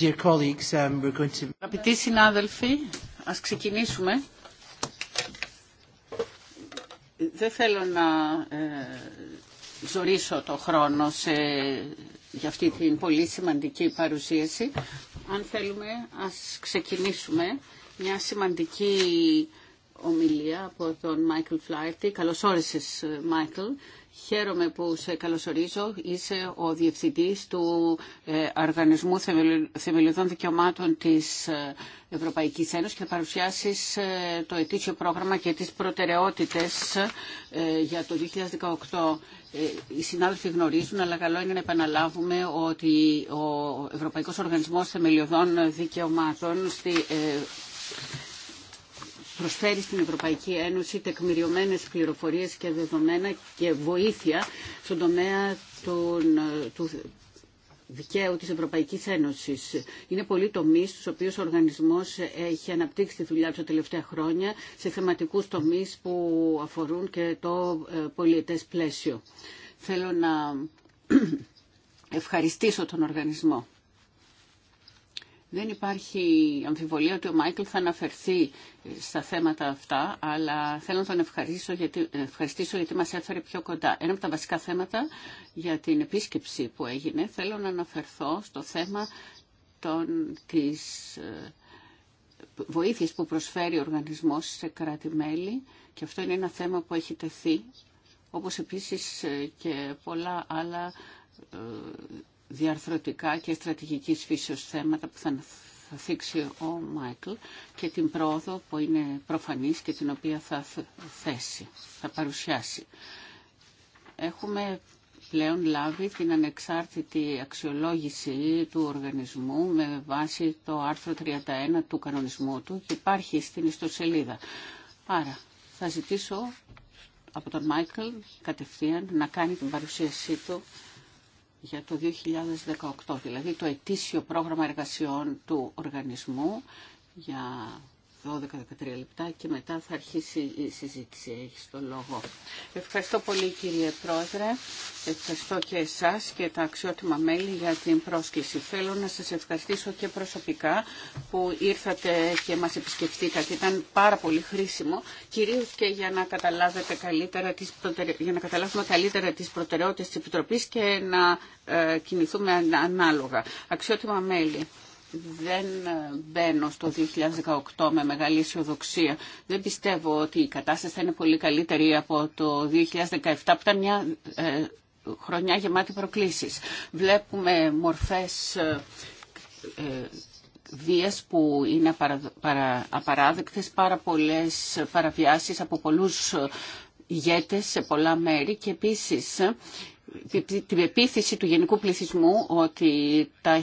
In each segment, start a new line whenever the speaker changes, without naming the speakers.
Dear um, Αγαπητοί
συνάδελφοι, ας ξεκινήσουμε. Δεν θέλω να ε, ζωρίσω το χρόνο σε, για αυτή την πολύ σημαντική παρουσίαση. Αν θέλουμε, ας ξεκινήσουμε μια σημαντική ομιλία από τον Μάικλ Φλάιρτη. Καλώς όρισες, ε, Μάικλ. Χαίρομαι που σε καλωσορίζω. Είσαι ο Διευθυντής του ε, Οργανισμού Θεμελιωδών Δικαιωμάτων της ε, Ευρωπαϊκής Ένωσης και θα παρουσιάσεις το ετήσιο πρόγραμμα και τις προτεραιότητες για το 2018. Οι συνάδελφοι γνωρίζουν, αλλά καλό είναι να επαναλάβουμε ότι ο Ευρωπαϊκός Οργανισμός Θεμελιωδών Δικαιωμάτων στη προσφέρει στην Ευρωπαϊκή Ένωση τεκμηριωμένες πληροφορίες και δεδομένα και βοήθεια στον τομέα των, ε, του δικαίου της Ευρωπαϊκής Ένωσης. Είναι πολλοί τομείς στους οποίους ο οργανισμός έχει αναπτύξει τη δουλειά του τα τελευταία χρόνια σε θεματικούς τομείς που αφορούν και το ε, πολιετές πλαίσιο. Θέλω να ευχαριστήσω τον οργανισμό δεν υπάρχει αμφιβολία ότι ο Μάικλ θα αναφερθεί ε, στα θέματα αυτά, αλλά θέλω να τον ευχαριστήσω γιατί, ε, ευχαριστήσω γιατί μας έφερε πιο κοντά. Ένα από τα βασικά θέματα για την επίσκεψη που έγινε, θέλω να αναφερθώ στο θέμα των, της ε, βοήθειας που προσφέρει ο οργανισμός σε κράτη-μέλη και αυτό είναι ένα θέμα που έχει τεθεί, όπως επίσης και πολλά άλλα διαρθρωτικά και στρατηγικής φύσεως θέματα που θα θα θίξει ο Μάικλ και την πρόοδο που είναι προφανής και την οποία θα θέσει, θα παρουσιάσει. Έχουμε πλέον λάβει την ανεξάρτητη αξιολόγηση του οργανισμού με βάση το άρθρο 31 του κανονισμού του και υπάρχει στην ιστοσελίδα. Άρα θα ζητήσω από τον Μάικλ κατευθείαν να κάνει την παρουσίασή του για το 2018, δηλαδή το ετήσιο πρόγραμμα εργασιών του οργανισμού για 12-13 λεπτά και μετά θα αρχίσει η συζήτηση. Έχει το λόγο. Ευχαριστώ πολύ κύριε Πρόεδρε. Ευχαριστώ και εσάς και τα αξιότιμα μέλη για την πρόσκληση. Θέλω να σας ευχαριστήσω και προσωπικά που ήρθατε και μας επισκεφτήκατε. Ήταν πάρα πολύ χρήσιμο, κυρίως και για να, καταλάβετε καλύτερα τις για να καταλάβουμε καλύτερα τις προτεραιότητες της Επιτροπής και να ε, κινηθούμε ανάλογα. Αξιότιμα μέλη δεν ε, μπαίνω στο 2018 με μεγάλη αισιοδοξία. Δεν πιστεύω ότι η κατάσταση θα είναι πολύ καλύτερη από το 2017 που ήταν μια ε, χρονιά γεμάτη προκλήσεις. Βλέπουμε μορφές ε, βίας που είναι απαράδεκτες, πάρα πολλές παραβιάσεις από πολλούς ηγέτες σε πολλά μέρη και επίσης την πεποίθηση του γενικού πληθυσμού ότι τα,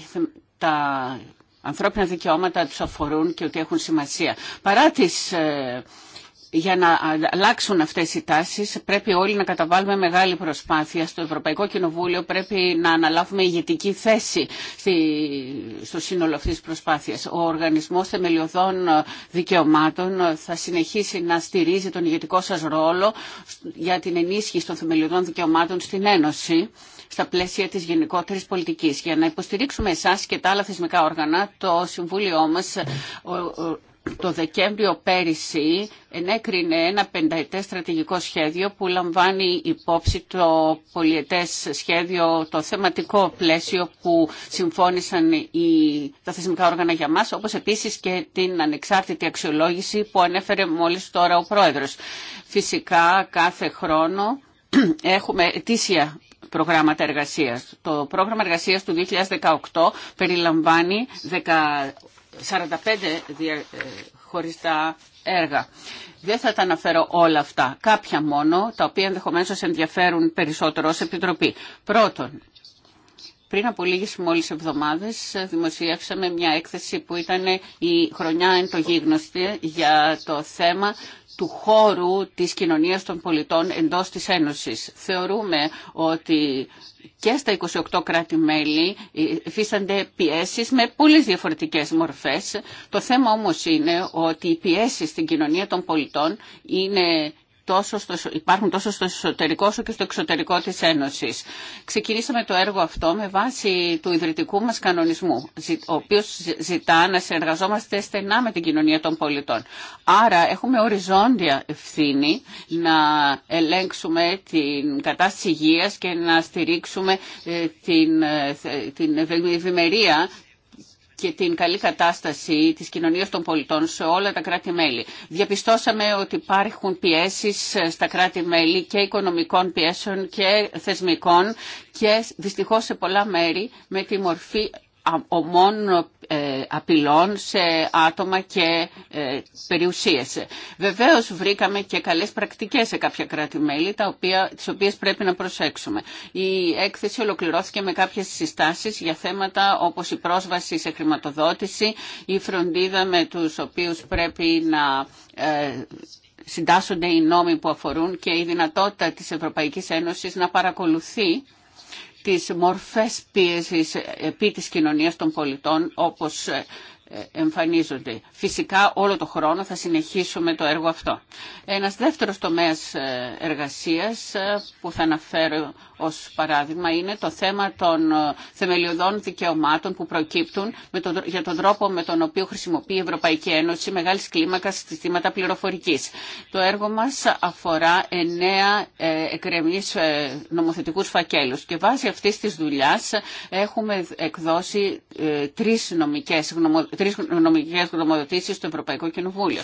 τα ανθρώπινα δικαιώματα τους αφορούν και ότι έχουν σημασία. Παρά τις ε, για να αλλάξουν αυτές οι τάσεις πρέπει όλοι να καταβάλουμε μεγάλη προσπάθεια. Στο Ευρωπαϊκό Κοινοβούλιο πρέπει να αναλάβουμε ηγετική θέση στο σύνολο αυτής της προσπάθειας. Ο Οργανισμός Θεμελιωδών Δικαιωμάτων θα συνεχίσει να στηρίζει τον ηγετικό σας ρόλο για την ενίσχυση των θεμελιωδών δικαιωμάτων στην Ένωση στα πλαίσια της γενικότερης πολιτικής. Για να υποστηρίξουμε εσάς και τα άλλα θεσμικά όργανα, το Συμβούλιο μας ε, το Δεκέμβριο πέρυσι ενέκρινε ένα πενταετές στρατηγικό σχέδιο που λαμβάνει υπόψη το πολιετές σχέδιο, το θεματικό πλαίσιο που συμφώνησαν οι, τα θεσμικά όργανα για μας, όπως επίσης και την ανεξάρτητη αξιολόγηση που ανέφερε μόλις τώρα ο Πρόεδρος. Φυσικά κάθε χρόνο έχουμε ετήσια προγράμματα εργασίας. Το πρόγραμμα εργασίας του 2018 περιλαμβάνει 45 ε, χωριστά έργα. Δεν θα τα αναφέρω όλα αυτά, κάποια μόνο, τα οποία ενδεχομένως σα ενδιαφέρουν περισσότερο ως Επιτροπή. Πρώτον, πριν από λίγες μόλις εβδομάδες ε, δημοσιεύσαμε μια έκθεση που ήταν η χρονιά εν το για το θέμα του χώρου της κοινωνίας των πολιτών εντός της Ένωσης. Θεωρούμε ότι και στα 28 κράτη-μέλη υφίστανται πιέσεις με πολλές διαφορετικές μορφές. Το θέμα όμως είναι ότι οι πιέσεις στην κοινωνία των πολιτών είναι τόσο στο, υπάρχουν τόσο στο εσωτερικό όσο και στο εξωτερικό της Ένωσης. Ξεκινήσαμε το έργο αυτό με βάση του ιδρυτικού μας κανονισμού, ο οποίος ζητά να συνεργαζόμαστε στενά με την κοινωνία των πολιτών. Άρα έχουμε οριζόντια ευθύνη να ελέγξουμε την κατάσταση υγείας και να στηρίξουμε ε, την, ε, την ευημερία και την καλή κατάσταση της κοινωνίας των πολιτών σε όλα τα κράτη-μέλη. Διαπιστώσαμε ότι υπάρχουν πιέσεις στα κράτη-μέλη και οικονομικών πιέσεων και θεσμικών και δυστυχώς σε πολλά μέρη με τη μορφή ομών ε, απειλών σε άτομα και ε, περιουσίες. Βεβαίως βρήκαμε και καλές πρακτικές σε κάποια κράτη-μέλη, οποία, τις οποίες πρέπει να προσέξουμε. Η έκθεση ολοκληρώθηκε με κάποιες συστάσεις για θέματα όπως η πρόσβαση σε χρηματοδότηση, η φροντίδα με τους οποίους πρέπει να ε, συντάσσονται οι νόμοι που αφορούν και η δυνατότητα της Ευρωπαϊκής Ένωσης να παρακολουθεί τις μορφές πίεσης επί της κοινωνίας των πολιτών όπως ε, εμφανίζονται. Φυσικά όλο το χρόνο θα συνεχίσουμε το έργο αυτό. Ένας δεύτερος τομέας ε, εργασίας ε, που θα αναφέρω ως παράδειγμα είναι το θέμα των ε, θεμελιωδών δικαιωμάτων που προκύπτουν με τον, για τον τρόπο με τον οποίο χρησιμοποιεί η Ευρωπαϊκή Ένωση μεγάλης κλίμακας συστήματα πληροφορικής. Το έργο μας αφορά εννέα εκρεμείς ε, νομοθετικούς φακέλους και βάσει αυτής της δουλειάς έχουμε εκδώσει ε, τρεις νομικές, τρεις νομικές γνωμοδοτήσεις στο Ευρωπαϊκό Κοινοβούλιο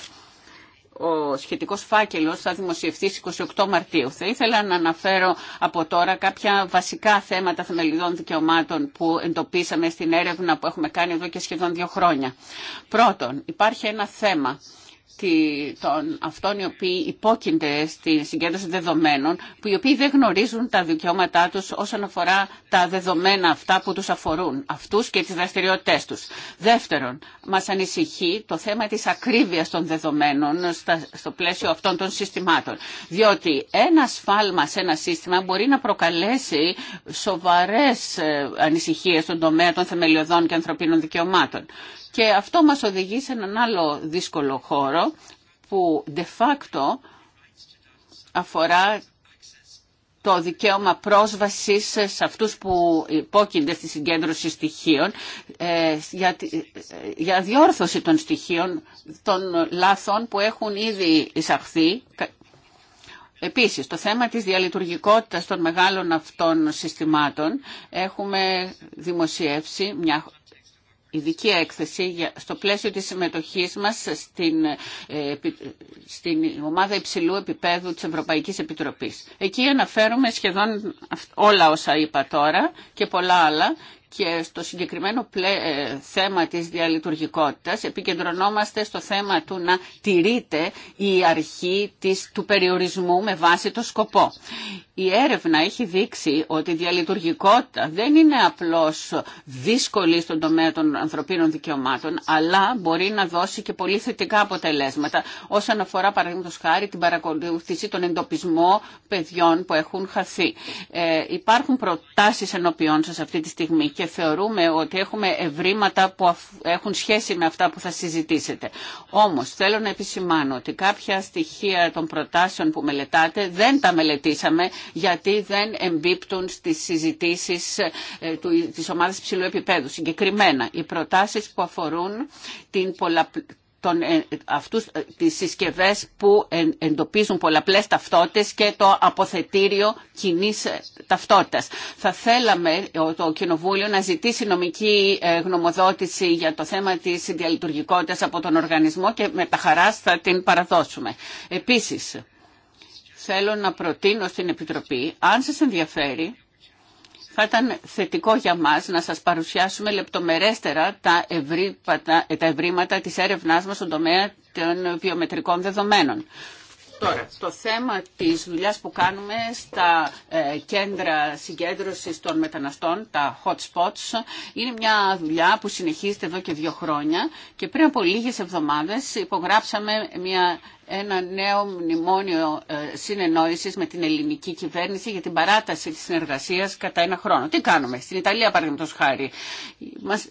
ο σχετικός φάκελος θα δημοσιευθεί στις 28 Μαρτίου. Θα ήθελα να αναφέρω από τώρα κάποια βασικά θέματα θεμελιδών δικαιωμάτων που εντοπίσαμε στην έρευνα που έχουμε κάνει εδώ και σχεδόν δύο χρόνια. Πρώτον, υπάρχει ένα θέμα των αυτών οι οποίοι υπόκεινται στη συγκέντρωση δεδομένων, που οι οποίοι δεν γνωρίζουν τα δικαιώματά τους όσον αφορά τα δεδομένα αυτά που τους αφορούν, αυτούς και τις δραστηριότητές τους. Δεύτερον, μας ανησυχεί το θέμα της ακρίβειας των δεδομένων στο πλαίσιο αυτών των συστημάτων, διότι ένα σφάλμα σε ένα σύστημα μπορεί να προκαλέσει σοβαρές ε, ανησυχίες στον τομέα των θεμελιωδών και ανθρωπίνων δικαιωμάτων. Και αυτό μας οδηγεί σε έναν άλλο δύσκολο χώρο που de facto αφορά το δικαίωμα πρόσβασης σε αυτούς που υπόκεινται στη συγκέντρωση στοιχείων ε, για, ε, για διόρθωση των στοιχείων των λάθων που έχουν ήδη εισαχθεί. Επίσης, το θέμα της διαλειτουργικότητας των μεγάλων αυτών συστημάτων έχουμε δημοσιεύσει μια ειδική έκθεση στο πλαίσιο της συμμετοχής μας στην, ε, στην ομάδα υψηλού επίπεδου της Ευρωπαϊκής Επιτροπής. Εκεί αναφέρουμε σχεδόν όλα όσα είπα τώρα και πολλά άλλα και στο συγκεκριμένο ε, θέμα της διαλειτουργικότητας επικεντρωνόμαστε στο θέμα του να τηρείται η αρχή της, του περιορισμού με βάση το σκοπό η έρευνα έχει δείξει ότι η διαλειτουργικότητα δεν είναι απλώς δύσκολη στον τομέα των ανθρωπίνων δικαιωμάτων, αλλά μπορεί να δώσει και πολύ θετικά αποτελέσματα όσον αφορά παραδείγματος χάρη την παρακολούθηση, τον εντοπισμό παιδιών που έχουν χαθεί. Ε, υπάρχουν προτάσεις ενώπιών σας αυτή τη στιγμή και θεωρούμε ότι έχουμε ευρήματα που έχουν σχέση με αυτά που θα συζητήσετε. Όμως θέλω να επισημάνω ότι κάποια στοιχεία των προτάσεων που μελετάτε δεν τα μελετήσαμε γιατί δεν εμπίπτουν στις συζητήσεις ε, της ομάδας ψηλού επίπεδου. Συγκεκριμένα, οι προτάσεις που αφορούν την ε, αυτούς, ε, τις συσκευές που εντοπίζουν πολλαπλές ταυτότητες και το αποθετήριο κοινή ταυτότητας. Θα θέλαμε το Κοινοβούλιο να ζητήσει νομική γνωμοδότηση για το θέμα της διαλειτουργικότητας από τον οργανισμό και με τα χαρά θα την παραδώσουμε. Επίσης, θέλω να προτείνω στην Επιτροπή, αν σας ενδιαφέρει, θα ήταν θετικό για μας να σας παρουσιάσουμε λεπτομερέστερα τα, ευρήματα, τα ευρήματα της έρευνάς μας στον τομέα των βιομετρικών δεδομένων. Τώρα, το θέμα της δουλειάς που κάνουμε στα ε, κέντρα συγκέντρωσης των μεταναστών, τα hot spots, είναι μια δουλειά που συνεχίζεται εδώ και δύο χρόνια και πριν από λίγες εβδομάδες υπογράψαμε μια ένα νέο μνημόνιο ε, συνεννόησης με την ελληνική κυβέρνηση για την παράταση της συνεργασίας κατά ένα χρόνο. Τι κάνουμε. Στην Ιταλία, παραδείγματος χάρη, μας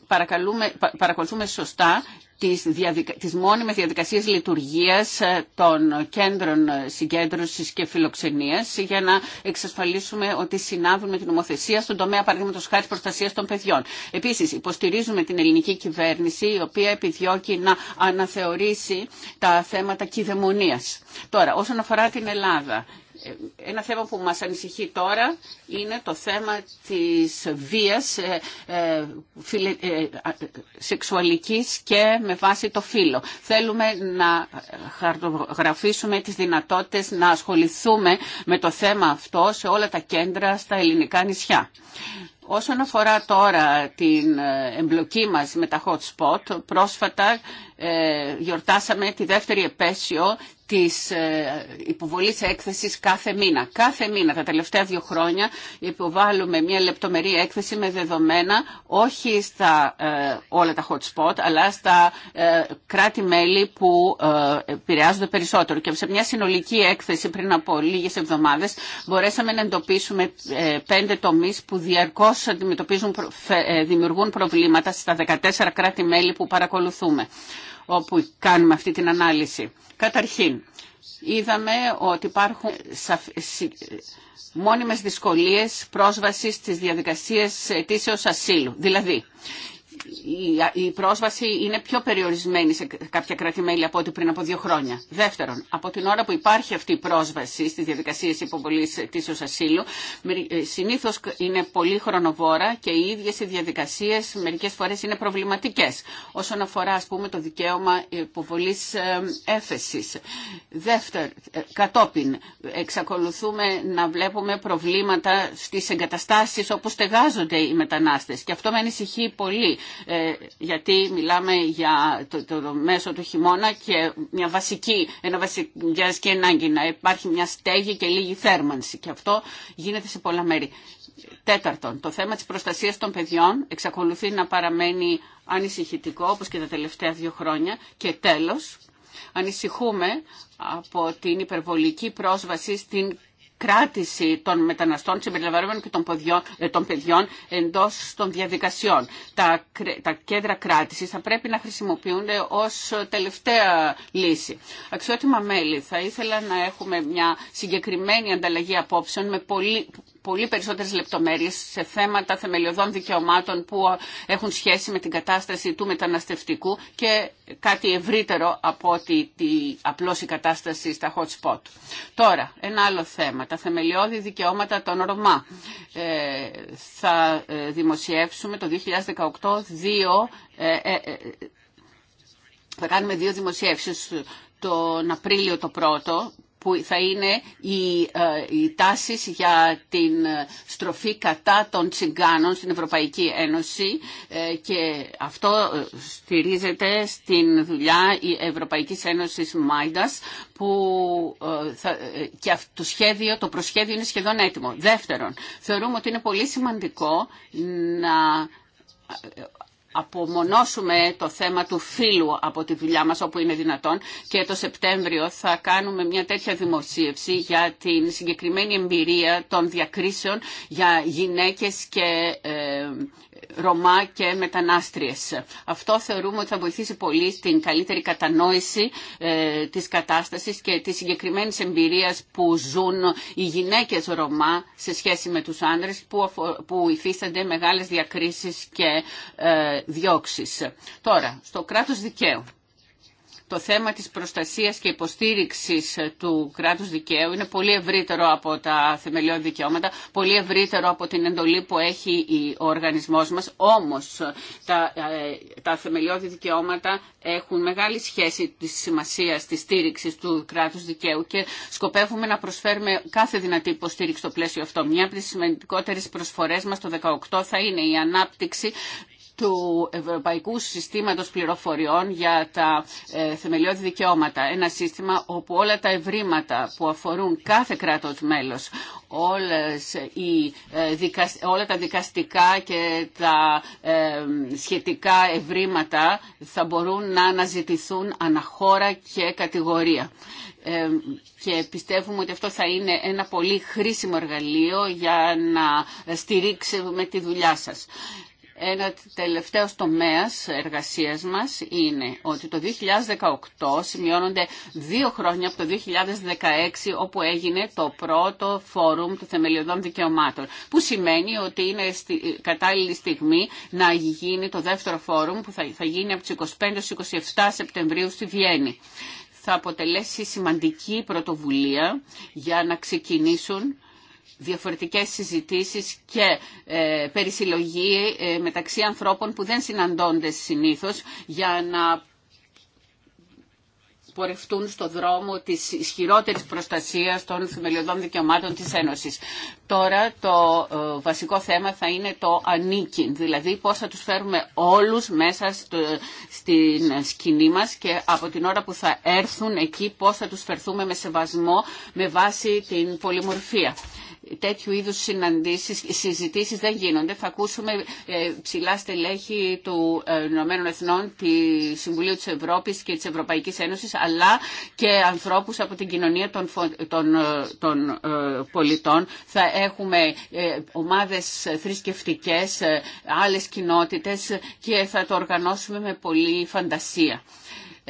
παρακολουθούμε σωστά τις, διαδικα... τις μόνιμες διαδικασίες λειτουργίας ε, των κέντρων συγκέντρωσης και φιλοξενίας για να εξασφαλίσουμε ότι συνάδουν με την νομοθεσία στον τομέα παραδείγματος χάρη προστασίας των παιδιών. Επίσης υποστηρίζουμε την ελληνική κυβέρνηση η οποία επιδιώκει να αναθεωρήσει τα θέματα κυδαιμονίας. Τώρα όσον αφορά την Ελλάδα ένα θέμα που μας ανησυχεί τώρα είναι το θέμα της βίας ε, ε, ε, σεξουαλικής και με βάση το φύλλο. Θέλουμε να χαρτογραφήσουμε τις δυνατότητες να ασχοληθούμε με το θέμα αυτό σε όλα τα κέντρα στα ελληνικά νησιά. Όσον αφορά τώρα την εμπλοκή μας με τα hot spot, πρόσφατα γιορτάσαμε τη δεύτερη επέσιο της ε, υποβολής έκθεσης κάθε μήνα. Κάθε μήνα, τα τελευταία δύο χρόνια, υποβάλλουμε μια λεπτομερή έκθεση με δεδομένα όχι στα ε, όλα τα hot spot, αλλά στα ε, κράτη-μέλη που επηρεάζονται περισσότερο. Και σε μια συνολική έκθεση πριν από λίγες εβδομάδες μπορέσαμε να εντοπίσουμε πέντε τομείς που διαρκώς δημιουργούν προβλήματα στα 14 κράτη-μέλη που παρακολουθούμε όπου κάνουμε αυτή την ανάλυση. Καταρχήν, είδαμε ότι υπάρχουν μόνιμες δυσκολίες πρόσβασης στις διαδικασίες αιτήσεως ασύλου. Δηλαδή, η πρόσβαση είναι πιο περιορισμένη σε κάποια κράτη-μέλη από ό,τι πριν από δύο χρόνια. Δεύτερον, από την ώρα που υπάρχει αυτή η πρόσβαση στις διαδικασίες υποβολής αιτήσεως ασύλου, ε, συνήθως είναι πολύ χρονοβόρα και οι ίδιες οι διαδικασίες μερικές φορές είναι προβληματικές όσον αφορά ας πούμε το δικαίωμα υποβολής ε, έφεσης. Δεύτερον, ε, κατόπιν εξακολουθούμε να βλέπουμε προβλήματα στις εγκαταστάσεις όπου στεγάζονται οι μετανάστες και αυτό με ανησυχεί πολύ ε, γιατί μιλάμε για το, μέσο του χειμώνα και μια βασική, ένα βασική να υπάρχει μια στέγη και λίγη θέρμανση. Και αυτό γίνεται σε πολλά μέρη. Τέταρτον, το θέμα της προστασίας των παιδιών εξακολουθεί να παραμένει ανησυχητικό όπως και τα τελευταία δύο χρόνια. Και τέλος, ανησυχούμε από την υπερβολική πρόσβαση στην κράτηση των μεταναστών συμπεριλαμβανομένων και των, ποδιών, ε, των παιδιών εντός των διαδικασιών. Τα, τα κέντρα κράτησης θα πρέπει να χρησιμοποιούνται ως τελευταία λύση. Αξιότιμα μέλη, θα ήθελα να έχουμε μια συγκεκριμένη ανταλλαγή απόψεων με πολύ πολύ περισσότερες λεπτομέρειες σε θέματα θεμελιωδών δικαιωμάτων που έχουν σχέση με την κατάσταση του μεταναστευτικού και κάτι ευρύτερο από ότι τη, απλώς η κατάσταση στα hot spot. Τώρα, ένα άλλο θέμα, τα θεμελιώδη δικαιώματα των Ρωμά. Ε, θα ε, δημοσιεύσουμε το 2018 δύο... Ε, ε, ε, θα κάνουμε δύο δημοσιεύσεις τον Απρίλιο το πρώτο που θα είναι οι, οι ε, για την ε, στροφή κατά των τσιγκάνων στην Ευρωπαϊκή Ένωση ε, και αυτό στηρίζεται στην δουλειά η ευρωπαϊκή Ένωσης ΜΑΙΔΑΣ που θα, και το, σχέδιο, το προσχέδιο είναι σχεδόν έτοιμο. Δεύτερον, θεωρούμε ότι είναι πολύ σημαντικό να απομονώσουμε το θέμα του φύλου από τη δουλειά μας όπου είναι δυνατόν και το Σεπτέμβριο θα κάνουμε μια τέτοια δημοσίευση για την συγκεκριμένη εμπειρία των διακρίσεων για γυναίκες και ε, Ρωμά και μετανάστριες. Αυτό θεωρούμε ότι θα βοηθήσει πολύ στην καλύτερη κατανόηση ε, της κατάστασης και της συγκεκριμένη εμπειρίας που ζουν οι γυναίκες Ρωμά σε σχέση με τους άνδρες που υφίστανται μεγάλες διακρίσεις και ε, διώξεις. Τώρα, στο κράτος δικαίου το θέμα της προστασίας και υποστήριξης του κράτους δικαίου είναι πολύ ευρύτερο από τα θεμελιώδη δικαιώματα, πολύ ευρύτερο από την εντολή που έχει ο οργανισμός μας. Όμως τα, ε, τα θεμελιώδη δικαιώματα έχουν μεγάλη σχέση της σημασίας της στήριξης του κράτους δικαίου και σκοπεύουμε να προσφέρουμε κάθε δυνατή υποστήριξη στο πλαίσιο αυτό. Μια από τις σημαντικότερες προσφορές μας το 2018 θα είναι η ανάπτυξη του Ευρωπαϊκού Συστήματος Πληροφοριών για τα ε, θεμελιώδη δικαιώματα. Ένα σύστημα όπου όλα τα ευρήματα που αφορούν κάθε κράτος μέλος, ε, όλα τα δικαστικά και τα ε, σχετικά ευρήματα θα μπορούν να αναζητηθούν αναχώρα και κατηγορία. Και πιστεύουμε ότι αυτό θα είναι ένα πολύ χρήσιμο εργαλείο για να στηρίξουμε τη δουλειά σας. Ένα τελευταίο τομέα εργασία μα είναι ότι το 2018 σημειώνονται δύο χρόνια από το 2016 όπου έγινε το πρώτο φόρουμ του θεμελιωδών δικαιωμάτων. Που σημαίνει ότι είναι κατάλληλη στιγμή να γίνει το δεύτερο φόρουμ που θα γίνει από τι 25 27 Σεπτεμβρίου στη Βιέννη. Θα αποτελέσει σημαντική πρωτοβουλία για να ξεκινήσουν διαφορετικές συζητήσεις και ε, περισυλλογή ε, μεταξύ ανθρώπων που δεν συναντώνται συνήθως για να πορευτούν στο δρόμο της ισχυρότερης προστασίας των θεμελιωδών δικαιωμάτων της Ένωσης. Τώρα το ε, βασικό θέμα θα είναι το ανήκει, δηλαδή πώς θα τους φέρουμε όλους μέσα στην σκηνή μας και από την ώρα που θα έρθουν εκεί πώς θα τους φερθούμε με σεβασμό με βάση την πολυμορφία τέτοιου είδους συναντήσεις, συζητήσεις δεν γίνονται. Θα ακούσουμε ε, ψηλά στελέχη του ε, Ηνωμένων Εθνών, τη Συμβουλίου της Ευρώπης και της Ευρωπαϊκής Ένωσης, αλλά και ανθρώπους από την κοινωνία των, ε, πολιτών. Θα έχουμε ομάδες θρησκευτικέ, άλλες κοινότητες και θα το οργανώσουμε με πολύ φαντασία.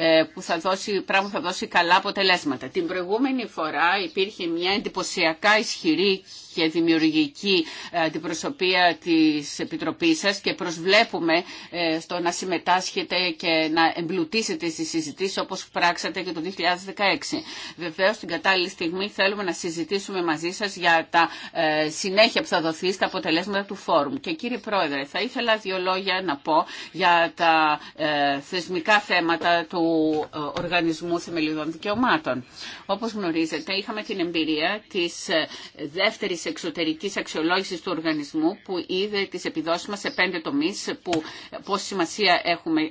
Ε, που θα δώσει, πράγμα θα δώσει καλά αποτελέσματα. Την προηγούμενη φορά υπήρχε μια εντυπωσιακά ισχυρή και δημιουργική ε, αντιπροσωπεία της Επιτροπής σας και προσβλέπουμε ε, στο να συμμετάσχετε και να εμπλουτίσετε στις συζητήσεις όπως πράξατε και το 2016. Βεβαίως την κατάλληλη στιγμή θέλουμε να συζητήσουμε μαζί σας για τα ε, συνέχεια που θα δοθεί στα αποτελέσματα του φόρουμ. Και κύριε Πρόεδρε, θα ήθελα δύο λόγια να πω για τα θεσμικά θέματα του Οργανισμού Θεμελιωδών Δικαιωμάτων. Όπως γνωρίζετε, είχαμε την εμπειρία εξωτερική αξιολόγηση του οργανισμού που είδε τις επιδόσεις μας σε πέντε τομεί, που, πόση σημασία έχουμε,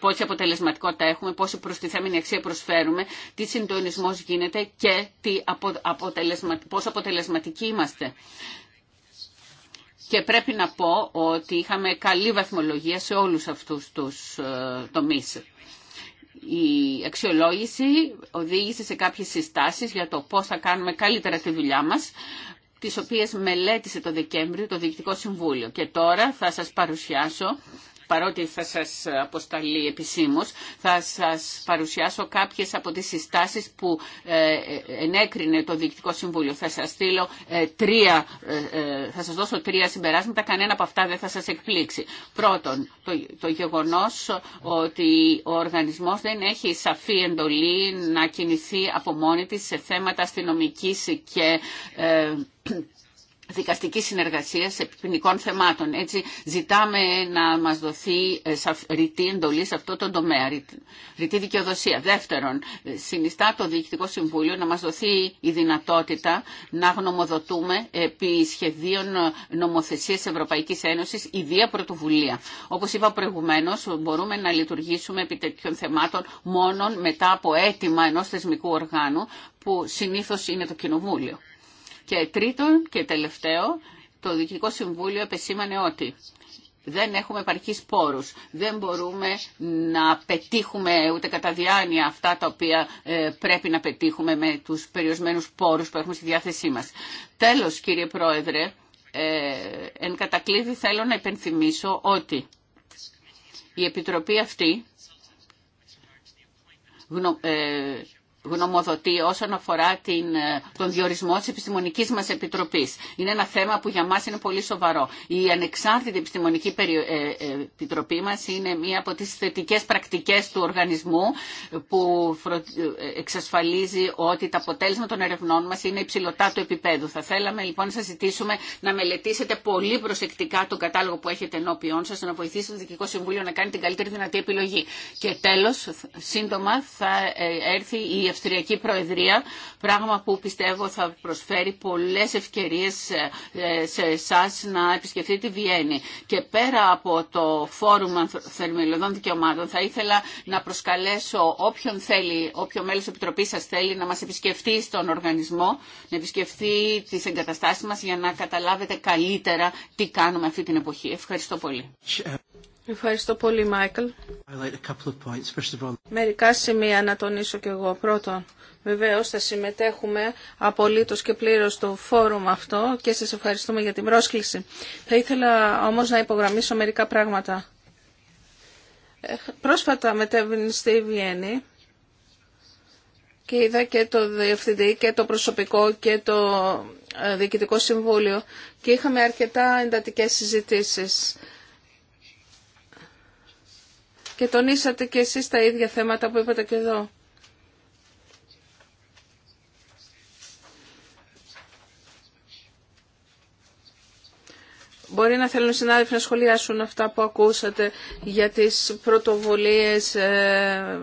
πόση αποτελεσματικότητα έχουμε, πόση προστιθέμενη αξία προσφέρουμε, τι συντονισμό γίνεται και τι αποτελεσμα, πόσο αποτελεσματικοί είμαστε. Και πρέπει να πω ότι είχαμε καλή βαθμολογία σε όλους αυτούς τους ε, τομείς. Η αξιολόγηση οδήγησε σε κάποιες συστάσεις για το πώς θα κάνουμε καλύτερα τη δουλειά μας τις οποίες μελέτησε το Δεκέμβριο το Διοικητικό Συμβούλιο. Και τώρα θα σας παρουσιάσω παρότι θα σας αποσταλεί επισήμως, θα σας παρουσιάσω κάποιες από τις συστάσεις που ε, ε, ενέκρινε το Διοικητικό Συμβούλιο. Θα σας, ε, τρία, θα σας δώσω τρία συμπεράσματα, κανένα από αυτά δεν θα σας εκπλήξει. Πρώτον, το, το γεγονός ότι ο οργανισμός δεν έχει σαφή εντολή να κινηθεί από μόνη της σε θέματα αστυνομικής και δικαστική συνεργασία σε ποινικών θεμάτων. Έτσι ζητάμε να μα δοθεί ε, ρητή εντολή σε αυτό το τομέα, ρητή δικαιοδοσία. Δεύτερον, ε, συνιστά το Διοικητικό Συμβούλιο να μα δοθεί η δυνατότητα να γνωμοδοτούμε επί σχεδίων ε, νομοθεσίας Ευρωπαϊκής Ένωσης ιδία πρωτοβουλία. Όπω είπα προηγουμένω, μπορούμε να λειτουργήσουμε επί τέτοιων θεμάτων μόνο μετά από αίτημα ενό θεσμικού οργάνου που συνήθως είναι το Κοινοβούλιο. Και τρίτον και τελευταίο, το Διοικητικό Συμβούλιο επεσήμανε ότι δεν έχουμε επαρκείς πόρους. Δεν μπορούμε να πετύχουμε ούτε κατά διάνοια αυτά τα οποία ε, πρέπει να πετύχουμε με τους περιορισμένους πόρους που έχουμε στη διάθεσή μας. Τέλος, κύριε Πρόεδρε, ε, εν κατακλείδη θέλω να υπενθυμίσω ότι η Επιτροπή αυτή ε, γνωμοδοτεί όσον αφορά την, ε, τον διορισμό της επιστημονικής μας επιτροπής. Είναι ένα θέμα που για μας είναι πολύ σοβαρό. Η ανεξάρτητη επιστημονική ε, ε, επιτροπή μας είναι μία από τις θετικές πρακτικές του οργανισμού που εξασφαλίζει ότι τα αποτέλεσμα των ερευνών μας είναι υψηλωτά του επίπεδου. Θα θέλαμε λοιπόν να σας ζητήσουμε να μελετήσετε πολύ προσεκτικά τον κατάλογο που έχετε ενώπιόν σας, να βοηθήσετε το Δικικό Συμβούλιο να κάνει την καλύτερη δυνατή επιλογή. Και τέλος, σύντομα θα έρθει η Αυστριακή Προεδρία, πράγμα που πιστεύω θα προσφέρει πολλές ευκαιρίες ε, σε εσά να επισκεφτείτε τη Βιέννη. Και πέρα από το Φόρουμ Θερμιλωδών Δικαιωμάτων θα ήθελα να προσκαλέσω όποιον θέλει, όποιο μέλος Επιτροπής σας θέλει να μας επισκεφτεί στον οργανισμό, να επισκεφτεί τις εγκαταστάσεις μας για να καταλάβετε καλύτερα τι κάνουμε αυτή την εποχή. Ευχαριστώ πολύ. Ευχαριστώ
πολύ, Μάικλ. Μερικά σημεία να τονίσω κι εγώ. Πρώτον, βεβαίω θα συμμετέχουμε απολύτω και πλήρω στο φόρουμ αυτό και σα ευχαριστούμε για την πρόσκληση. Θα ήθελα όμως να υπογραμμίσω μερικά πράγματα. Ε, πρόσφατα μετέβηνε στη Βιέννη και είδα και το Διευθυντή και το Προσωπικό και το ε, Διοικητικό Συμβούλιο και είχαμε αρκετά εντατικές συζητήσεις και τονίσατε και εσείς τα ίδια θέματα που είπατε και εδώ. Μπορεί να θέλουν οι συνάδελφοι να σχολιάσουν αυτά που ακούσατε για τις πρωτοβουλίες ε,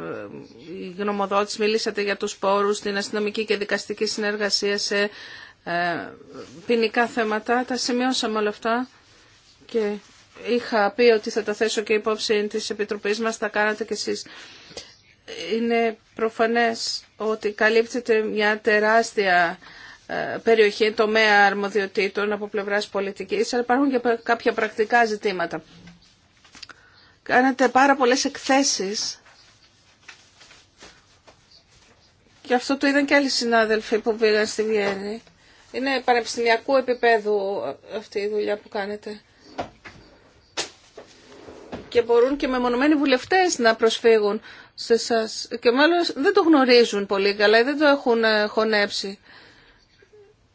γνωμοδότης. Μιλήσατε για τους πόρους, την αστυνομική και δικαστική συνεργασία σε ε, ποινικά θέματα. Τα σημειώσαμε όλα αυτά και είχα πει ότι θα τα θέσω και υπόψη της Επιτροπής μας, τα κάνατε κι εσείς. Είναι προφανές ότι καλύπτεται μια τεράστια ε, περιοχή, τομέα αρμοδιοτήτων από πλευράς πολιτικής, αλλά υπάρχουν και κάποια πρακτικά ζητήματα. Κάνετε πάρα πολλές εκθέσεις και αυτό το είδαν και άλλοι συνάδελφοι που πήγαν στη Βιέννη. Είναι πανεπιστημιακού επίπεδου αυτή η δουλειά που κάνετε και μπορούν και μεμονωμένοι βουλευτές να προσφύγουν σε εσά. Και μάλλον δεν το γνωρίζουν πολύ καλά, ή δεν το έχουν ε, χωνέψει.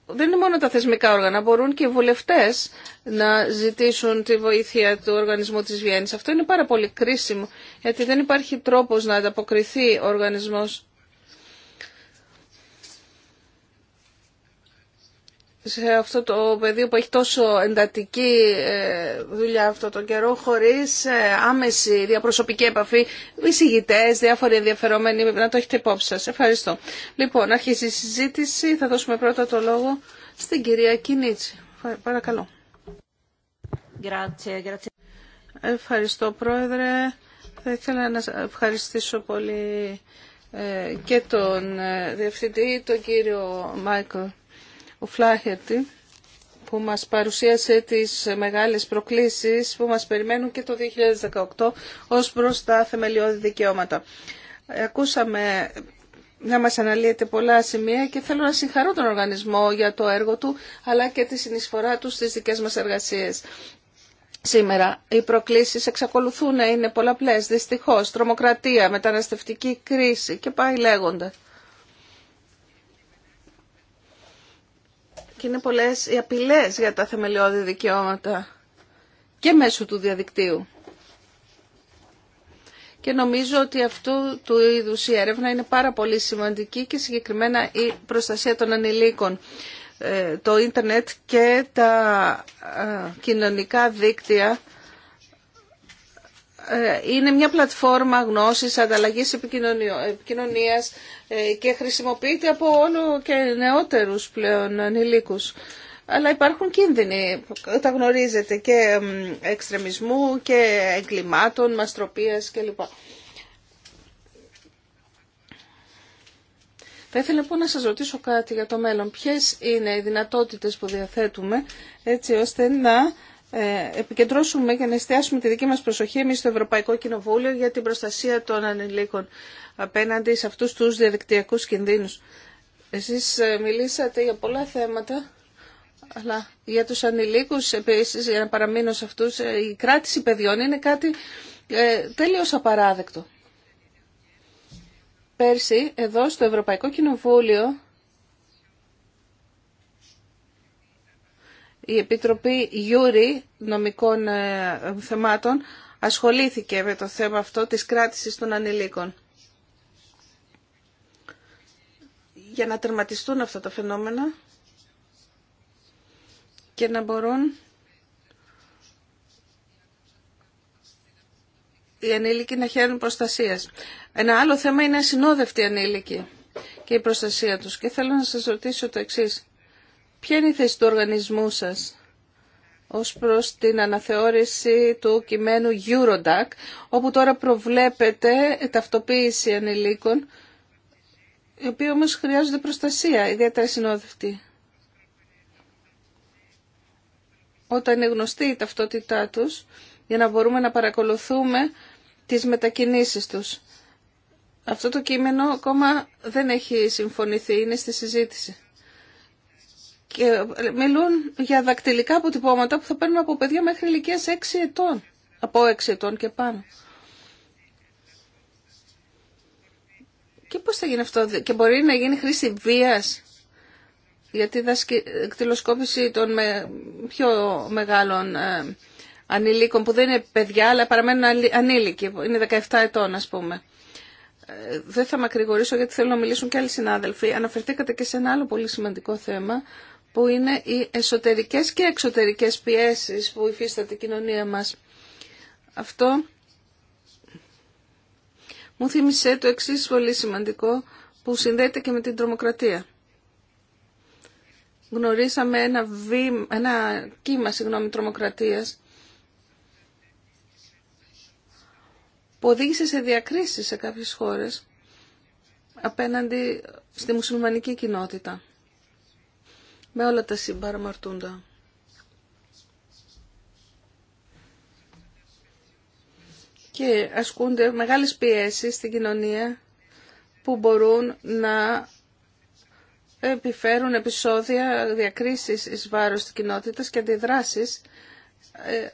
Δεν είναι μόνο τα θεσμικά όργανα, μπορούν και οι βουλευτές να ζητήσουν τη βοήθεια του οργανισμού της Βιέννης. Αυτό είναι πάρα πολύ κρίσιμο, γιατί δεν υπάρχει τρόπος να ανταποκριθεί ο οργανισμός σε αυτό το πεδίο που έχει τόσο εντατική ε, δουλειά αυτό τον καιρό χωρίς ε, άμεση διαπροσωπική επαφή, εισηγητέ, διάφοροι ενδιαφερόμενοι, να το έχετε υπόψη σας. Ευχαριστώ. Λοιπόν, αρχίζει η συζήτηση. Θα δώσουμε πρώτα το λόγο στην κυρία Κινίτση. Παρακαλώ. Ευχαριστώ, Πρόεδρε. Θα ήθελα να ευχαριστήσω πολύ ε, και τον Διευθυντή, τον κύριο Μάικλ ο Φλάχερτη που μας παρουσίασε τις μεγάλες προκλήσεις που μας περιμένουν και το 2018 ως προς τα θεμελιώδη δικαιώματα. Ε, ακούσαμε να μας αναλύεται πολλά σημεία και θέλω να συγχαρώ τον οργανισμό για το έργο του αλλά και τη συνεισφορά του στις δικές μας εργασίες. Σήμερα οι προκλήσεις εξακολουθούν να είναι πολλαπλές, δυστυχώς, τρομοκρατία, μεταναστευτική κρίση και πάει λέγοντας. και είναι πολλές οι απειλές για τα θεμελιώδη δικαιώματα και μέσω του διαδικτύου. Και νομίζω ότι αυτού του είδους η έρευνα είναι πάρα πολύ σημαντική και συγκεκριμένα η προστασία των ανηλίκων. Ε, το ίντερνετ και τα ε, κοινωνικά δίκτυα ε, είναι μια πλατφόρμα γνώσης, ανταλλαγής επικοινωνίας, ε, και χρησιμοποιείται από όλο και νεότερους πλέον ανηλίκους. Αλλά υπάρχουν κίνδυνοι, τα γνωρίζετε, και εξτρεμισμού και εγκλημάτων, μαστροπίας κλπ. Θα ήθελα λοιπόν να σας ρωτήσω κάτι για το μέλλον. Ποιες είναι οι δυνατότητες που διαθέτουμε έτσι ώστε να ε, επικεντρώσουμε και να εστιάσουμε τη δική μας προσοχή εμείς στο Ευρωπαϊκό Κοινοβούλιο για την προστασία των ανηλίκων απέναντι σε αυτούς τους διαδικτυακούς κινδύνους. Εσείς ε, μιλήσατε για πολλά θέματα, αλλά για τους ανηλίκους επίσης, για να παραμείνω σε αυτούς, ε, η κράτηση παιδιών είναι κάτι ε, τέλειως απαράδεκτο. Πέρσι, εδώ στο Ευρωπαϊκό Κοινοβούλιο, η Επίτροπη Γιούρη Νομικών ε, Θεμάτων ασχολήθηκε με το θέμα αυτό της κράτησης των ανηλίκων. Για να τερματιστούν αυτά τα φαινόμενα και να μπορούν οι ανήλικοι να χαίρουν προστασίας. Ένα άλλο θέμα είναι ασυνόδευτοι ανήλικοι και η προστασία τους. Και θέλω να σας ρωτήσω το εξής. Ποια είναι η θέση του οργανισμού σας ως προς την αναθεώρηση του κειμένου Eurodac, όπου τώρα προβλέπεται ταυτοποίηση ανηλίκων, οι οποίοι όμως χρειάζονται προστασία, ιδιαίτερα συνόδευτοι. Όταν είναι γνωστή η ταυτότητά τους, για να μπορούμε να παρακολουθούμε τις μετακινήσεις τους. Αυτό το κείμενο ακόμα δεν έχει συμφωνηθεί, είναι στη συζήτηση. Και μιλούν για δακτυλικά αποτυπώματα που θα παίρνουν από παιδιά μέχρι ηλικία 6 ετών. Από 6 ετών και πάνω. Και πώς θα γίνει αυτό. Και μπορεί να γίνει χρήση βίας Γιατί τη δακτυλοσκόπηση των πιο μεγάλων ε, ανηλίκων που δεν είναι παιδιά αλλά παραμένουν ανήλικοι. Είναι 17 ετών ας πούμε. Ε, δεν θα μακρηγορήσω γιατί θέλω να μιλήσουν και άλλοι συνάδελφοι. Αναφερθήκατε και σε ένα άλλο πολύ σημαντικό θέμα που είναι οι εσωτερικές και εξωτερικές πιέσεις που υφίσταται η κοινωνία μας. Αυτό μου θύμισε το εξή πολύ σημαντικό που συνδέεται και με την τρομοκρατία. Γνωρίσαμε ένα, ένα κύμα συγγνώμη, τρομοκρατίας που οδήγησε σε διακρίσεις σε κάποιες χώρες απέναντι στη μουσουλμανική κοινότητα με όλα τα συμπαραμαρτούντα. Και ασκούνται μεγάλες πιέσεις στην κοινωνία που μπορούν να επιφέρουν επεισόδια διακρίσεις εις βάρος της κοινότητας και αντιδράσεις ε,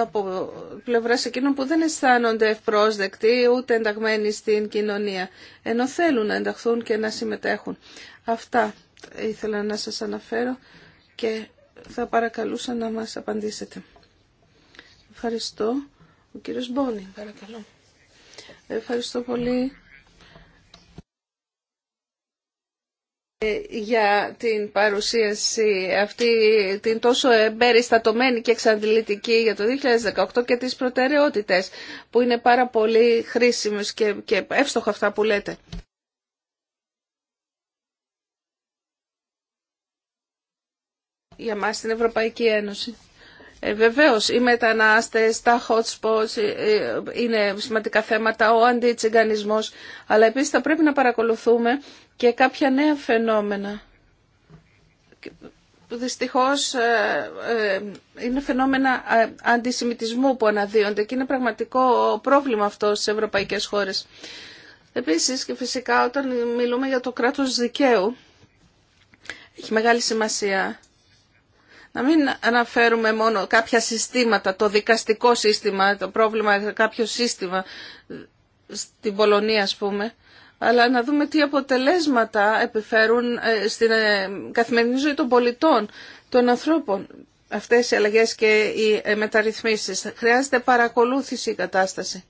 από πλευράς εκείνων που δεν αισθάνονται ευπρόσδεκτοι ούτε ενταγμένοι στην κοινωνία, ενώ θέλουν να ενταχθούν και να συμμετέχουν. Αυτά ήθελα να σας αναφέρω και θα παρακαλούσα να μας απαντήσετε. Ευχαριστώ. Ο κύριος Μπόνι, παρακαλώ. Ευχαριστώ πολύ ε, για την παρουσίαση αυτή την τόσο εμπεριστατωμένη και εξαντλητική για το 2018 και τις προτεραιότητες που είναι πάρα πολύ χρήσιμες και, και εύστοχα αυτά που λέτε. για μας στην Ευρωπαϊκή Ένωση. Ε, βεβαίως, οι μετανάστες, τα hot spots ε, ε, είναι σημαντικά θέματα, ο αντιτσιγκανισμός, αλλά επίσης θα πρέπει να παρακολουθούμε και κάποια νέα φαινόμενα. Δυστυχώς ε, είναι φαινόμενα αντισημιτισμού που αναδύονται και είναι πραγματικό πρόβλημα αυτό στις ευρωπαϊκές χώρες. Επίσης και φυσικά όταν μιλούμε για το κράτος δικαίου έχει μεγάλη σημασία να μην αναφέρουμε μόνο κάποια συστήματα, το δικαστικό σύστημα, το πρόβλημα κάποιο σύστημα στην Πολωνία ας πούμε, αλλά να δούμε τι αποτελέσματα επιφέρουν ε, στην ε, καθημερινή ζωή των πολιτών, των ανθρώπων αυτές οι αλλαγές και οι ε, μεταρρυθμίσεις. Χρειάζεται παρακολούθηση η κατάσταση.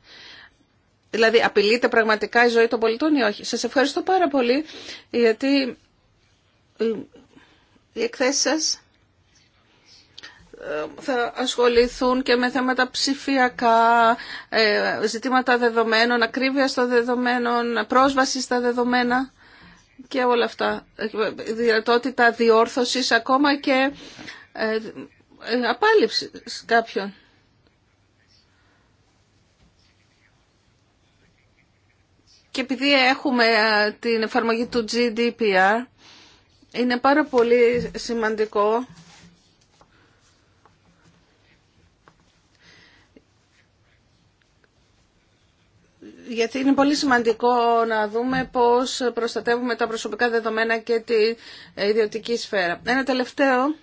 Δηλαδή, απειλείται πραγματικά η ζωή των πολιτών ή όχι. Σας ευχαριστώ πάρα πολύ γιατί οι εκθέσεις σας ε, θα ασχοληθούν και με θέματα ψηφιακά, ε, ζητήματα δεδομένων, ακρίβεια των δεδομένων, πρόσβαση στα δεδομένα και όλα αυτά. Δυνατότητα διόρθωσης ακόμα και ε, απάλληψης κάποιων. Και επειδή έχουμε την εφαρμογή του GDPR, είναι πάρα πολύ σημαντικό γιατί είναι πολύ σημαντικό να δούμε πώς προστατεύουμε τα προσωπικά δεδομένα και τη ε, ιδιωτική σφαίρα. Ένα τελευταίο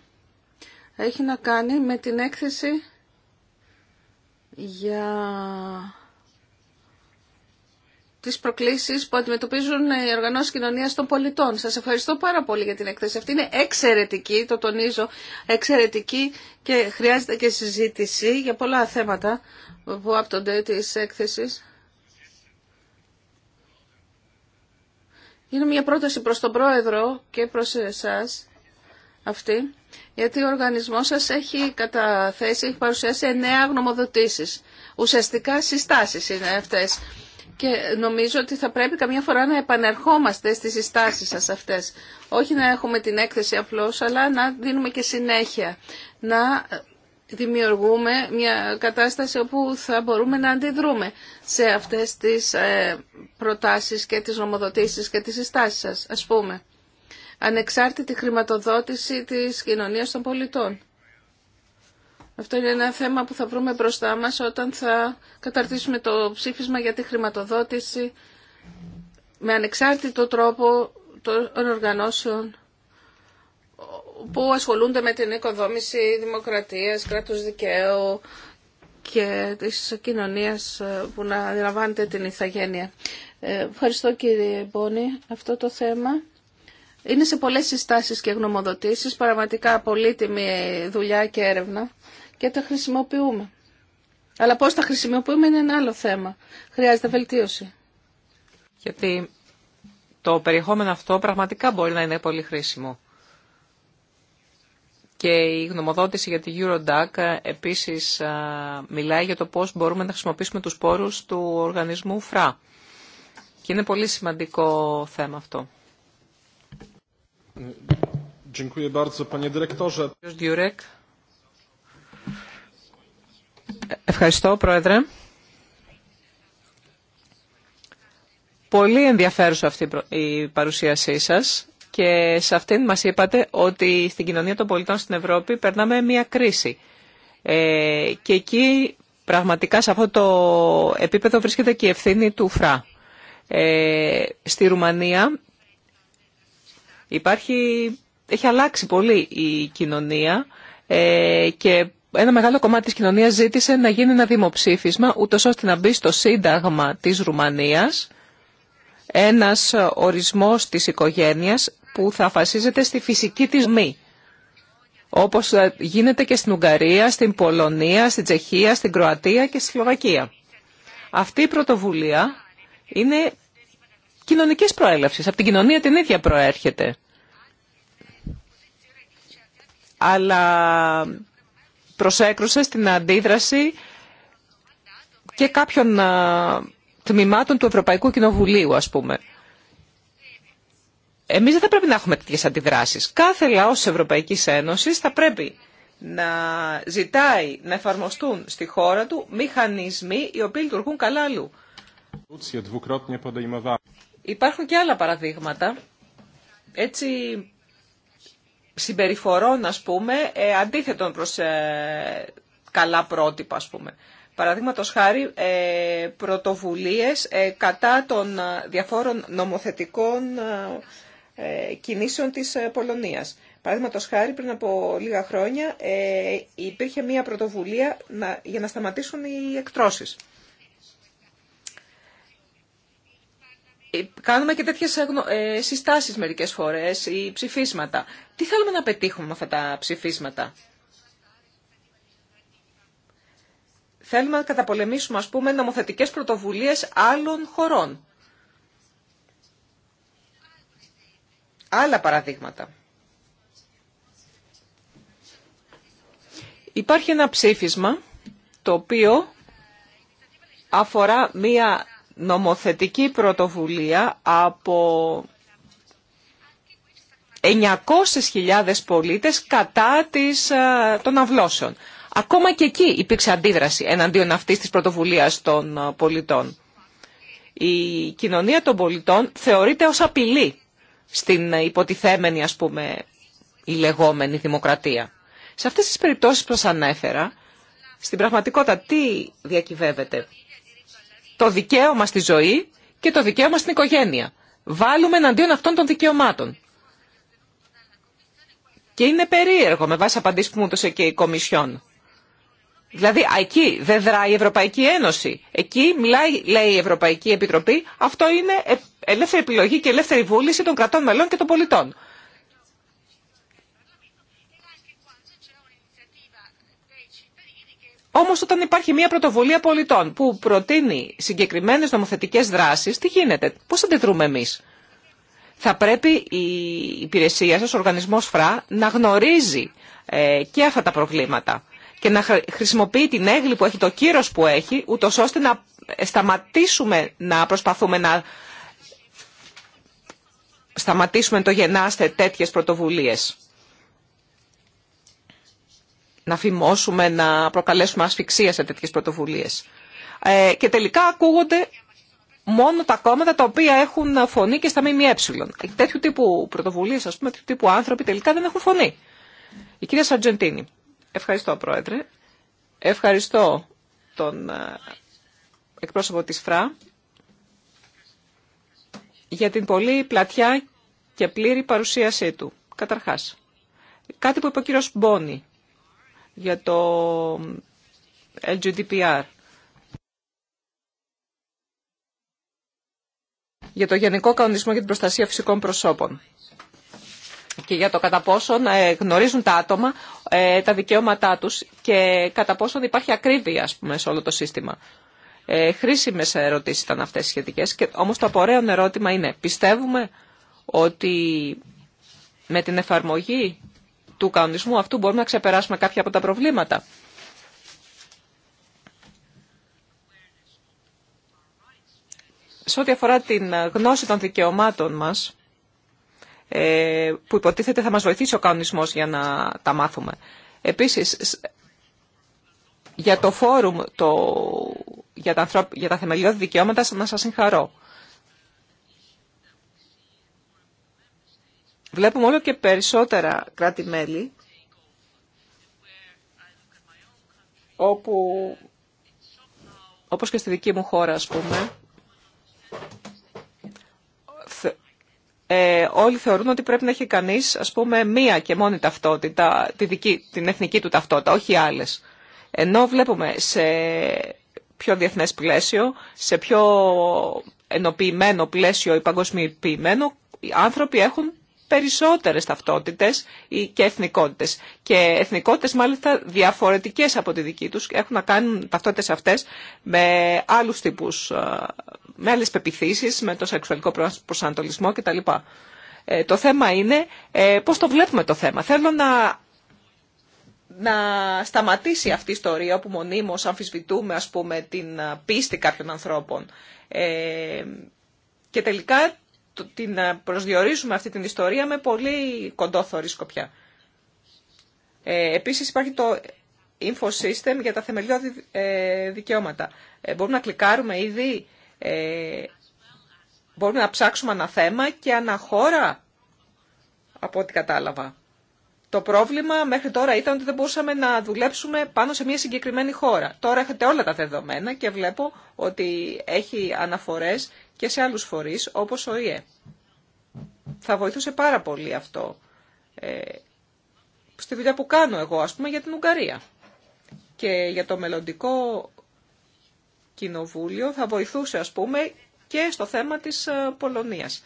έχει να κάνει με την έκθεση για τις προκλήσεις που αντιμετωπίζουν οι οργανώσεις κοινωνίας των πολιτών. Σας ευχαριστώ πάρα πολύ για την εκθέση. Αυτή είναι εξαιρετική, το τονίζω, εξαιρετική και χρειάζεται και συζήτηση για πολλά θέματα που άπτονται της έκθεσης. Είναι μια πρόταση προς τον Πρόεδρο και προς εσάς αυτή, γιατί ο οργανισμός σας έχει καταθέσει, έχει παρουσιάσει εννέα γνωμοδοτήσεις. Ουσιαστικά συστάσεις είναι αυτές. Και νομίζω ότι θα πρέπει καμιά φορά να επανερχόμαστε στις συστάσεις σας αυτές. Όχι να έχουμε την έκθεση απλώς, αλλά να δίνουμε και συνέχεια. Να δημιουργούμε μια κατάσταση όπου θα μπορούμε να αντιδρούμε σε αυτές τις ε, προτάσεις και τις νομοδοτήσεις και τις συστάσεις σας, ας πούμε. Ανεξάρτητη χρηματοδότηση της κοινωνίας των πολιτών. Αυτό είναι ένα θέμα που θα βρούμε μπροστά μας όταν θα καταρτήσουμε το ψήφισμα για τη χρηματοδότηση με ανεξάρτητο τρόπο των οργανώσεων που ασχολούνται με την οικοδόμηση δημοκρατίας, κράτους δικαίου και της κοινωνίας ε, που να αντιλαμβάνεται την ηθαγένεια. Ε, ευχαριστώ κύριε Μπόνη. Αυτό το θέμα είναι σε πολλές συστάσεις και γνωμοδοτήσεις, πραγματικά πολύτιμη δουλειά και έρευνα και τα χρησιμοποιούμε. Αλλά πώς τα χρησιμοποιούμε είναι ένα άλλο θέμα. Χρειάζεται βελτίωση. Γιατί
το περιεχόμενο αυτό πραγματικά μπορεί να είναι πολύ χρήσιμο. Και η γνωμοδότηση για τη Eurodac ε, επίσης ε, μιλάει για το πώς μπορούμε να χρησιμοποιήσουμε τους πόρους του οργανισμού ΦΡΑ. Και είναι πολύ σημαντικό θέμα αυτό. Ευχαριστώ, Πρόεδρε. Πολύ ενδιαφέρουσα αυτή η παρουσίασή σας και σε αυτήν μας είπατε ότι στην κοινωνία των πολιτών στην Ευρώπη περνάμε μια κρίση. Ε, και εκεί πραγματικά σε αυτό το επίπεδο βρίσκεται και η ευθύνη του ΦΡΑ. Ε, στη Ρουμανία υπάρχει, έχει αλλάξει πολύ η κοινωνία ε, και ένα μεγάλο κομμάτι της κοινωνίας ζήτησε να γίνει ένα δημοψήφισμα ούτως ώστε να μπει στο Σύνταγμα της Ρουμανίας ένας ορισμός της οικογένειας που θα αφασίζεται στη φυσική της μη. Όπως γίνεται και στην Ουγγαρία, στην Πολωνία, στην Τσεχία, στην Κροατία και στη Σλοβακία. Αυτή η πρωτοβουλία είναι κοινωνικής προέλευσης. Από την κοινωνία την ίδια προέρχεται. Αλλά προσέκρουσε στην αντίδραση και κάποιων ε, τμήματων του Ευρωπαϊκού Κοινοβουλίου, ας πούμε. Εμείς δεν θα πρέπει να έχουμε τέτοιες αντιδράσεις. Κάθε λαός της Ευρωπαϊκής Ένωσης θα πρέπει να ζητάει να εφαρμοστούν στη χώρα του μηχανισμοί οι οποίοι λειτουργούν καλά αλλού. Υπάρχουν και άλλα παραδείγματα έτσι συμπεριφορών, ας πούμε, ε, αντίθετον προς ε, καλά πρότυπα, ας πούμε. Παραδείγματο χάρη ε, πρωτοβουλίες κατά των διαφόρων νομοθετικών ε, κινήσεων της ε, Πολωνίας. Παραδείγματο χάρη, πριν από λίγα χρόνια ε, υπήρχε μία πρωτοβουλία για να σταματήσουν οι εκτρώσεις. Κάνουμε και τέτοιες συστάσεις μερικές φορές ή ψηφίσματα. Τι θέλουμε να πετύχουμε με αυτά τα ψηφίσματα. Θέλουμε να καταπολεμήσουμε, ας πούμε, νομοθετικές πρωτοβουλίες άλλων χωρών. Άλλα παραδείγματα. Υπάρχει ένα ψήφισμα το οποίο αφορά μία νομοθετική πρωτοβουλία από 900.000 πολίτες κατά της, ε, των αυλώσεων. Ακόμα και εκεί υπήρξε αντίδραση εναντίον αυτής της πρωτοβουλίας των ε, πολιτών. Η κοινωνία των πολιτών θεωρείται ως απειλή στην υποτιθέμενη, ας πούμε, η λεγόμενη δημοκρατία. Σε αυτές τις περιπτώσεις που σας ανέφερα, στην πραγματικότητα τι διακυβεύεται. Το δικαίωμα στη ζωή και το δικαίωμα στην οικογένεια. Βάλουμε εναντίον αυτών των δικαιωμάτων. Και είναι περίεργο με βάση απαντήσεις που μου έδωσε και η Κομισιόν. Δηλαδή, εκεί δεν δράει η Ευρωπαϊκή Ένωση. Εκεί μιλάει, λέει η Ευρωπαϊκή Επιτροπή, αυτό είναι ελεύθερη επιλογή και ελεύθερη βούληση των κρατών μελών και των πολιτών. Όμω, όταν υπάρχει μια πρωτοβουλία πολιτών που προτείνει συγκεκριμένε νομοθετικέ δράσει, τι γίνεται, πώ αντιδρούμε εμεί. Θα πρέπει η υπηρεσία σα, ο οργανισμό ΦΡΑ, να γνωρίζει ε, και αυτά τα προβλήματα και να χρησιμοποιεί την έγκλη που έχει, το κύρος που έχει, ούτω ώστε να σταματήσουμε να προσπαθούμε να σταματήσουμε το γεννάστε τέτοιες πρωτοβουλίες. Να φημώσουμε, να προκαλέσουμε ασφυξία σε τέτοιες πρωτοβουλίες. Ε, και τελικά ακούγονται μόνο τα κόμματα τα οποία έχουν φωνή και στα ΜΜΕ. Τέτοιου τύπου πρωτοβουλίες, ας πούμε, τέτοιου τύπου άνθρωποι τελικά δεν έχουν φωνή. Η κυρία Σαρτζεντίνη. Ευχαριστώ, Πρόεδρε. Ευχαριστώ τον ε, εκπρόσωπο της ΦΡΑ για την πολύ πλατιά και πλήρη παρουσίασή του. Καταρχάς, κάτι που είπε ο κύριος Μπόνι για το LGDPR. για το Γενικό Κανονισμό για την Προστασία Φυσικών Προσώπων και για το κατά πόσον ε, γνωρίζουν τα άτομα ε, τα δικαιώματά τους και κατά πόσον υπάρχει ακρίβεια, πούμε, σε όλο το σύστημα. Ε, χρήσιμες ερωτήσεις ήταν αυτές σχετικές, και, όμως το απορρέον ερώτημα είναι, πιστεύουμε ότι με την εφαρμογή του κανονισμού αυτού μπορούμε να ξεπεράσουμε κάποια από τα προβλήματα. Σε ό,τι αφορά την γνώση των δικαιωμάτων μας, ε, που υποτίθεται θα μας βοηθήσει ο κανονισμός για να τα μάθουμε. Επίσης, για το φόρουμ το για τα, ανθρω... για τα θεμελιώδη δικαιώματα να σας συγχαρώ. Βλέπουμε όλο και περισσότερα κράτη-μέλη όπου, όπως και στη δική μου χώρα ας πούμε, ε, όλοι θεωρούν ότι πρέπει να έχει κανείς, ας πούμε, μία και μόνη ταυτότητα, τη δική, την εθνική του ταυτότητα, όχι άλλες. Ενώ βλέπουμε σε πιο διεθνές πλαίσιο, σε πιο ενοποιημένο πλαίσιο ή παγκοσμιοποιημένο, οι άνθρωποι έχουν περισσότερες ταυτότητες και εθνικότητες. Και εθνικότητες μάλιστα διαφορετικές από τη δική τους έχουν να κάνουν ταυτότητες αυτές με άλλους τύπους, ε, με άλλες πεπιθήσεις, με το σεξουαλικό προσανατολισμό κτλ. Ε, το θέμα είναι ε, πώς το βλέπουμε το θέμα. Θέλω να να σταματήσει αυτή η ιστορία όπου μονίμως αμφισβητούμε ας πούμε την ε, πίστη κάποιων ανθρώπων ε, και τελικά την ε, προσδιορίζουμε αυτή την ιστορία με πολύ κοντόθωρη σκοπιά. Ε, επίσης υπάρχει το info system για τα θεμελιώδη ε, δικαιώματα. μπορούμε να κλικάρουμε ήδη, ε, μπορούμε να ψάξουμε ένα θέμα και αναχώρα από ό,τι κατάλαβα. Το πρόβλημα μέχρι τώρα ήταν ότι δεν μπορούσαμε να δουλέψουμε πάνω σε μια συγκεκριμένη χώρα. Τώρα έχετε όλα τα δεδομένα και βλέπω ότι έχει αναφορές και σε άλλους φορείς όπως ο ΙΕ. Θα βοηθούσε πάρα πολύ αυτό ε, στη δουλειά που κάνω εγώ ας πούμε για την Ουγγαρία. Και για το μελλοντικό κοινοβούλιο θα βοηθούσε ας πούμε και στο θέμα της ε, Πολωνίας.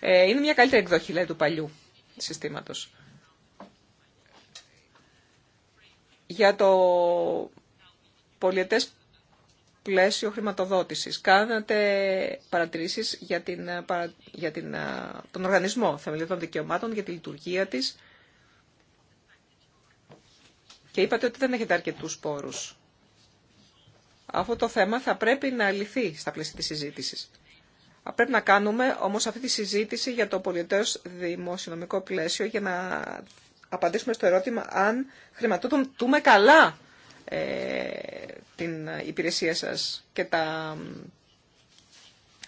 Ε, είναι μια καλύτερη εκδοχή λέει, του παλιού συστήματος. για το πολιετές πλαίσιο χρηματοδότησης. Κάνατε παρατηρήσεις για, την, για την, τον οργανισμό θεμελιωτών δικαιωμάτων, για τη λειτουργία της και είπατε ότι δεν έχετε αρκετούς πόρους. Αυτό το θέμα θα πρέπει να λυθεί στα πλαίσια της συζήτησης. Πρέπει να κάνουμε όμως αυτή τη συζήτηση για το πολιτές δημοσιονομικό πλαίσιο για να απαντήσουμε στο ερώτημα αν χρηματοδοτούμε καλά ε, την υπηρεσία σας και τα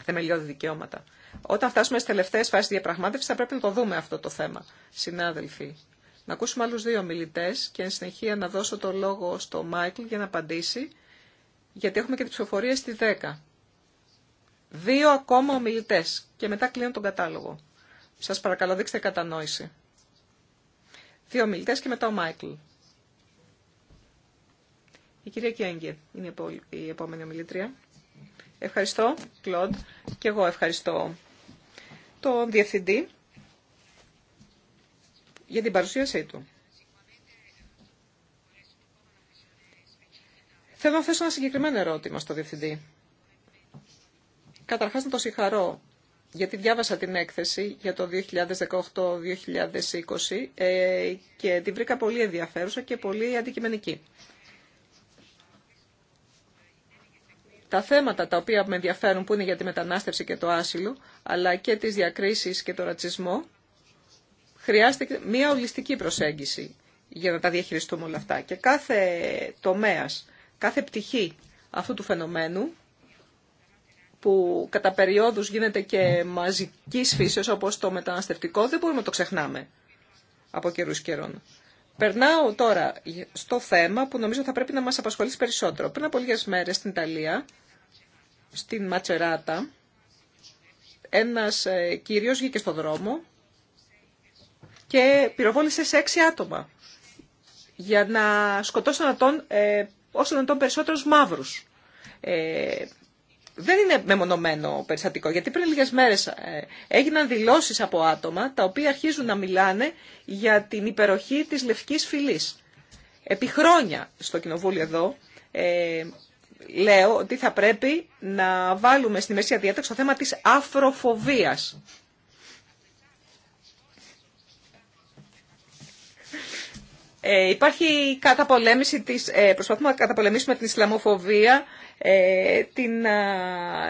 θεμελιώδη δικαιώματα. Όταν φτάσουμε στις τελευταίες φάσεις διαπραγμάτευσης θα πρέπει να το δούμε αυτό το θέμα, συνάδελφοι. Να ακούσουμε άλλους δύο μιλητές και εν συνεχεία να δώσω το λόγο στο Μάικλ για να απαντήσει, γιατί έχουμε και τις ψηφοφορίες στη 10. Δύο ακόμα ομιλητές και μετά κλείνω τον κατάλογο. Σας παρακαλώ δείξτε κατανόηση δύο μιλητές και μετά ο Μάικλ. Η κυρία Κιέγγε είναι η επόμενη ομιλήτρια. Ευχαριστώ, Κλοντ, και εγώ ευχαριστώ τον Διευθυντή για την παρουσίασή του. Θέλω να θέσω ένα συγκεκριμένο ερώτημα στο Διευθυντή. Καταρχάς να το συγχαρώ γιατί διάβασα την έκθεση για το 2018-2020 ε, και την βρήκα πολύ ενδιαφέρουσα και πολύ αντικειμενική. Τα θέματα τα οποία με ενδιαφέρουν που είναι για τη μετανάστευση και το άσυλο, αλλά και τις διακρίσεις και το ρατσισμό, χρειάζεται μια ολιστική προσέγγιση για να τα διαχειριστούμε όλα αυτά. Και κάθε τομέας, κάθε πτυχή αυτού του φαινομένου που κατά περιόδους γίνεται και μαζικής φύσεως όπως το μεταναστευτικό, δεν μπορούμε να το ξεχνάμε από καιρούς καιρών. Περνάω τώρα στο θέμα που νομίζω θα πρέπει να μας απασχολήσει περισσότερο. Πριν από λίγες μέρες στην Ιταλία, στην Ματσεράτα, ένας ε, κύριος βγήκε στο δρόμο και πυροβόλησε σε έξι άτομα για να σκοτώσουν ε, όσο να τον περισσότερους μαύρους. Ε, δεν είναι μεμονωμένο περιστατικό, γιατί πριν λίγες μέρες ε, έγιναν δηλώσεις από άτομα τα οποία αρχίζουν να μιλάνε για την υπεροχή της λευκής φυλής. Επί χρόνια στο κοινοβούλιο εδώ ε, λέω ότι θα πρέπει να βάλουμε στη μέση διάταξη το θέμα της αφροφοβίας. Ε, υπάρχει καταπολέμηση της, ε, προσπαθούμε να καταπολεμήσουμε την Ισλαμοφοβία ε, την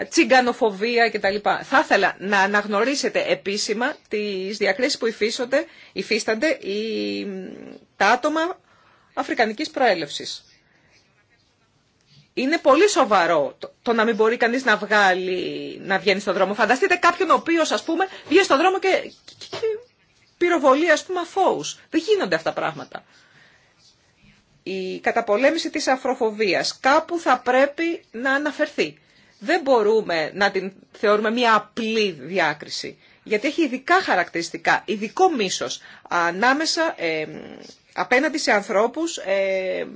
τσιγκανοφοβία κτλ. Θα ήθελα να αναγνωρίσετε επίσημα τις διακρίσεις που υφίστανται, οι, τα άτομα αφρικανικής προέλευσης. Είναι πολύ σοβαρό το, να μην μπορεί κανείς να βγάλει, να βγαίνει στον δρόμο. Φανταστείτε κάποιον ο οποίος, ας πούμε, βγαίνει στον δρόμο και, και, και πυροβολεί, ας πούμε, αφόους. Δεν γίνονται αυτά τα πράγματα η καταπολέμηση της αφροφοβίας κάπου θα πρέπει να αναφερθεί. Δεν μπορούμε να την θεωρούμε μια απλή διάκριση, γιατί έχει ειδικά χαρακτηριστικά, ειδικό μίσος ανάμεσα απέναντι σε ανθρώπους ε,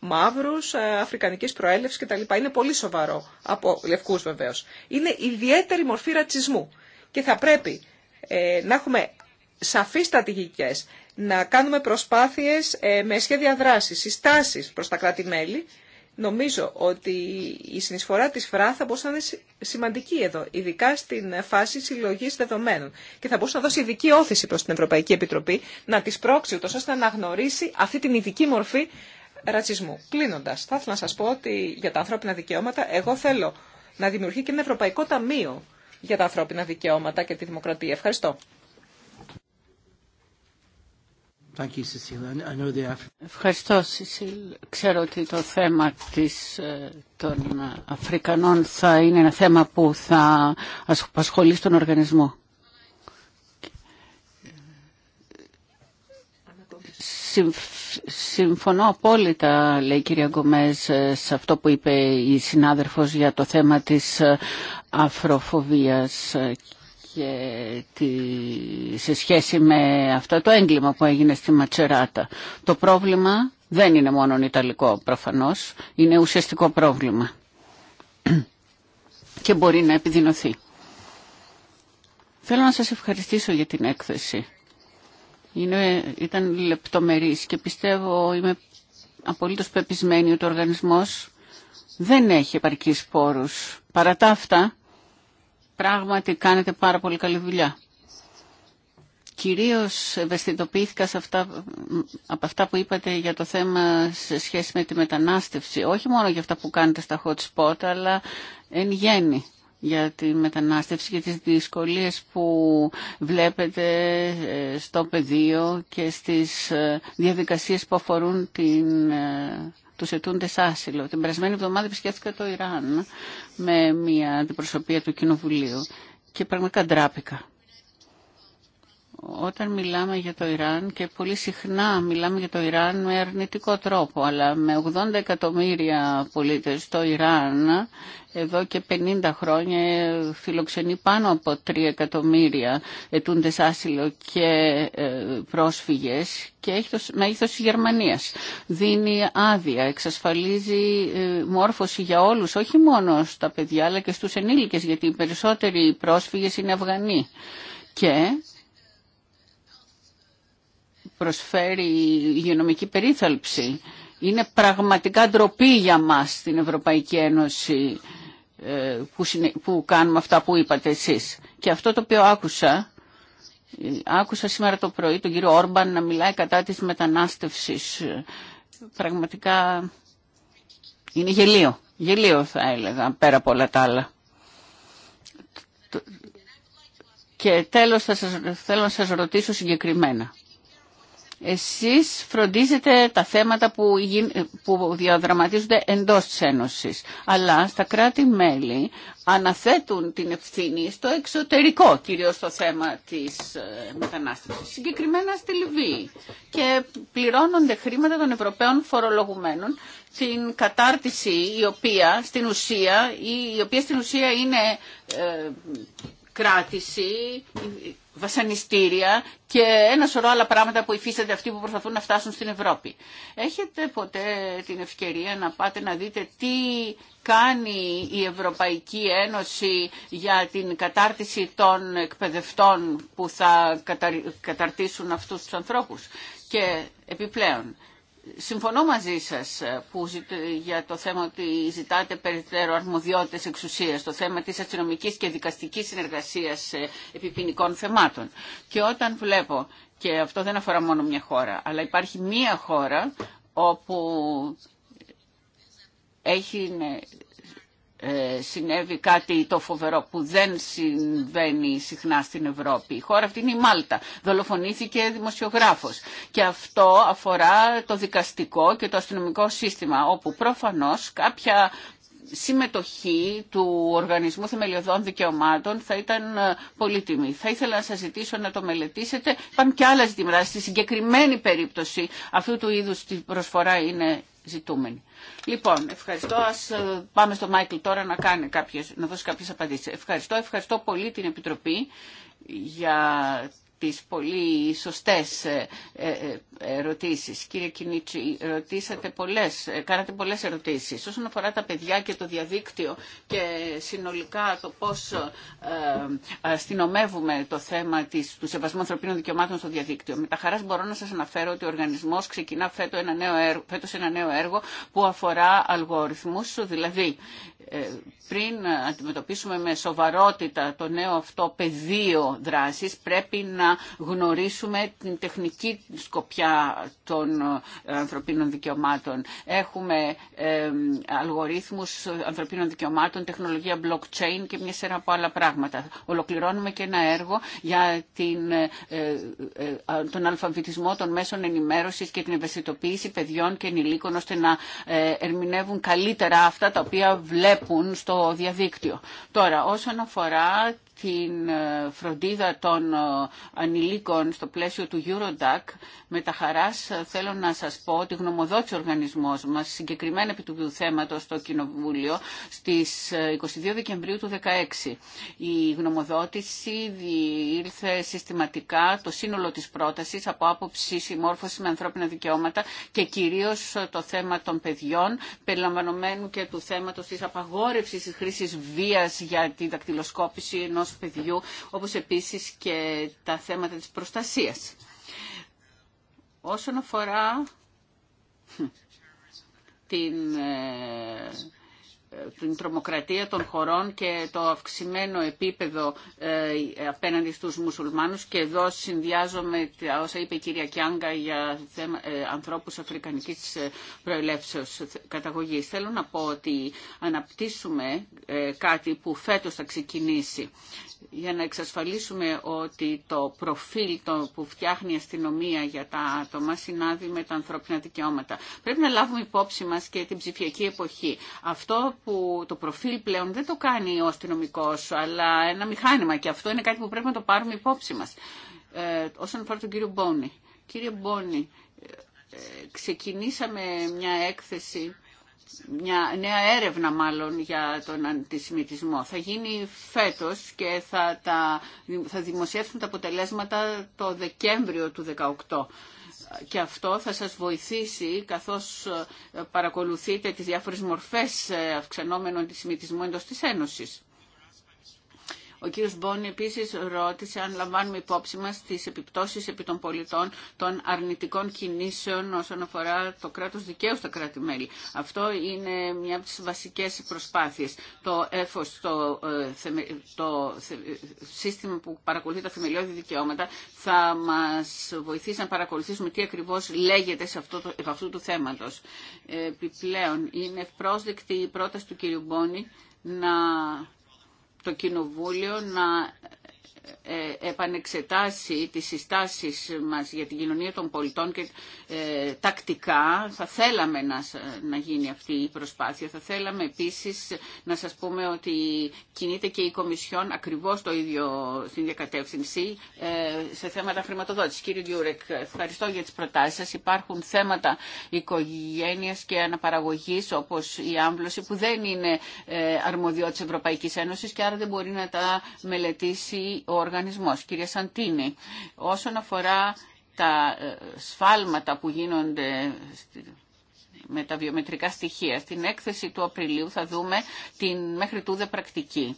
μαύρους, ε, αφρικανικής προέλευσης κτλ. Είναι πολύ σοβαρό, από λευκούς βεβαίως. Είναι ιδιαίτερη μορφή ρατσισμού και θα πρέπει ε, να έχουμε σαφείς στρατηγικές να κάνουμε προσπάθειες ε, με σχέδια δράσης, συστάσεις προς τα κράτη-μέλη. Νομίζω ότι η συνεισφορά της ΦΡΑ θα μπορούσε να είναι σημαντική εδώ, ειδικά στην φάση συλλογής δεδομένων. Και θα μπορούσε να δώσει ειδική όθηση προς την Ευρωπαϊκή Επιτροπή να τη πρόξει, ούτως ώστε να αναγνωρίσει αυτή την ειδική μορφή ρατσισμού. Κλείνοντα, θα ήθελα να σα πω ότι για τα ανθρώπινα δικαιώματα, εγώ θέλω να δημιουργεί και ένα Ευρωπαϊκό Ταμείο για τα ανθρώπινα δικαιώματα και τη δημοκρατία. Ευχαριστώ.
Ευχαριστώ, Σισίλ. Ξέρω ότι το θέμα της, ε, των ε, Αφρικανών θα είναι ένα θέμα που θα απασχολεί στον οργανισμό. Συμφωνώ απόλυτα, λέει η κυρία Γκομές, ε, σε αυτό που είπε η συνάδελφος για το θέμα της αφροφοβίας και σε σχέση με αυτό το έγκλημα που έγινε στη Ματσεράτα. Το πρόβλημα δεν είναι μόνο Ιταλικό προφανώς, είναι ουσιαστικό πρόβλημα και μπορεί να επιδεινωθεί. Θέλω να σας ευχαριστήσω για την έκθεση. Είναι, ήταν λεπτομερής και πιστεύω είμαι απολύτως πεπισμένη ότι ο οργανισμός δεν έχει επαρκείς πόρους. Παρά τα αυτά, Πράγματι κάνετε πάρα πολύ καλή δουλειά. Κυρίως ευαισθητοποιήθηκα αυτά, από αυτά που είπατε για το θέμα σε σχέση με τη μετανάστευση. Όχι μόνο για αυτά που κάνετε στα hot spot, αλλά εν γέννη για τη μετανάστευση και τις δυσκολίες που βλέπετε ε, στο πεδίο και στις ε, διαδικασίες που αφορούν την ε, τους ετούντες άσυλο. Την περασμένη εβδομάδα επισκέφθηκα το Ιράν με μια αντιπροσωπεία του Κοινοβουλίου και πραγματικά ντράπηκα όταν μιλάμε για το Ιράν και πολύ συχνά μιλάμε για το Ιράν με αρνητικό τρόπο, αλλά με 80 εκατομμύρια πολίτες το Ιράν εδώ και 50 χρόνια φιλοξενεί πάνω από 3 εκατομμύρια ετούντες άσυλο και ε, πρόσφυγες και έχει το μέγεθος της Γερμανίας. Δίνει άδεια, εξασφαλίζει ε, μόρφωση για όλους, όχι μόνο στα παιδιά αλλά και στους ενήλικες, γιατί οι περισσότεροι πρόσφυγες είναι Αυγανοί. Και προσφέρει η υγειονομική περίθαλψη. Είναι πραγματικά ντροπή για μας στην Ευρωπαϊκή Ένωση ε, που κάνουμε αυτά που είπατε εσείς. Και αυτό το οποίο άκουσα, ε, άκουσα σήμερα το πρωί τον κύριο Όρμπαν να μιλάει κατά της μετανάστευσης. Ε, πραγματικά είναι γελίο. Γελίο θα έλεγα, πέρα από όλα τα άλλα. Και τέλος θα σας, θέλω να σας ρωτήσω συγκεκριμένα εσείς φροντίζετε τα θέματα που διαδραματίζονται εντός της Ένωσης. Αλλά στα κράτη-μέλη αναθέτουν την ευθύνη στο εξωτερικό, κυρίως στο θέμα της ε, μετανάστευσης, συγκεκριμένα στη Λιβύη. Και πληρώνονται χρήματα των Ευρωπαίων φορολογουμένων την κατάρτιση η οποία στην ουσία, η οποία στην ουσία είναι ε, κράτηση, βασανιστήρια και ένα σωρό άλλα πράγματα που υφίσταται αυτοί που προσπαθούν να φτάσουν στην Ευρώπη. Έχετε ποτέ την ευκαιρία να πάτε να δείτε τι κάνει η Ευρωπαϊκή Ένωση για την κατάρτιση των εκπαιδευτών που θα καταρτήσουν αυτούς τους ανθρώπους. Και επιπλέον, συμφωνώ μαζί σας ε, που για το θέμα ότι ζητάτε περιττέρω αρμοδιότητες εξουσίας, το θέμα της αστυνομική και δικαστικής συνεργασίας ε, επί θεμάτων. Και όταν βλέπω, και αυτό δεν αφορά μόνο μια χώρα, αλλά υπάρχει μια χώρα όπου έχει ε, ε, συνέβη κάτι το φοβερό που δεν συμβαίνει συχνά στην Ευρώπη. Η χώρα αυτή είναι η Μάλτα. Δολοφονήθηκε δημοσιογράφος. Και αυτό αφορά το δικαστικό και το αστυνομικό σύστημα, όπου προφανώς κάποια συμμετοχή του Οργανισμού Θεμελιωδών Δικαιωμάτων θα ήταν ε, πολύτιμη. Θα ήθελα να σας ζητήσω να το μελετήσετε. Υπάρχουν και άλλες ζητήματα. Στη συγκεκριμένη περίπτωση αυτού του είδους την προσφορά είναι ζητούμενη. Λοιπόν, ευχαριστώ. Ας ε, πάμε στο Μάικλ τώρα να, κάνει κάποιες, να δώσει κάποιες απαντήσεις. Ευχαριστώ, ευχαριστώ πολύ την Επιτροπή για τις πολύ σωστές ε, ε, ε, ερωτήσεις. Κύριε Κινίτσι, ρωτήσατε πολλές, κάνατε πολλές ερωτήσεις. Όσον αφορά τα παιδιά και το διαδίκτυο και συνολικά το πώς αστυνομεύουμε το θέμα της, του σεβασμού ανθρωπίνων δικαιωμάτων στο διαδίκτυο. Με τα χαράς μπορώ να σας αναφέρω ότι ο οργανισμός ξεκινά φέτος ένα νέο έργο, φέτος ένα νέο έργο που αφορά αλγοριθμούς, δηλαδή πριν αντιμετωπίσουμε με σοβαρότητα το νέο αυτό πεδίο δράσης, πρέπει να να γνωρίσουμε την τεχνική σκοπιά των ε, ανθρωπίνων δικαιωμάτων. Έχουμε ε, αλγορίθμους ανθρωπίνων δικαιωμάτων, τεχνολογία blockchain και μια σειρά από άλλα πράγματα. Ολοκληρώνουμε και ένα έργο για την, ε, ε, τον αλφαβητισμό των μέσων ενημέρωσης και την ευαισθητοποίηση παιδιών και ενηλίκων ώστε να ερμηνεύουν καλύτερα αυτά τα οποία βλέπουν στο διαδίκτυο. Τώρα, όσον αφορά την ε, φροντίδα των ε, ανηλίκων στο πλαίσιο του Eurodac, με τα χαράς ε, θέλω να σας πω ότι γνωμοδότησε ο οργανισμός μας συγκεκριμένα επί του θέματος στο Κοινοβούλιο στις 22 Δεκεμβρίου του 2016. Η γνωμοδότηση ήρθε συστηματικά το σύνολο της πρότασης από άποψη συμμόρφωση με ανθρώπινα δικαιώματα και κυρίως το θέμα των παιδιών, περιλαμβανομένου και του θέματος της απαγόρευσης της χρήσης βίας για τη δακτυλοσκόπηση ενό ενός παιδιού, όπως επίσης και τα θέματα της προστασίας. Όσον αφορά την ε, την τρομοκρατία των χωρών και το αυξημένο επίπεδο ε, απέναντι στους μουσουλμάνους και εδώ συνδυάζομαι όσα είπε η κυρία Κιάνγκα για θέμα, ε, ανθρώπους αφρικανικής ε, προελεύσεως καταγωγής. Θέλω να πω ότι αναπτύσσουμε κάτι που φέτος θα ξεκινήσει για να εξασφαλίσουμε ότι το προφίλ το που φτιάχνει η αστυνομία για τα άτομα συνάδει με τα ανθρώπινα δικαιώματα. Πρέπει να λάβουμε υπόψη μας και την ψηφιακή εποχή που το προφίλ πλέον δεν το κάνει ο αστυνομικό, αλλά ένα μηχάνημα και αυτό είναι κάτι που πρέπει να το πάρουμε υπόψη μα. Ε, όσον αφορά τον κύριο Μπόνι. Κύριε Μπόνι, ε, ξεκινήσαμε μια έκθεση μια νέα έρευνα μάλλον για τον αντισημιτισμό. Θα γίνει φέτος και θα, θα δημοσιεύσουν τα αποτελέσματα το Δεκέμβριο του 2018 και αυτό θα σας βοηθήσει καθώς ε, παρακολουθείτε τις διάφορες μορφές ε, αυξανόμενων της εντός της Ένωσης. Ο κύριος Μπόνι επίσης ρώτησε αν λαμβάνουμε υπόψη μας τις επιπτώσεις επί των πολιτών των αρνητικών κινήσεων όσον αφορά το κράτος δικαίου στα κράτη-μέλη. Αυτό είναι μια από τις βασικές προσπάθειες. Το το, ε, το ε, σύστημα που παρακολουθεί τα θεμελιώδη δικαιώματα θα μας βοηθήσει να παρακολουθήσουμε τι ακριβώς λέγεται σε αυτό το, σε αυτού του θέματος. Επιπλέον, είναι πρόσδεκτη η πρόταση του κύριου Μπόνι να το Κοινοβούλιο να ε, επανεξετάσει τις συστάσεις μας για την κοινωνία των πολιτών και ε, τακτικά. Θα θέλαμε να, να γίνει αυτή η προσπάθεια. Θα θέλαμε επίσης να σας πούμε ότι κινείται και η Κομισιόν ακριβώς το ίδιο στην διακατεύθυνση ε, σε θέματα χρηματοδότησης. Κύριε Γιούρεκ, ευχαριστώ για τις προτάσεις σας. Υπάρχουν θέματα οικογένειας και αναπαραγωγής όπως η άμβλωση που δεν είναι ε, αρμοδιότητα της Ευρωπαϊκής Ένωσης και άρα δεν μπορεί να τα μελετήσει οργανισμός. Κυρία Σαντίνη, όσον αφορά τα ε, σφάλματα που γίνονται με τα βιομετρικά στοιχεία. Στην έκθεση του Απριλίου θα δούμε την μέχρι τούδε πρακτική.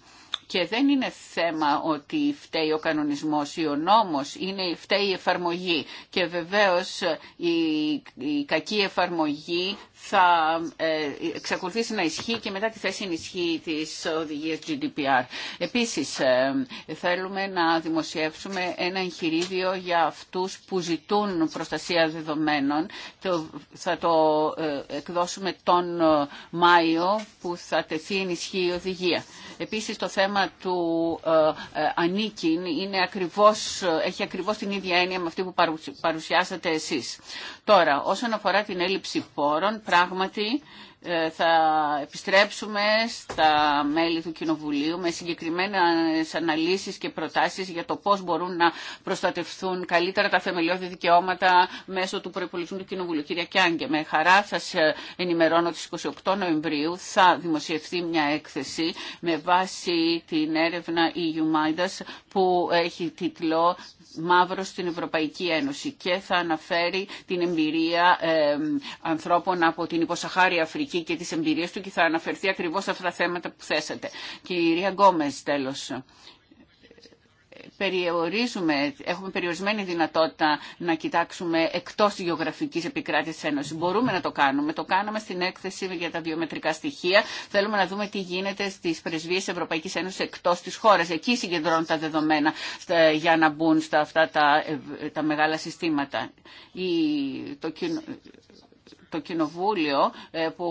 Και δεν είναι θέμα ότι φταίει ο κανονισμός ή ο νόμος, είναι φταίει η εφαρμογή. Και βεβαίως η, κακή εφαρμογή θα ε, εξακολουθήσει να ισχύει και μετά τη θέση ενισχύει της οδηγίας GDPR. Επίσης, ε, θέλουμε να δημοσιεύσουμε ένα εγχειρίδιο για αυτούς που ζητούν προστασία δεδομένων. Το, θα το ε, εκδώσουμε τον Μάιο που θα τεθεί ενισχύει η οδηγία. Επίσης, το θέμα του ε, ε, ανίκην είναι ακριβώς, ε, έχει ακριβώς την ίδια έννοια με αυτή που παρουσιάσατε εσείς. Τώρα, όσον αφορά την έλλειψη πόρων, πράγματι ε, θα επιστρέψουμε στα μέλη του Κοινοβουλίου με συγκεκριμένες αναλύσεις και προτάσεις για το πώς μπορούν να προστατευθούν καλύτερα τα θεμελιώδη δικαιώματα μέσω του προϋπολογισμού του Κοινοβουλίου. Κυρία Κιάνγκε, με χαρά σας ε, ενημερώνω ότι στις 28 Νοεμβρίου θα δημοσιευθεί μια έκθεση με βάση την έρευνα EU Midas που έχει τίτλο «Μαύρο στην Ευρωπαϊκή Ένωση» και θα αναφέρει την εμπειρία ε, ανθρώπων από την υποσαχάρια Αφρική και τις εμπειρίες του και θα αναφερθεί ακριβώς σε αυτά τα θέματα που θέσατε. Κυρία Γκόμες, τέλος περιορίζουμε, έχουμε περιορισμένη δυνατότητα να κοιτάξουμε εκτός της γεωγραφικής επικράτησης Ένωσης. Μπορούμε να το κάνουμε. Το κάναμε στην έκθεση για τα βιομετρικά στοιχεία. Θέλουμε να δούμε τι γίνεται στις πρεσβείες Ευρωπαϊκής Ένωσης εκτός της χώρας. Εκεί συγκεντρώνουν τα δεδομένα για να μπουν στα αυτά τα, τα μεγάλα συστήματα. Η, το, το Κοινοβούλιο ε, που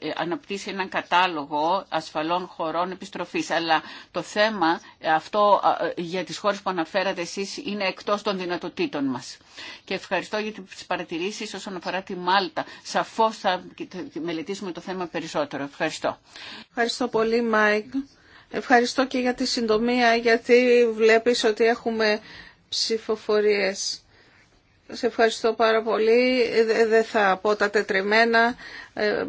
ε, ε, αναπτύσσει έναν κατάλογο ασφαλών χωρών επιστροφής. Αλλά το θέμα αυτό για τις χώρες που αναφέρατε εσείς είναι εκτός των δυνατοτήτων μας. Και ευχαριστώ για τις παρατηρήσεις όσον αφορά τη Μάλτα. Σαφώς θα μελετήσουμε το θέμα περισσότερο. Ευχαριστώ.
Ευχαριστώ πολύ Μάικ. Ευχαριστώ και για τη συντομία γιατί βλέπεις ότι έχουμε ψηφοφορίες. Σε ευχαριστώ πάρα πολύ. Δεν θα πω τα τετριμένα. Ε,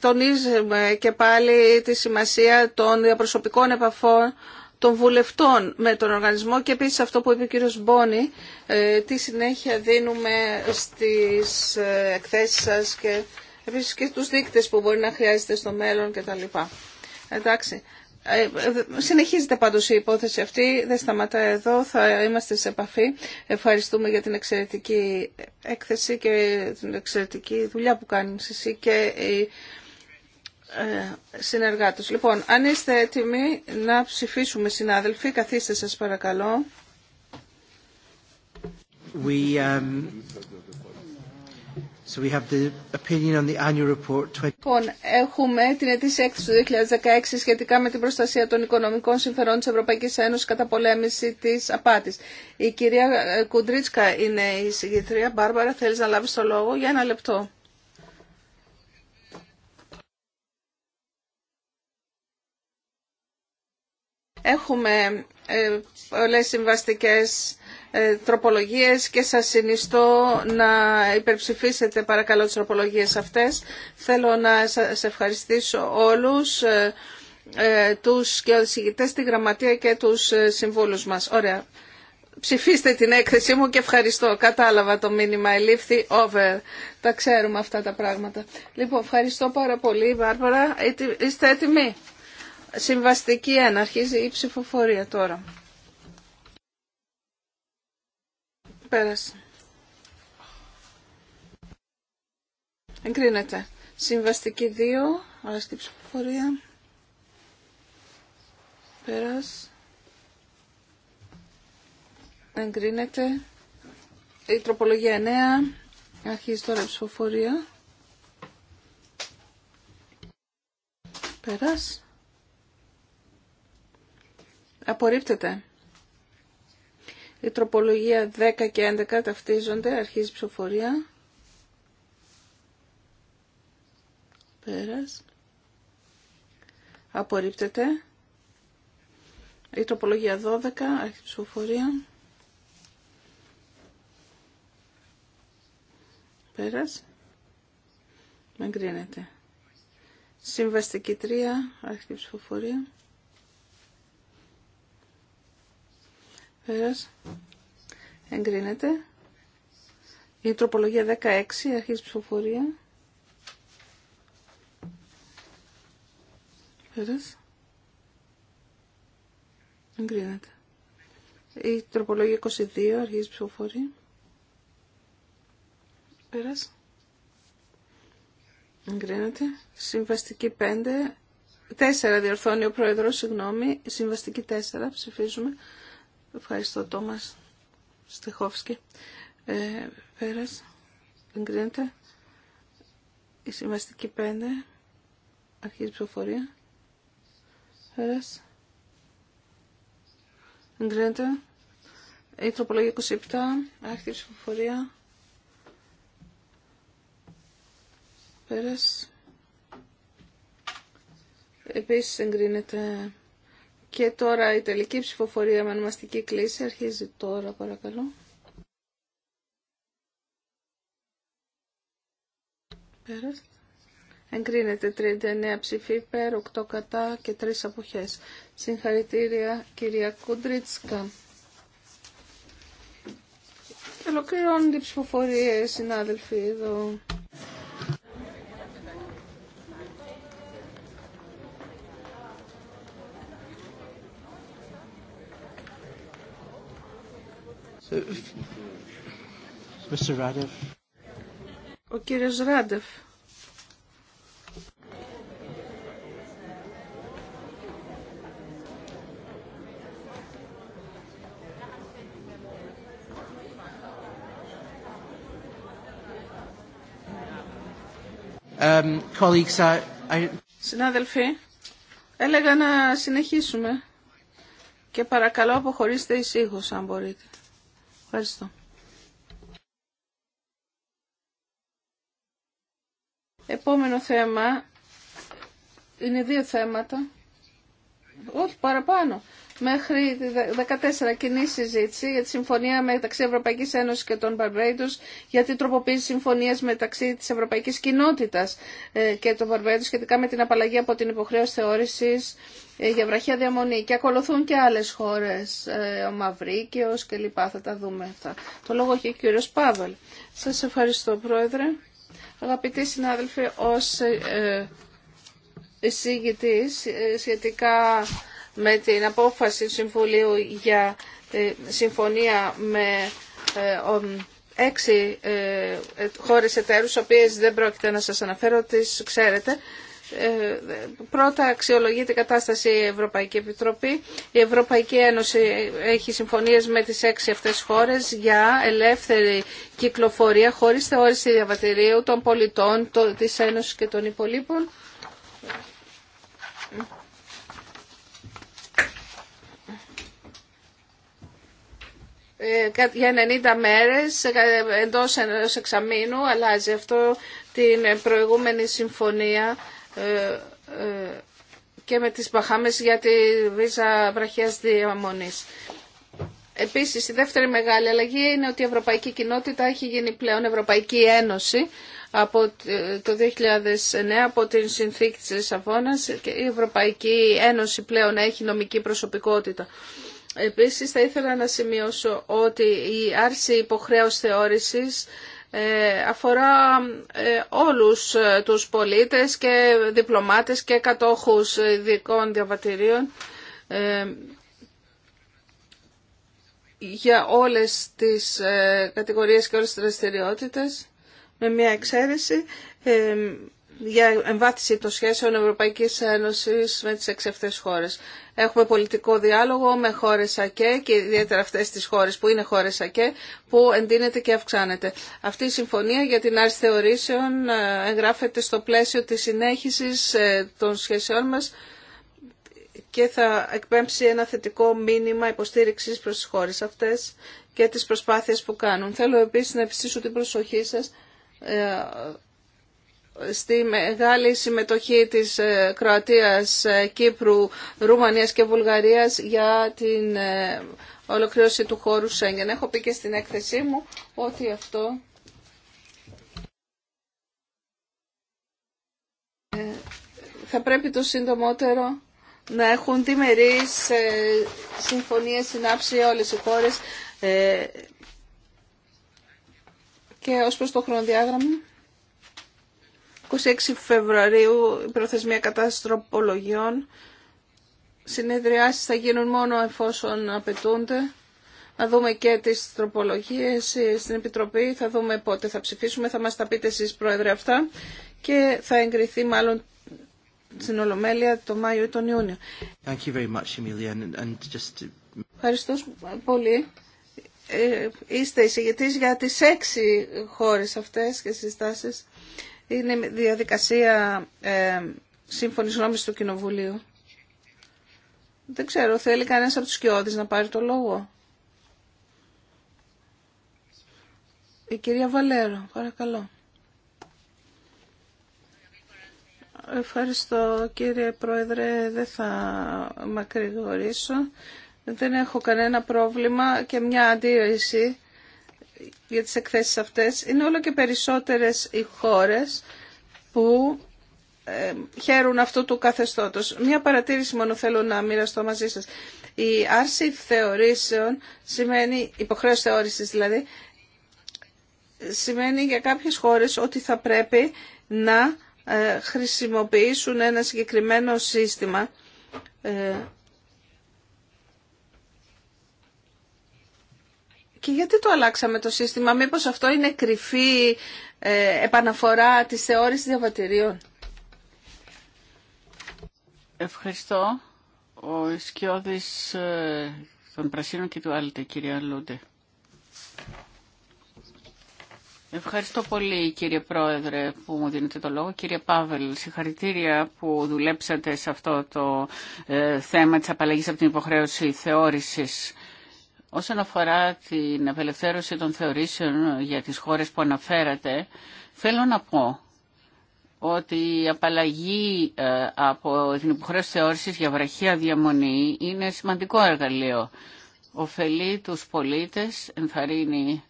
τονίζουμε και πάλι τη σημασία των διαπροσωπικών επαφών των βουλευτών με τον οργανισμό και επίσης αυτό που είπε ο κύριος Μπόνη, ε, τι συνέχεια δίνουμε στις ε, εκθέσεις σας και επίσης και τους δείκτες που μπορεί να χρειάζεται στο μέλλον κτλ. Εντάξει, ε, συνεχίζεται πάντως η υπόθεση αυτή, δεν σταματάει εδώ, θα είμαστε σε επαφή. Ευχαριστούμε για την εξαιρετική έκθεση και την εξαιρετική δουλειά που κάνεις εσύ και οι ε, συνεργάτες. Λοιπόν, αν είστε έτοιμοι να ψηφίσουμε συνάδελφοι, καθίστε σας παρακαλώ. We,
um, So we have the opinion on the annual report.
Λοιπόν, έχουμε την ετήσια έκθεση του 2016 σχετικά με την προστασία των οικονομικών συμφερών της Ευρωπαϊκής Ένωσης κατά πολέμηση της απάτης. Η κυρία ε, Κουντρίτσκα είναι η συγκεκριά. Μπάρμπαρα, θέλεις να λάβεις το λόγο για ένα λεπτό. Έχουμε ε, πολλές συμβαστικές ε, τροπολογίες και σας συνιστώ να υπερψηφίσετε παρακαλώ τις τροπολογίες αυτές. Θέλω να σας ευχαριστήσω όλους ε, ε, τους και οδησηγητές, τη γραμματεία και τους συμβούλους μας. Ωραία. Ψηφίστε την έκθεσή μου και ευχαριστώ. Κατάλαβα το μήνυμα. Ελήφθη over. Τα ξέρουμε αυτά τα πράγματα. Λοιπόν, ευχαριστώ πάρα πολύ, Βάρβαρα. Είστε έτοιμοι. Συμβαστική ένα Αρχίζει η ψηφοφορία τώρα. Πέρασε. Εγκρίνεται. Συμβαστική 2. στην ψηφοφορία. Πέρας. Εγκρίνεται. Η τροπολογία 9. Αρχίζει τώρα η ψηφοφορία. Πέρας. Απορρίπτεται. Η τροπολογία 10 και 11 ταυτίζονται, αρχίζει η ψηφοφορία. Πέρας. Απορρίπτεται. Η τροπολογία 12, αρχίζει η ψηφοφορία. Πέρας. εγκρίνεται. Συμβαστική 3, αρχίζει η ψηφοφορία. Πέρας. Εγκρίνεται. Η τροπολογία 16 αρχής ψηφοφορία. Πέρας. Εγκρίνεται. Η τροπολογία 22 αρχής ψηφοφορία. Πέρας. Εγκρίνεται. Συμβαστική 5. 4 διορθώνει ο πρόεδρος, συγγνώμη. Συμβαστική 4 ψηφίζουμε. Ευχαριστώ, Τόμας Στεχόφσκι. Ε, εγκρίνεται. Η συμβαστική 5, αρχίζει ψηφοφορία. Πέρα. Εγκρίνεται. Η τροπολογία 27, άρχιτη ψηφοφορία. Πέρα. Επίση εγκρίνεται και τώρα η τελική ψηφοφορία με ονομαστική κλίση αρχίζει τώρα παρακαλώ. Εγκρίνεται 39 ψηφί υπέρ, 8 κατά και 3 αποχές. Συγχαρητήρια κυρία Κούντριτσκα. Ολοκληρώνονται οι ψηφοφορίες συνάδελφοι εδώ. Ο κύριος Ράντεφ. Um, Συνάδελφοι, έλεγα να συνεχίσουμε και παρακαλώ αποχωρήστε ησύχως αν μπορείτε. Επόμενο θέμα είναι δύο θέματα. Όχι, παραπάνω μέχρι 14 κοινή συζήτηση για τη συμφωνία μεταξύ Ευρωπαϊκής Ένωσης και των Barbados για την τροποποίηση συμφωνίας μεταξύ της Ευρωπαϊκής Κοινότητας ε, και των Barbados σχετικά με την απαλλαγή από την υποχρέωση θεώρησης ε, για βραχία διαμονή και ακολουθούν και άλλες χώρες, ε, ο Μαυρίκαιος κλπ. Θα τα δούμε αυτά. Το λόγο έχει ο κύριος Πάβελ. Σας ευχαριστώ Πρόεδρε. Αγαπητοί συνάδελφοι, ω εισηγητής σχετικά με την απόφαση του Συμβουλίου για ε, συμφωνία με ε, έξι ε, χώρες εταίρους, οποίες δεν πρόκειται να σας αναφέρω, τις ξέρετε. Πρώτα αξιολογείται η κατάσταση η Ευρωπαϊκή Επιτροπή. Η Ευρωπαϊκή Ένωση έχει συμφωνίες με τις έξι αυτές χώρες για ελεύθερη κυκλοφορία χωρίς θεώρηση διαβατηρίου των πολιτών της Ένωσης και των υπολείπων Ε, για 90 μέρες ε, εντός ενός εξαμήνου αλλάζει αυτό την προηγούμενη συμφωνία ε, και με τις Μπαχάμες για τη βίζα βραχιάς διαμονής. Επίσης, η δεύτερη μεγάλη αλλαγή είναι ότι η Ευρωπαϊκή Κοινότητα έχει γίνει πλέον Ευρωπαϊκή Ένωση από το 2009 από την συνθήκη της Λισαβόνας και η Ευρωπαϊκή Ένωση πλέον έχει νομική προσωπικότητα. Επίσης θα ήθελα να σημειώσω ότι η άρση υποχρέως θεώρησης ε, αφορά ε, όλους ε, τους πολίτες και διπλωμάτες και κατόχους ειδικών διαβατηρίων για όλες τις κατηγορίες και όλες τις δραστηριότητες με μια εξαίρεση για εμβάθυνση των σχέσεων Ευρωπαϊκής Ένωσης με τις εξευθέ χώρες. Έχουμε πολιτικό διάλογο με χώρες ΑΚΕ και ιδιαίτερα αυτές τις χώρες που είναι χώρες ΑΚΕ που εντείνεται και αυξάνεται. Αυτή η συμφωνία για την άρση θεωρήσεων ε, εγγράφεται στο πλαίσιο της συνέχισης ε, των σχέσεών μας και θα εκπέμψει ένα θετικό μήνυμα υποστήριξης προς τις χώρες αυτές και τις προσπάθειες που κάνουν. Θέλω επίσης να επιστήσω την προσοχή σα. Ε, στη μεγάλη συμμετοχή της ε, Κροατίας, ε, Κύπρου, Ρουμανίας και Βουλγαρίας για την ε, ολοκλήρωση του χώρου Σέγγεν. Έχω πει και στην έκθεσή μου ότι αυτό θα πρέπει το σύντομότερο να έχουν διμερείς συμφωνίες συνάψει όλες οι χώρες και ως προς το χρονοδιάγραμμα 26 Φεβρουαρίου η προθεσμία κατάσταση τροπολογιών. Συνεδριάσεις θα γίνουν μόνο εφόσον απαιτούνται. Να δούμε και τις τροπολογίες στην Επιτροπή. Θα δούμε πότε θα ψηφίσουμε. Θα μας τα πείτε εσείς Πρόεδρε αυτά. Και θα εγκριθεί μάλλον στην Ολομέλεια το Μάιο ή τον Ιούνιο.
Thank you very much, And just
Ευχαριστώ πολύ. Ε, είστε εισηγητής για τις έξι χώρες αυτές και συστάσεις. Είναι διαδικασία ε, σύμφωνη γνώμη του Κοινοβουλίου. Δεν ξέρω, θέλει κανένας από τους κοιόδης να πάρει το λόγο. Η κυρία Βαλέρο, παρακαλώ. Ευχαριστώ κύριε Πρόεδρε, δεν θα μακρηγορήσω. Δεν έχω κανένα πρόβλημα και μια αντίρρηση για τις εκθέσεις αυτές. Είναι όλο και περισσότερες οι χώρες που ε, χαίρουν αυτού του καθεστώτος. Μια παρατήρηση μόνο θέλω να μοιραστώ μαζί σας. Η άρση θεωρήσεων σημαίνει, υποχρέωση θεώρησης δηλαδή, σημαίνει για κάποιες χώρες ότι θα πρέπει να ε, χρησιμοποιήσουν ένα συγκεκριμένο σύστημα ε, Και γιατί το αλλάξαμε το σύστημα, μήπως αυτό είναι κρυφή ε, επαναφορά της θεώρησης διαβατηρίων.
Ευχαριστώ. Ο Ισκιώδης ε, των Πρασίνων και του Άλτε, κυρία Λούντε. Ευχαριστώ πολύ κύριε Πρόεδρε που μου δίνετε το λόγο. Κύριε Πάβελ, συγχαρητήρια που δουλέψατε σε αυτό το ε, θέμα της απαλλαγής από την υποχρέωση θεώρησης. Όσον αφορά την απελευθέρωση των θεωρήσεων για τις χώρες που αναφέρατε, θέλω να πω ότι η απαλλαγή ε, από την υποχρέωση θεώρησης για βραχία διαμονή είναι σημαντικό εργαλείο. Οφελεί τους πολίτες, ενθαρρύνει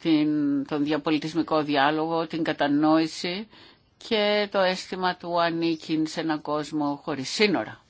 την, τον διαπολιτισμικό διάλογο, την κατανόηση και το αίσθημα του ανήκει σε έναν κόσμο χωρίς σύνορα.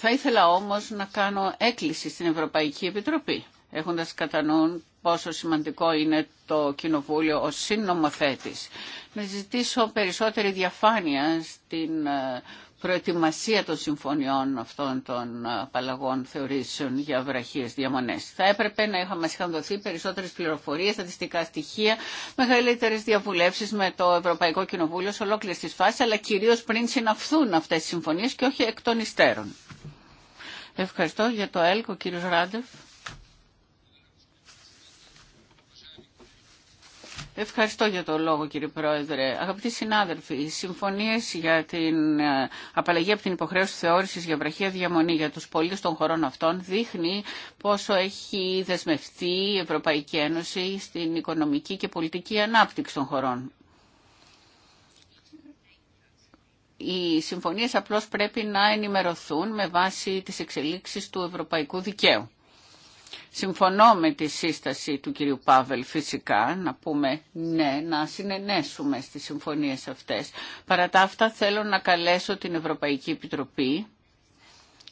Θα ήθελα όμως να κάνω έκκληση στην Ευρωπαϊκή Επιτροπή, έχοντας κατά νου πόσο σημαντικό είναι το Κοινοβούλιο ως συνομοθέτης. Να ζητήσω περισσότερη διαφάνεια στην ε, προετοιμασία των συμφωνιών αυτών των ε, απαλλαγών θεωρήσεων για βραχίες διαμονές. Θα έπρεπε να είχα, μας είχαν δοθεί περισσότερες πληροφορίες, στατιστικά στοιχεία, μεγαλύτερες διαβουλεύσεις με το Ευρωπαϊκό Κοινοβούλιο σε ολόκληρη τη φάση, αλλά κυρίως πριν συναυθούν αυτές οι συμφωνίες και όχι εκ των υστέρων. Ευχαριστώ για το έλκο, κύριος Ράντεφ. Ευχαριστώ για το λόγο κύριε Πρόεδρε. Αγαπητοί συνάδελφοι, οι συμφωνίες για την ε, απαλλαγή από την υποχρέωση θεώρηση για βραχία διαμονή για τους πολίτε των χωρών αυτών δείχνει πόσο έχει δεσμευτεί η Ευρωπαϊκή Ένωση στην οικονομική και πολιτική ανάπτυξη των χωρών οι συμφωνίες απλώς πρέπει να ενημερωθούν με βάση τις εξελίξεις του ευρωπαϊκού δικαίου. Συμφωνώ με τη σύσταση του κυρίου Πάβελ φυσικά να πούμε ναι, να συνενέσουμε στις συμφωνίες αυτές. Παρά τα αυτά θέλω να καλέσω την Ευρωπαϊκή Επιτροπή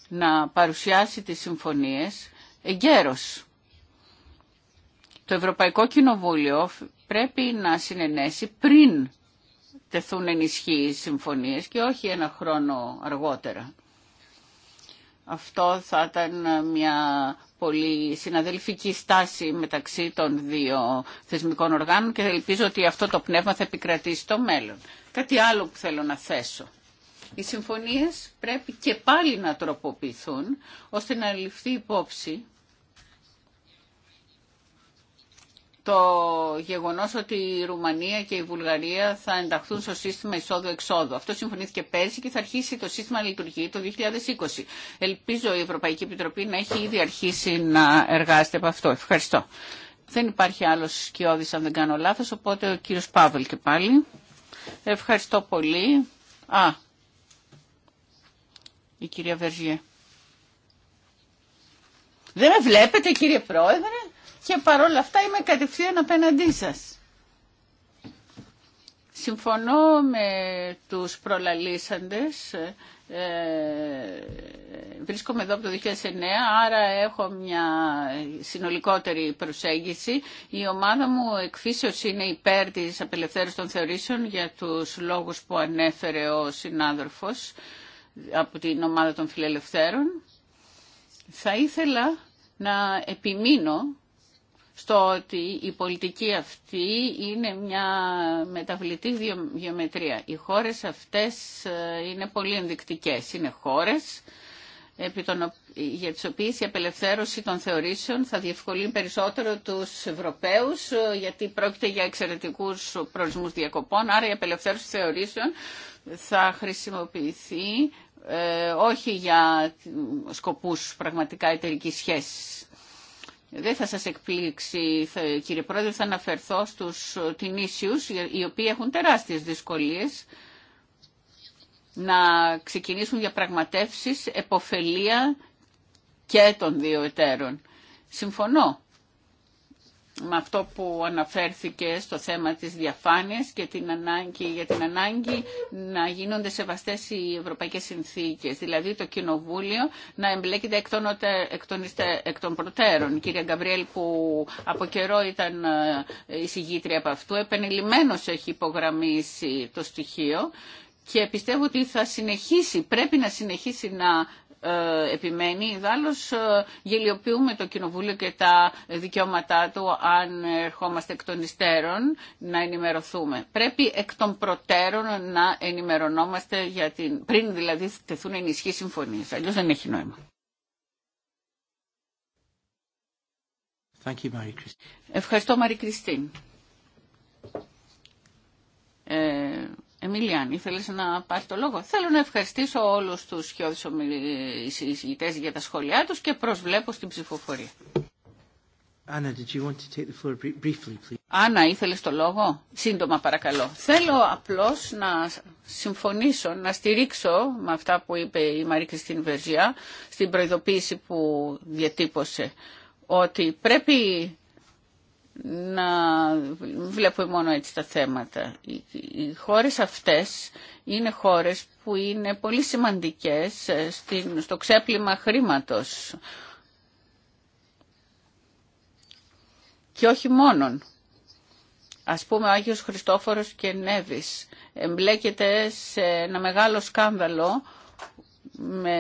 να παρουσιάσει τις συμφωνίες εγκαίρως. Το Ευρωπαϊκό Κοινοβούλιο πρέπει να συνενέσει πριν τεθούν ενισχύει οι συμφωνίες και όχι ένα χρόνο αργότερα. Αυτό θα ήταν μια πολύ συναδελφική στάση μεταξύ των δύο θεσμικών οργάνων και ελπίζω ότι αυτό το πνεύμα θα επικρατήσει στο μέλλον. Κάτι άλλο που θέλω να θέσω. Οι συμφωνίες πρέπει και πάλι να τροποποιηθούν ώστε να ληφθεί υπόψη το γεγονός ότι η Ρουμανία και η Βουλγαρία θα ενταχθούν στο σύστημα εισόδου-εξόδου. Αυτό συμφωνήθηκε πέρσι και θα αρχίσει το σύστημα να λειτουργεί το 2020. Ελπίζω η Ευρωπαϊκή Επιτροπή να έχει ήδη αρχίσει να εργάζεται από αυτό. Ευχαριστώ. Δεν υπάρχει άλλος σκιώδης αν δεν κάνω λάθος, οπότε ο κύριος Παύλ και πάλι. Ευχαριστώ πολύ. Α, η κυρία Βεργιέ. Δεν με βλέπετε κύριε Πρόεδρε και παρόλα αυτά είμαι κατευθείαν απέναντί σας. Συμφωνώ με τους προλαλήσαντες. Ε, βρίσκομαι εδώ από το 2009, άρα έχω μια συνολικότερη προσέγγιση. Η ομάδα μου εκφύσεως είναι υπέρ της απελευθέρωσης των θεωρήσεων για τους λόγους που ανέφερε ο συνάδελφος από την ομάδα των φιλελευθέρων. Θα ήθελα να επιμείνω στο ότι η πολιτική αυτή είναι μια μεταβλητή γεωμετρία. Οι χώρες αυτές ε, είναι πολύ ενδεικτικές. Είναι χώρες επί για τις οποίες η απελευθέρωση των θεωρήσεων θα διευκολύνει περισσότερο τους Ευρωπαίους ε, γιατί πρόκειται για εξαιρετικούς προορισμούς διακοπών, άρα η απελευθέρωση θεωρήσεων θα χρησιμοποιηθεί ε, όχι για σκοπούς πραγματικά εταιρικής σχέσης δεν θα σας εκπλήξει, κύριε Πρόεδρε, θα αναφερθώ στους ε, τινήσιους, οι οποίοι έχουν τεράστιες δυσκολίες να ξεκινήσουν πραγματεύσεις εποφελία και των δύο εταίρων. Συμφωνώ με αυτό που αναφέρθηκε στο θέμα της διαφάνειας και την ανάγκη, για την ανάγκη να γίνονται σεβαστές οι ευρωπαϊκές συνθήκες. Δηλαδή το Κοινοβούλιο να εμπλέκεται εκ των, εκ των, εκ των προτέρων. Η κυρία Γκαμπριέλ που από καιρό ήταν ε, εισηγήτρια από αυτού, επενελειμμένος έχει υπογραμμίσει το στοιχείο και πιστεύω ότι θα συνεχίσει, πρέπει να συνεχίσει να ε, επιμένει. Δάλλως ε, γελιοποιούμε το Κοινοβούλιο και τα δικαιώματά του αν ερχόμαστε εκ των υστέρων να ενημερωθούμε. Πρέπει εκ των προτέρων να ενημερωνόμαστε για την... πριν δηλαδή τεθούν ενισχύ συμφωνίες. Αλλιώς δεν έχει νόημα. Thank you, Marie Ευχαριστώ Μαρή Κριστίν. Ε, Εμίλιαν, ήθελε να πάρει το λόγο. Θέλω να ευχαριστήσω όλου του χιώδη ομιλητέ για τα σχόλιά του και προσβλέπω στην ψηφοφορία. Άννα, ήθελες το λόγο. Σύντομα παρακαλώ. Θέλω απλώς να συμφωνήσω, να στηρίξω με αυτά που είπε η Μαρή Κριστίν Βερζιά στην προειδοποίηση που διατύπωσε ότι πρέπει να βλέπουμε μόνο έτσι τα θέματα. Οι χώρες αυτές είναι χώρες που είναι πολύ σημαντικές ε, στο ξέπλυμα χρήματος. Και όχι μόνον. Ας πούμε ο Άγιος Χριστόφορος και Νέβης εμπλέκεται σε ένα μεγάλο σκάνδαλο με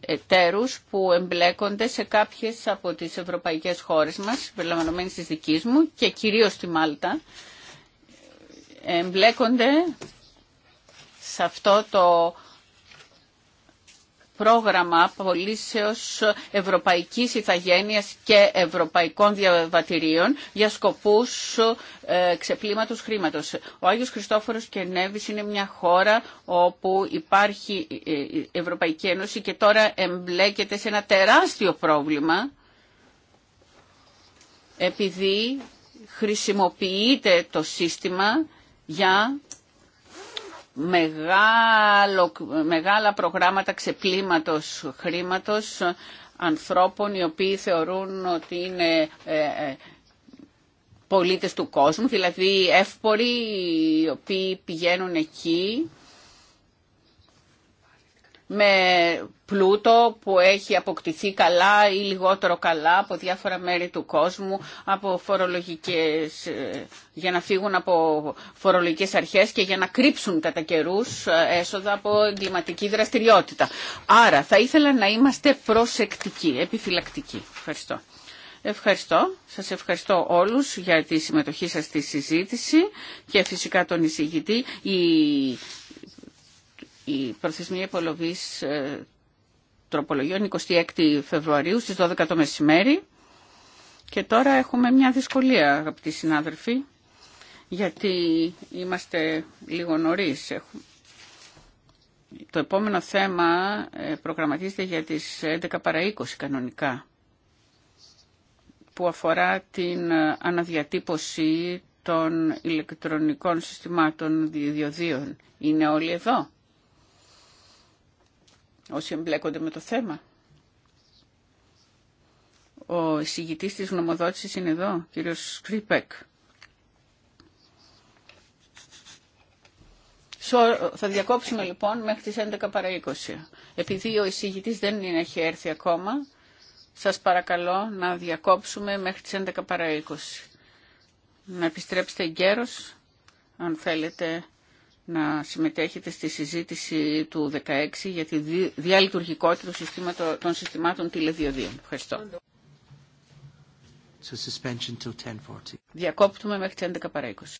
εταίρους που εμπλέκονται σε κάποιες από τις ευρωπαϊκές χώρες μας, περιλαμβανομένης της δικής μου και κυρίως στη Μάλτα, εμπλέκονται σε αυτό το πρόγραμμα πωλήσεως ευρωπαϊκής Ιθαγένειας και ευρωπαϊκών διαβατηρίων για σκοπούς ε, ξεπλήματος χρήματος. Ο Άγιος Χριστόφορος και Νέβης είναι μια χώρα όπου υπάρχει η ε, ε, Ευρωπαϊκή Ένωση και τώρα εμπλέκεται σε ένα τεράστιο πρόβλημα επειδή χρησιμοποιείται το σύστημα για μεγάλο, μεγάλα προγράμματα ξεπλήματος χρήματος ανθρώπων οι οποίοι θεωρούν ότι είναι ε, ε, πολίτες του κόσμου, δηλαδή εύποροι οι οποίοι πηγαίνουν εκεί με πλούτο που έχει αποκτηθεί καλά ή λιγότερο καλά από διάφορα μέρη του κόσμου από φορολογικές, ε, για να φύγουν από φορολογικές αρχές και για να κρύψουν κατά καιρού ε, έσοδα από εγκληματική δραστηριότητα. Άρα θα ήθελα να είμαστε προσεκτικοί, επιφυλακτικοί. Ευχαριστώ. Ευχαριστώ. Σας ευχαριστώ όλους για τη συμμετοχή σας στη συζήτηση και φυσικά τον εισηγητή η προθεσμία ε, τροπολογιών 26 Φεβρουαρίου στις 12 το μεσημέρι. Και τώρα έχουμε μια δυσκολία, αγαπητοί συνάδελφοι, γιατί είμαστε λίγο νωρίς. Έχουμε... Το επόμενο θέμα ε, προγραμματίζεται για τις 11 παρα 20 κανονικά, που αφορά την ε, αναδιατύπωση των ηλεκτρονικών συστημάτων διοδίων. Είναι όλοι εδώ όσοι εμπλέκονται με το θέμα. Ο εισηγητής της γνωμοδότησης είναι εδώ, κύριος Σκρίπεκ. Θα διακόψουμε λοιπόν μέχρι τις 11 παρα 20. Επειδή ο εισηγητής δεν έχει έρθει ακόμα, σας παρακαλώ να διακόψουμε μέχρι τις 11 παρα 20. Να επιστρέψετε γέρος, αν θέλετε να συμμετέχετε στη συζήτηση του 16 για τη διαλειτουργικότητα των συστημάτων τηλεδιοδίων. Ευχαριστώ. Διακόπτουμε μέχρι τις 11 παρά 20.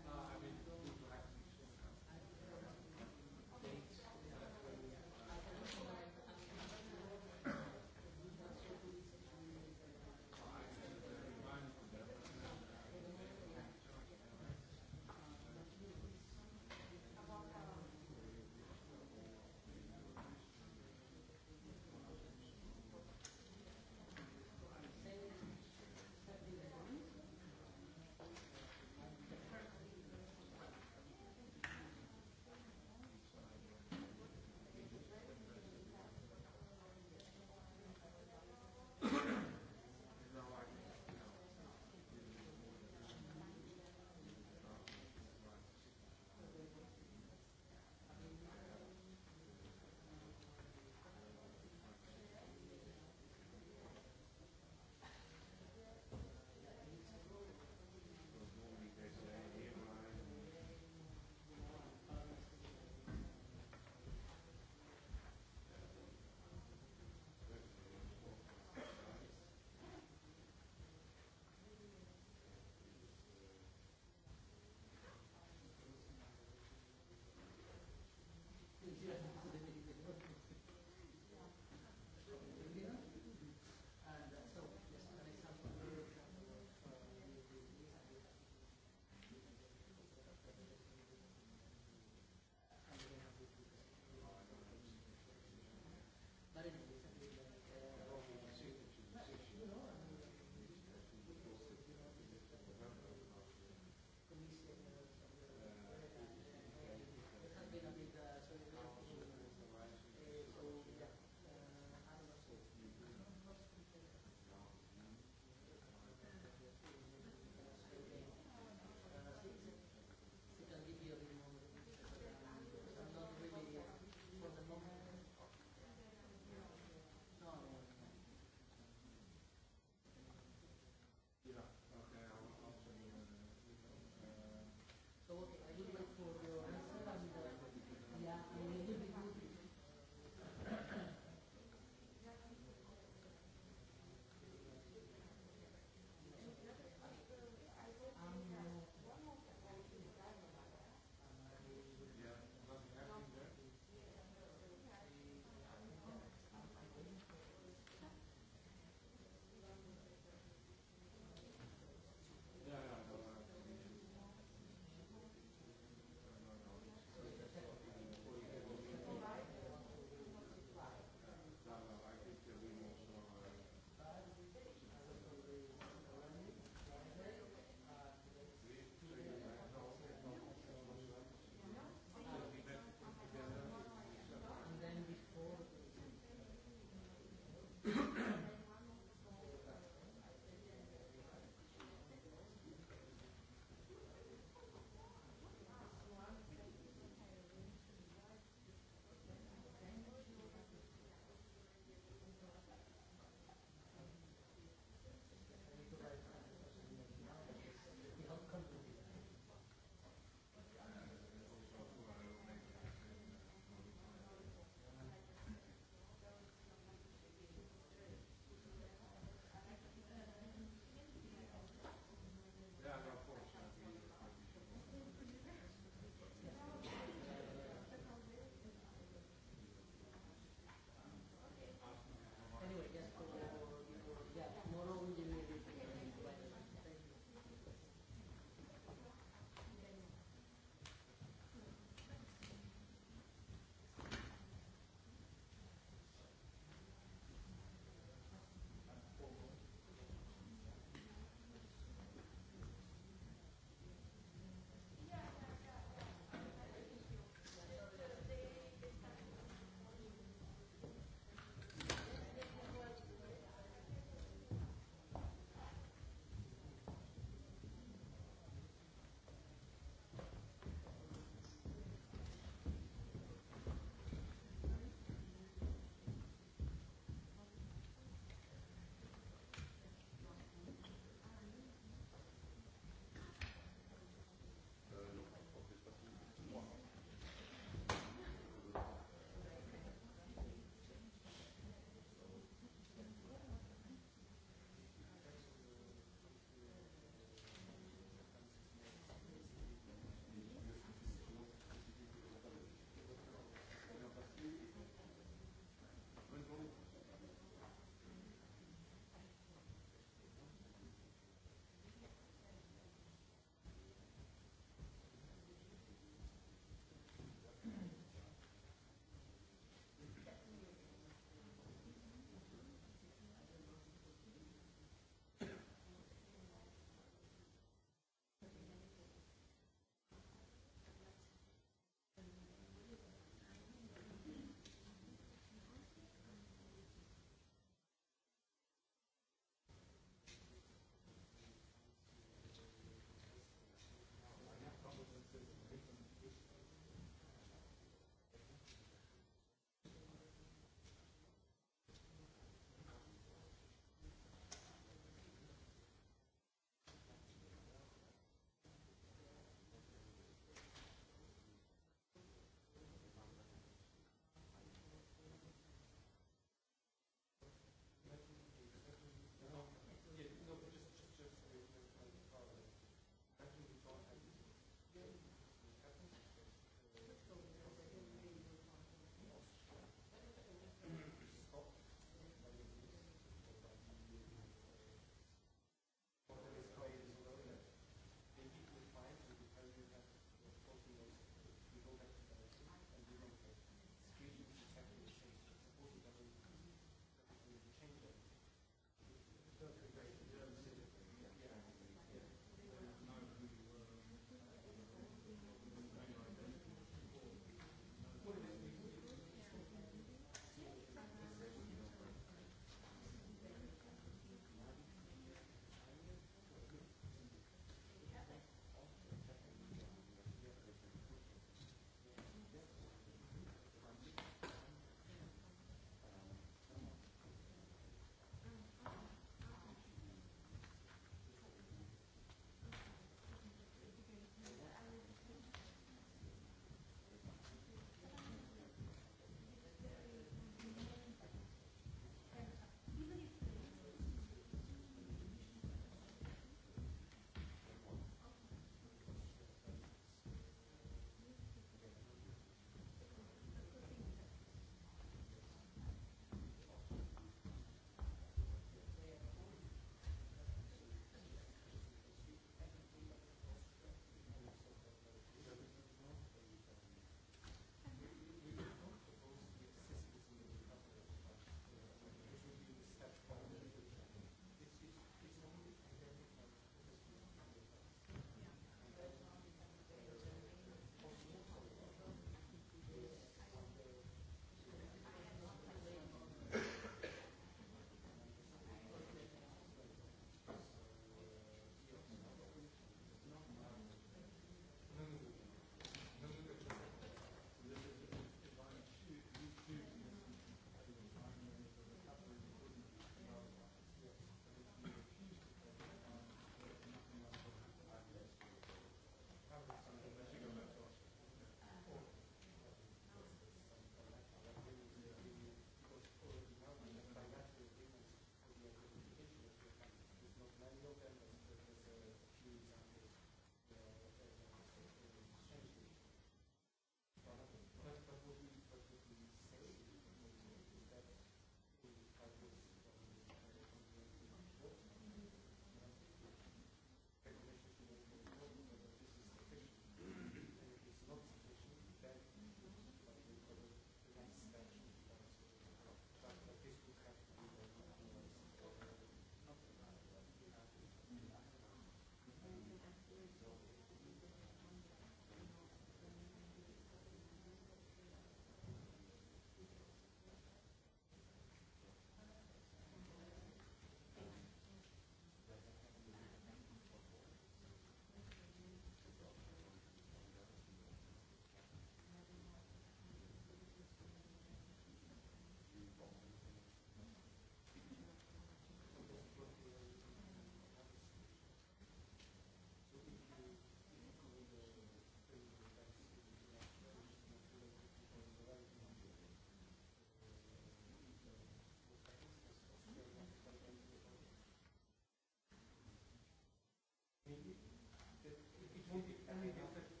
Ευχαριστώ.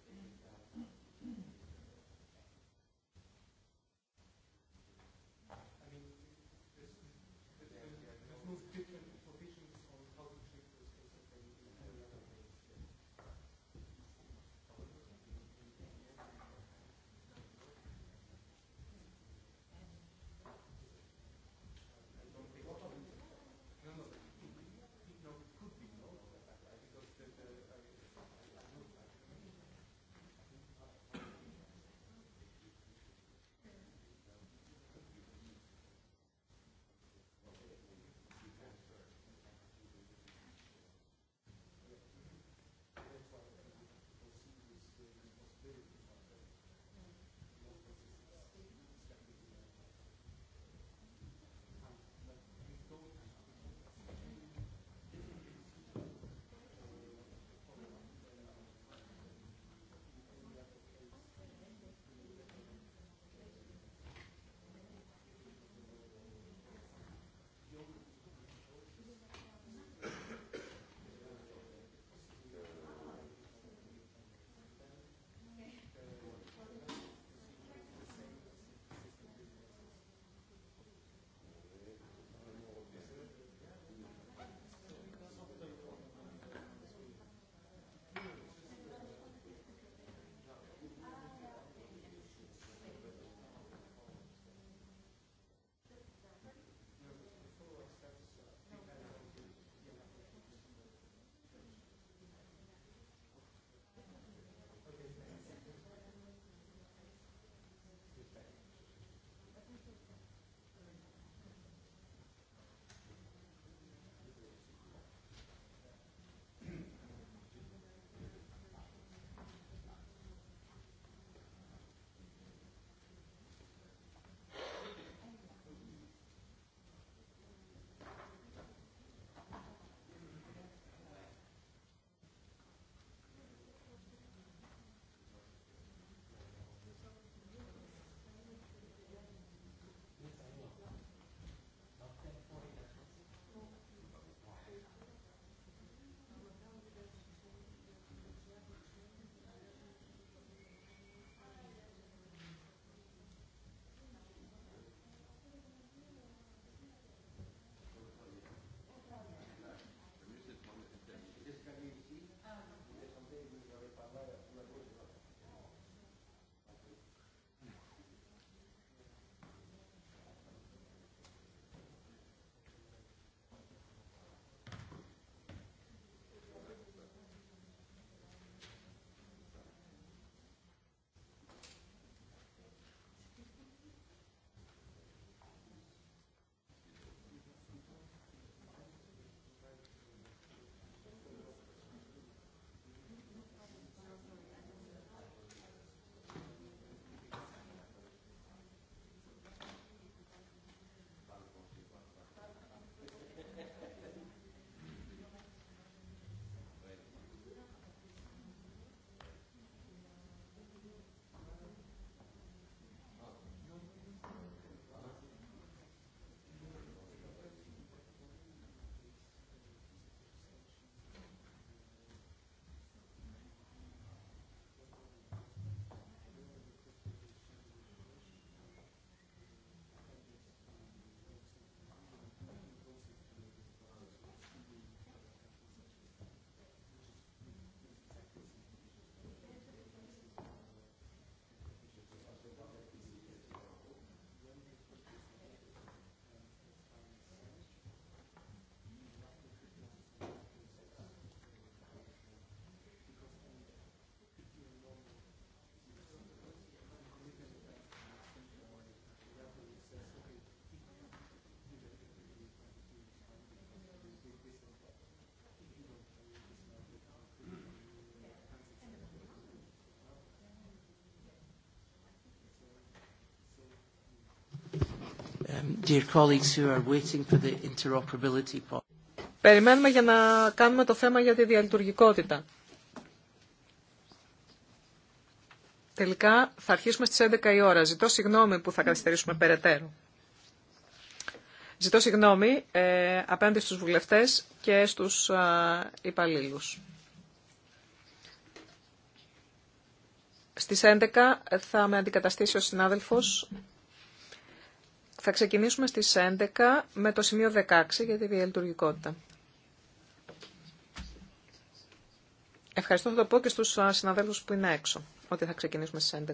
Περιμένουμε για να κάνουμε το θέμα για τη διαλειτουργικότητα. Τελικά θα αρχίσουμε στις 11 η ώρα. Ζητώ συγγνώμη που θα καθυστερήσουμε περαιτέρω. Ζητώ συγγνώμη ε, απέναντι στους βουλευτές και στους α, υπαλλήλους. Στις 11 θα με αντικαταστήσει ο συνάδελφος θα ξεκινήσουμε στις 11 με το σημείο 16 για τη διαλειτουργικότητα. Ευχαριστώ, θα το πω και στους συναδέλφους που είναι έξω, ότι θα ξεκινήσουμε στις 11.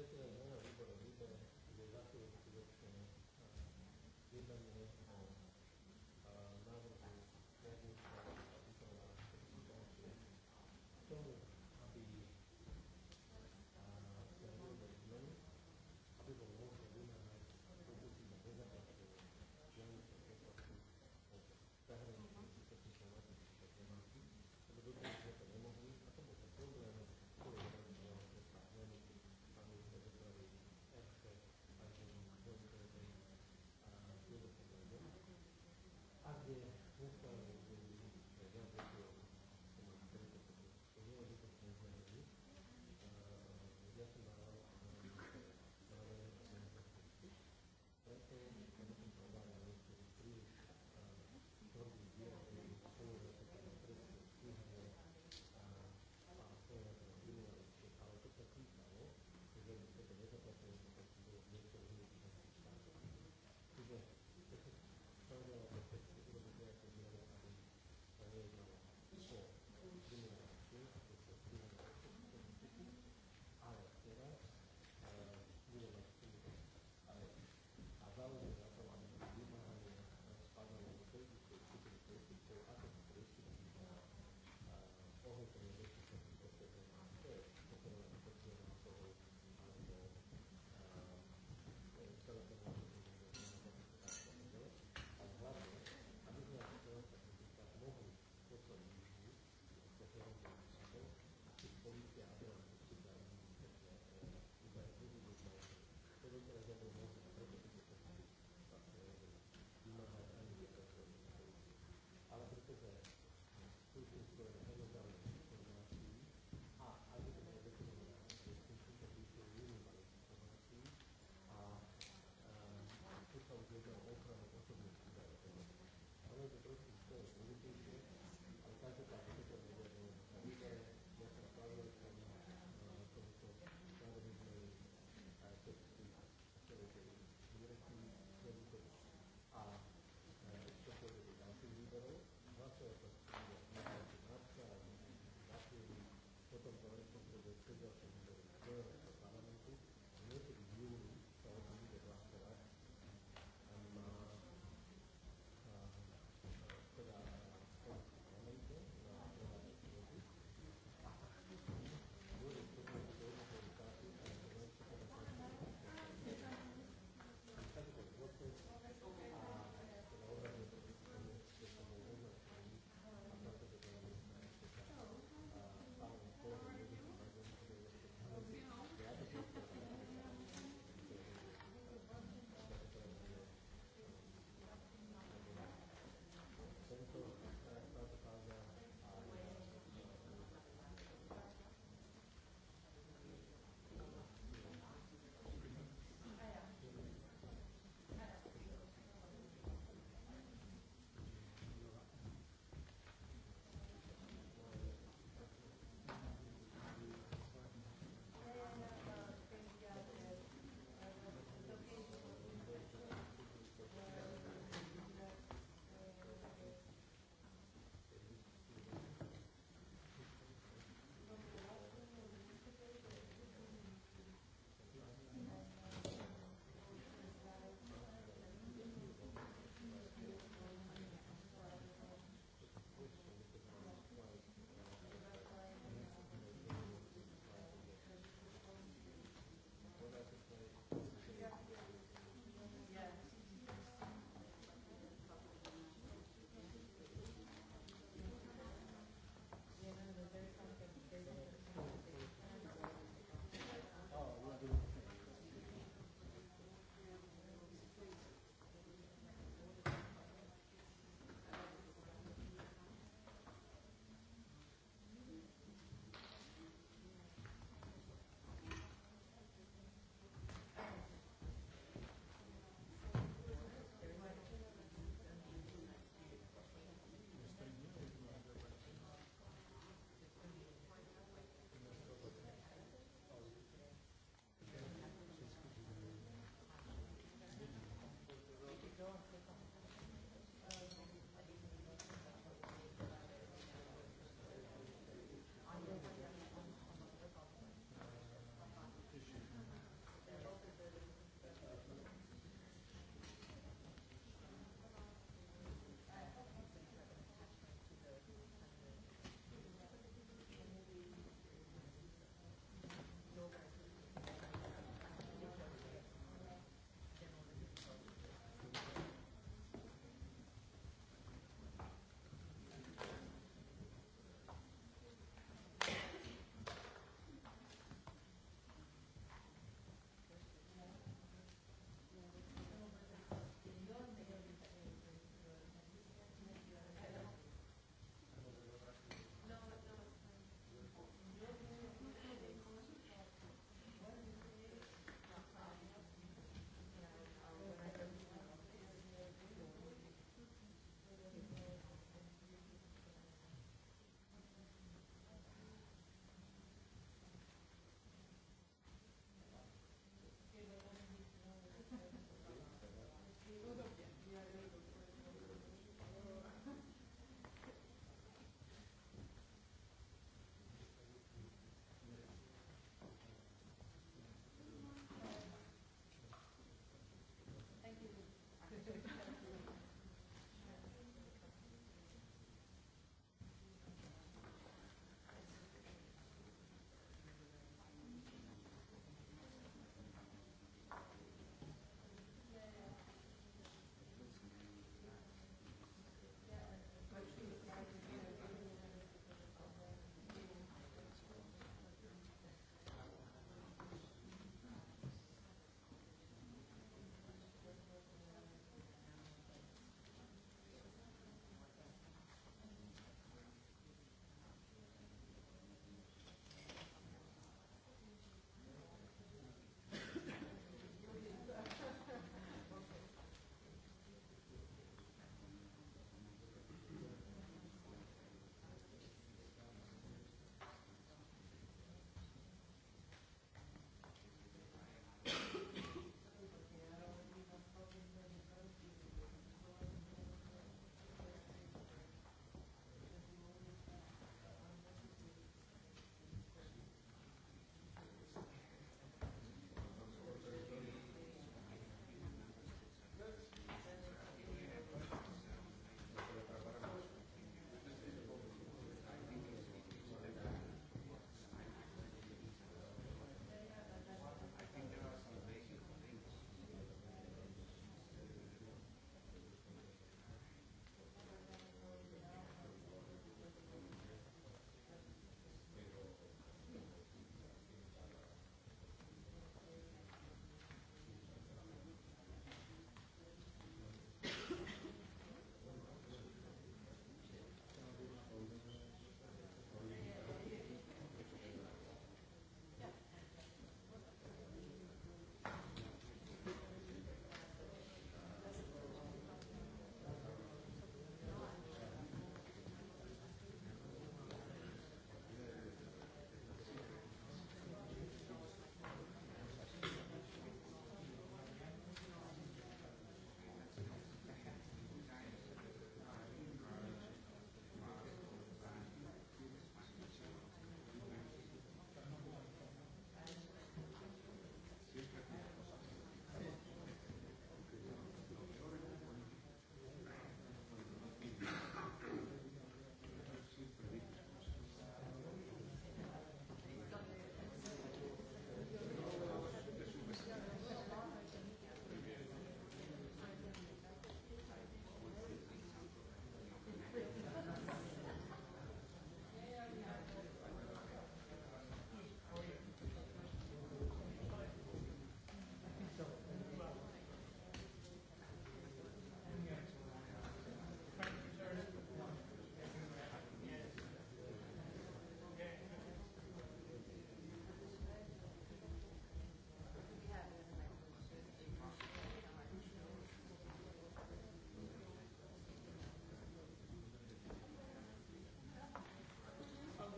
ιδιαίτερα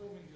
Υπότιτλοι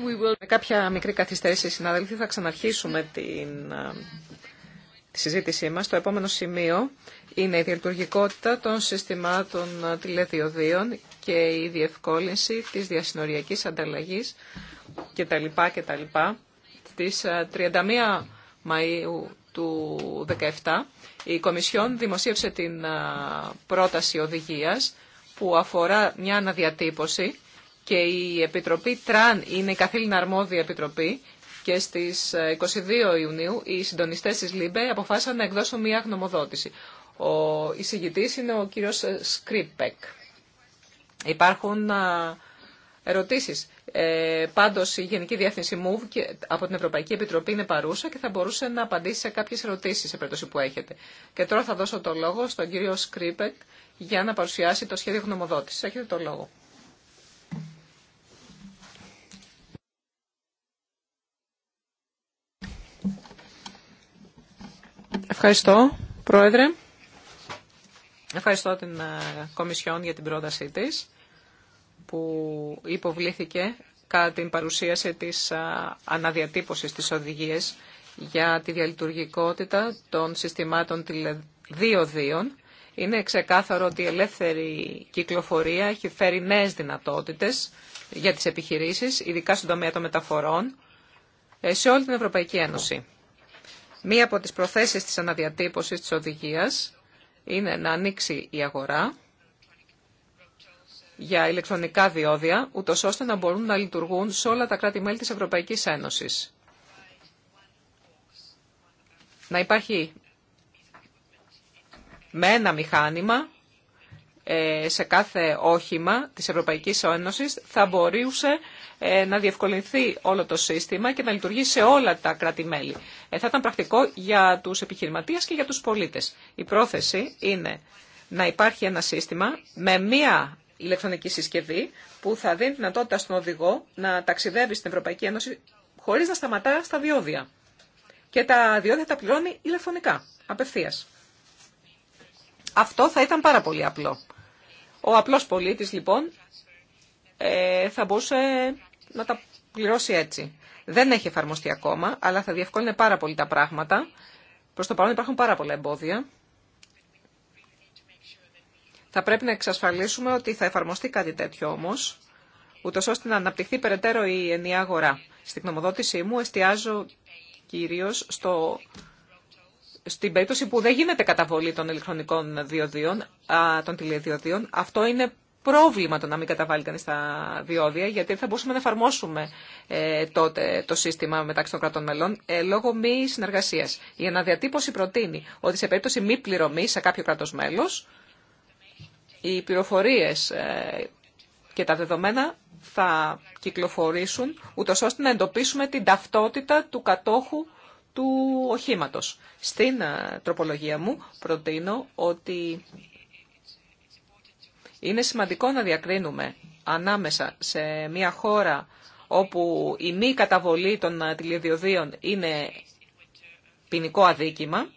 Με κάποια μικρή καθυστέρηση, συναδελφοί, θα ξαναρχίσουμε την, ε, τη συζήτησή μας. Το επόμενο σημείο είναι η διαλειτουργικότητα των συστημάτων ε, τηλεδιοδίων και η διευκόλυνση της διασυνοριακής ανταλλαγής κτλ. κτλ. Της 31 Μαΐου του 2017 η Κομισιόν δημοσίευσε την ε, πρόταση οδηγίας που αφορά μια αναδιατύπωση και η Επιτροπή Τραν είναι η καθήλυνα αρμόδια Επιτροπή και στις 22 ε, Ιουνίου οι συντονιστές της ΛΥΜΠΕ αποφάσισαν να εκδώσουν μια γνωμοδότηση. Ο εισηγητής είναι ο κύριος ε, Σκρίπεκ. Υπάρχουν ε, ερωτήσεις. Ε, πάντως η Γενική Διεύθυνση ΜΟΥΒ από την Ευρωπαϊκή Επιτροπή είναι παρούσα και θα μπορούσε να απαντήσει σε κάποιες ερωτήσεις σε περίπτωση που έχετε. Και τώρα θα δώσω το λόγο στον κύριο Σκρίπεκ για να παρουσιάσει το σχέδιο γνωμοδότησης. Έχετε το λόγο. Ευχαριστώ, Πρόεδρε. Ευχαριστώ την ε, Κομισιόν για την πρότασή της που υποβλήθηκε κατά την παρουσίαση της ε, αναδιατύπωσης της οδηγίας για τη διαλειτουργικότητα των συστημάτων τηλεδίοδιων. Είναι ξεκάθαρο ότι η ελεύθερη κυκλοφορία έχει φέρει νέες δυνατότητες για τις επιχειρήσεις, ειδικά στον τομέα των μεταφορών, ε, σε όλη την Ευρωπαϊκή Ένωση. Μία από τις προθέσεις της αναδιατύπωσης της οδηγίας είναι να ανοίξει η αγορά για ηλεκτρονικά διόδια, ούτω ώστε να μπορούν να λειτουργούν σε όλα τα κράτη-μέλη της Ευρωπαϊκής Ένωσης. Να υπάρχει με ένα μηχάνημα ε, σε κάθε όχημα της Ευρωπαϊκής Ένωσης θα μπορούσε ε, να διευκολυνθεί όλο το σύστημα και να λειτουργεί σε όλα τα κράτη-μέλη. Ε, θα ήταν πρακτικό για τους επιχειρηματίες και για τους πολίτες. Η πρόθεση είναι να υπάρχει ένα σύστημα με μία ηλεκτρονική συσκευή που θα δίνει δυνατότητα στον οδηγό να ταξιδεύει στην Ευρωπαϊκή Ένωση χωρίς να σταματά στα διόδια. Και τα διόδια τα πληρώνει ηλεκτρονικά, απευθείας. Αυτό θα ήταν πάρα πολύ απλό. Ο απλός πολίτης λοιπόν ε, θα μπορούσε να τα πληρώσει έτσι. Δεν έχει εφαρμοστεί ακόμα, αλλά θα διευκόλυνε πάρα πολύ τα πράγματα. Προς το παρόν υπάρχουν πάρα πολλά εμπόδια. Θα πρέπει να εξασφαλίσουμε ότι θα εφαρμοστεί κάτι τέτοιο όμως, ούτω ώστε να αναπτυχθεί περαιτέρω η ενιαία αγορά. Στην κνομοδότησή μου εστιάζω κυρίως στο στην περίπτωση που δεν γίνεται καταβολή των ηλεκτρονικών διοδίων, α, των τηλεδιοδίων, αυτό είναι πρόβλημα το να μην καταβάλει κανείς τα διόδια, γιατί θα μπορούσαμε να εφαρμόσουμε ε, τότε το σύστημα μεταξύ των κρατών μελών ε, λόγω μη συνεργασίας. Η αναδιατύπωση προτείνει ότι σε περίπτωση μη πληρωμή σε κάποιο κράτος μέλος, οι πληροφορίε ε, και τα δεδομένα θα κυκλοφορήσουν, ούτω ώστε να εντοπίσουμε την ταυτότητα του κατόχου του οχήματος. Στην ε, τροπολογία μου προτείνω ότι είναι σημαντικό να διακρίνουμε ανάμεσα σε μια χώρα όπου η μη καταβολή των ε, τηλεδιοδίων είναι ποινικό αδίκημα.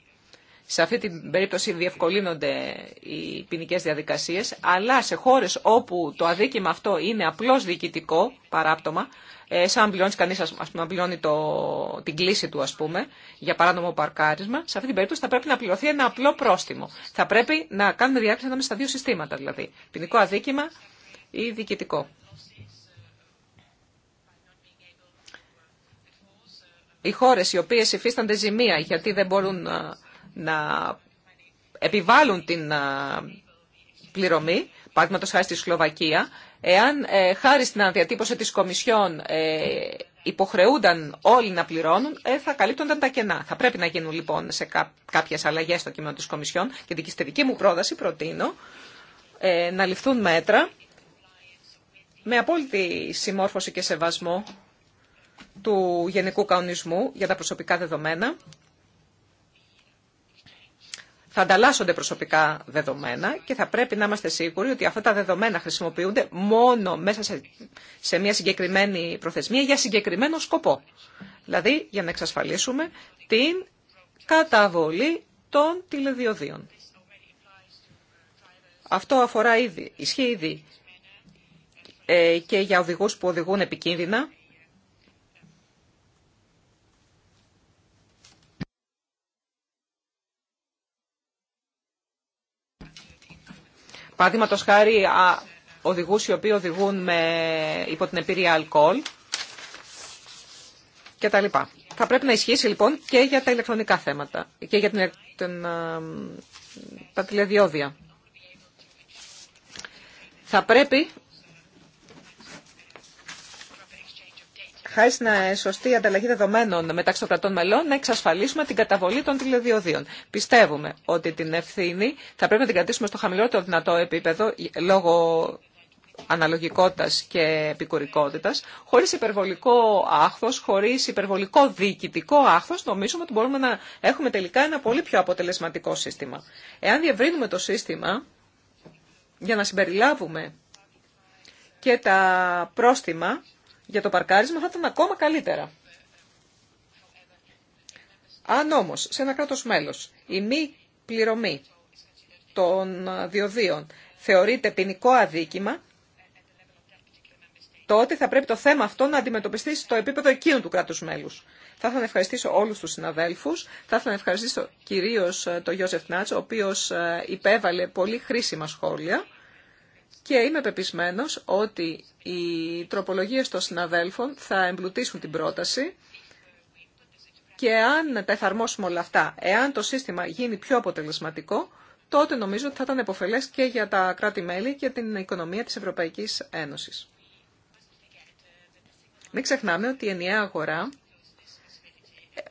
Σε αυτή την περίπτωση διευκολύνονται οι ποινικέ διαδικασίες, αλλά σε χώρες όπου το αδίκημα αυτό είναι απλώς διοικητικό παράπτωμα, ε, σαν να πληρώνει κανεί, να πληρώνει το, την κλίση του, α πούμε, για παράνομο παρκάρισμα, σε αυτή την περίπτωση θα πρέπει να πληρωθεί ένα απλό πρόστιμο. Θα πρέπει να κάνουμε διάκριση ανάμεσα στα δύο συστήματα, δηλαδή ποινικό αδίκημα ή διοικητικό. Οι χώρε οι οποίε υφίστανται ζημία γιατί δεν μπορούν να, ε, να επιβάλλουν την ε, πληρωμή, το χάρη στη Σλοβακία, Εάν ε, χάρη στην αναδιατύπωση της Κομισιόν ε, υποχρεούνταν όλοι να πληρώνουν, ε, θα καλύπτονταν τα κενά. Θα πρέπει να γίνουν λοιπόν σε κά, κάποιες αλλαγές στο κείμενο της Κομισιόν και στη δική μου πρόταση προτείνω ε, να ληφθούν μέτρα με απόλυτη συμμόρφωση και σεβασμό του Γενικού Καονισμού για τα προσωπικά δεδομένα θα ανταλλάσσονται προσωπικά δεδομένα και θα πρέπει να είμαστε σίγουροι ότι αυτά τα δεδομένα χρησιμοποιούνται μόνο μέσα σε, μια συγκεκριμένη προθεσμία για συγκεκριμένο σκοπό. Δηλαδή για να εξασφαλίσουμε την καταβολή των τηλεδιοδίων. Αυτό αφορά ήδη, ισχύει ήδη ε, και για οδηγούς που οδηγούν επικίνδυνα Παραδείγματο χάρη οδηγού οι οποίοι οδηγούν με, υπό την επίρρεια αλκοόλ και τα λοιπά. Θα πρέπει να ισχύσει λοιπόν και για τα ηλεκτρονικά θέματα και για την, τα τηλεδιόδια. Θα πρέπει χάρη στην σωστή ανταλλαγή δεδομένων μεταξύ των κρατών μελών, να εξασφαλίσουμε την καταβολή των τηλεδιοδίων. Πιστεύουμε ότι την ευθύνη θα πρέπει να την κρατήσουμε στο χαμηλότερο δυνατό επίπεδο λόγω αναλογικότητας και επικουρικότητας, χωρίς υπερβολικό άχθος, χωρίς υπερβολικό διοικητικό άχθος, νομίζουμε ότι μπορούμε να έχουμε τελικά ένα πολύ πιο αποτελεσματικό σύστημα. Εάν διευρύνουμε το σύστημα για να συμπεριλάβουμε και τα πρόστιμα για το παρκάρισμα θα ήταν ακόμα καλύτερα. Αν όμως σε ένα κράτος μέλος η μη πληρωμή των διοδίων θεωρείται ποινικό αδίκημα, τότε θα πρέπει το θέμα αυτό να αντιμετωπιστεί στο επίπεδο εκείνου του κράτους μέλους. Θα ήθελα να ευχαριστήσω όλους τους συναδέλφους, θα ήθελα να ευχαριστήσω κυρίως ε, τον Γιώσεφ Νάτσο, ο οποίος ε, υπέβαλε πολύ χρήσιμα σχόλια. Και είμαι πεπισμένο ότι οι τροπολογίες των συναδέλφων θα εμπλουτίσουν την πρόταση και αν τα εφαρμόσουμε όλα αυτά, εάν το σύστημα γίνει πιο αποτελεσματικό, τότε νομίζω ότι θα ήταν επωφελές και για τα κράτη-μέλη και την οικονομία της Ευρωπαϊκής Ένωσης. Μην ξεχνάμε ότι η ενιαία αγορά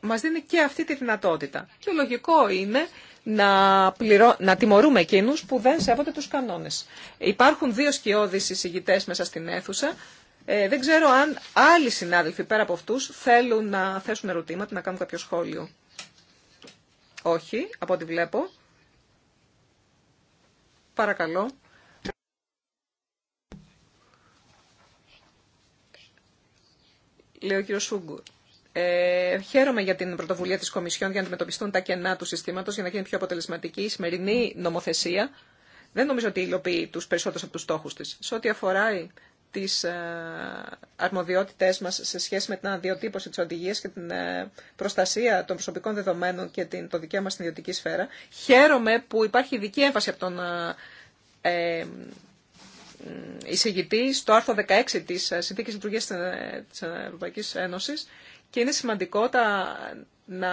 μας δίνει και αυτή τη δυνατότητα. Και λογικό είναι να, πληρω... να τιμωρούμε εκείνους που δεν σέβονται τους κανόνες. Υπάρχουν δύο σκιώδεις συζητητέ μέσα στην αίθουσα. Ε, δεν ξέρω αν άλλοι συνάδελφοι πέρα από αυτούς θέλουν να θέσουν ερωτήματα, να κάνουν κάποιο σχόλιο. Όχι, από ό,τι βλέπω. Παρακαλώ. Λέω κύριο Σούγκουρ. Ε, χαίρομαι για την πρωτοβουλία της Κομισιόν για να αντιμετωπιστούν τα κενά του συστήματος για να γίνει πιο αποτελεσματική η σημερινή νομοθεσία. Δεν νομίζω ότι υλοποιεί τους περισσότερους από τους στόχους της. Σε ό,τι αφορά τις ε, αρμοδιότητές μας σε σχέση με την αναδιοτύπωση της οδηγία και την ε, προστασία των προσωπικών δεδομένων και το δικαίωμα στην ιδιωτική σφαίρα. Χαίρομαι που υπάρχει ειδική έμφαση από τον ε, εισηγητή στο άρθρο 16 τη συνθήκη λειτουργία τη Ευρωπαϊκή Ένωση και είναι σημαντικό τα, να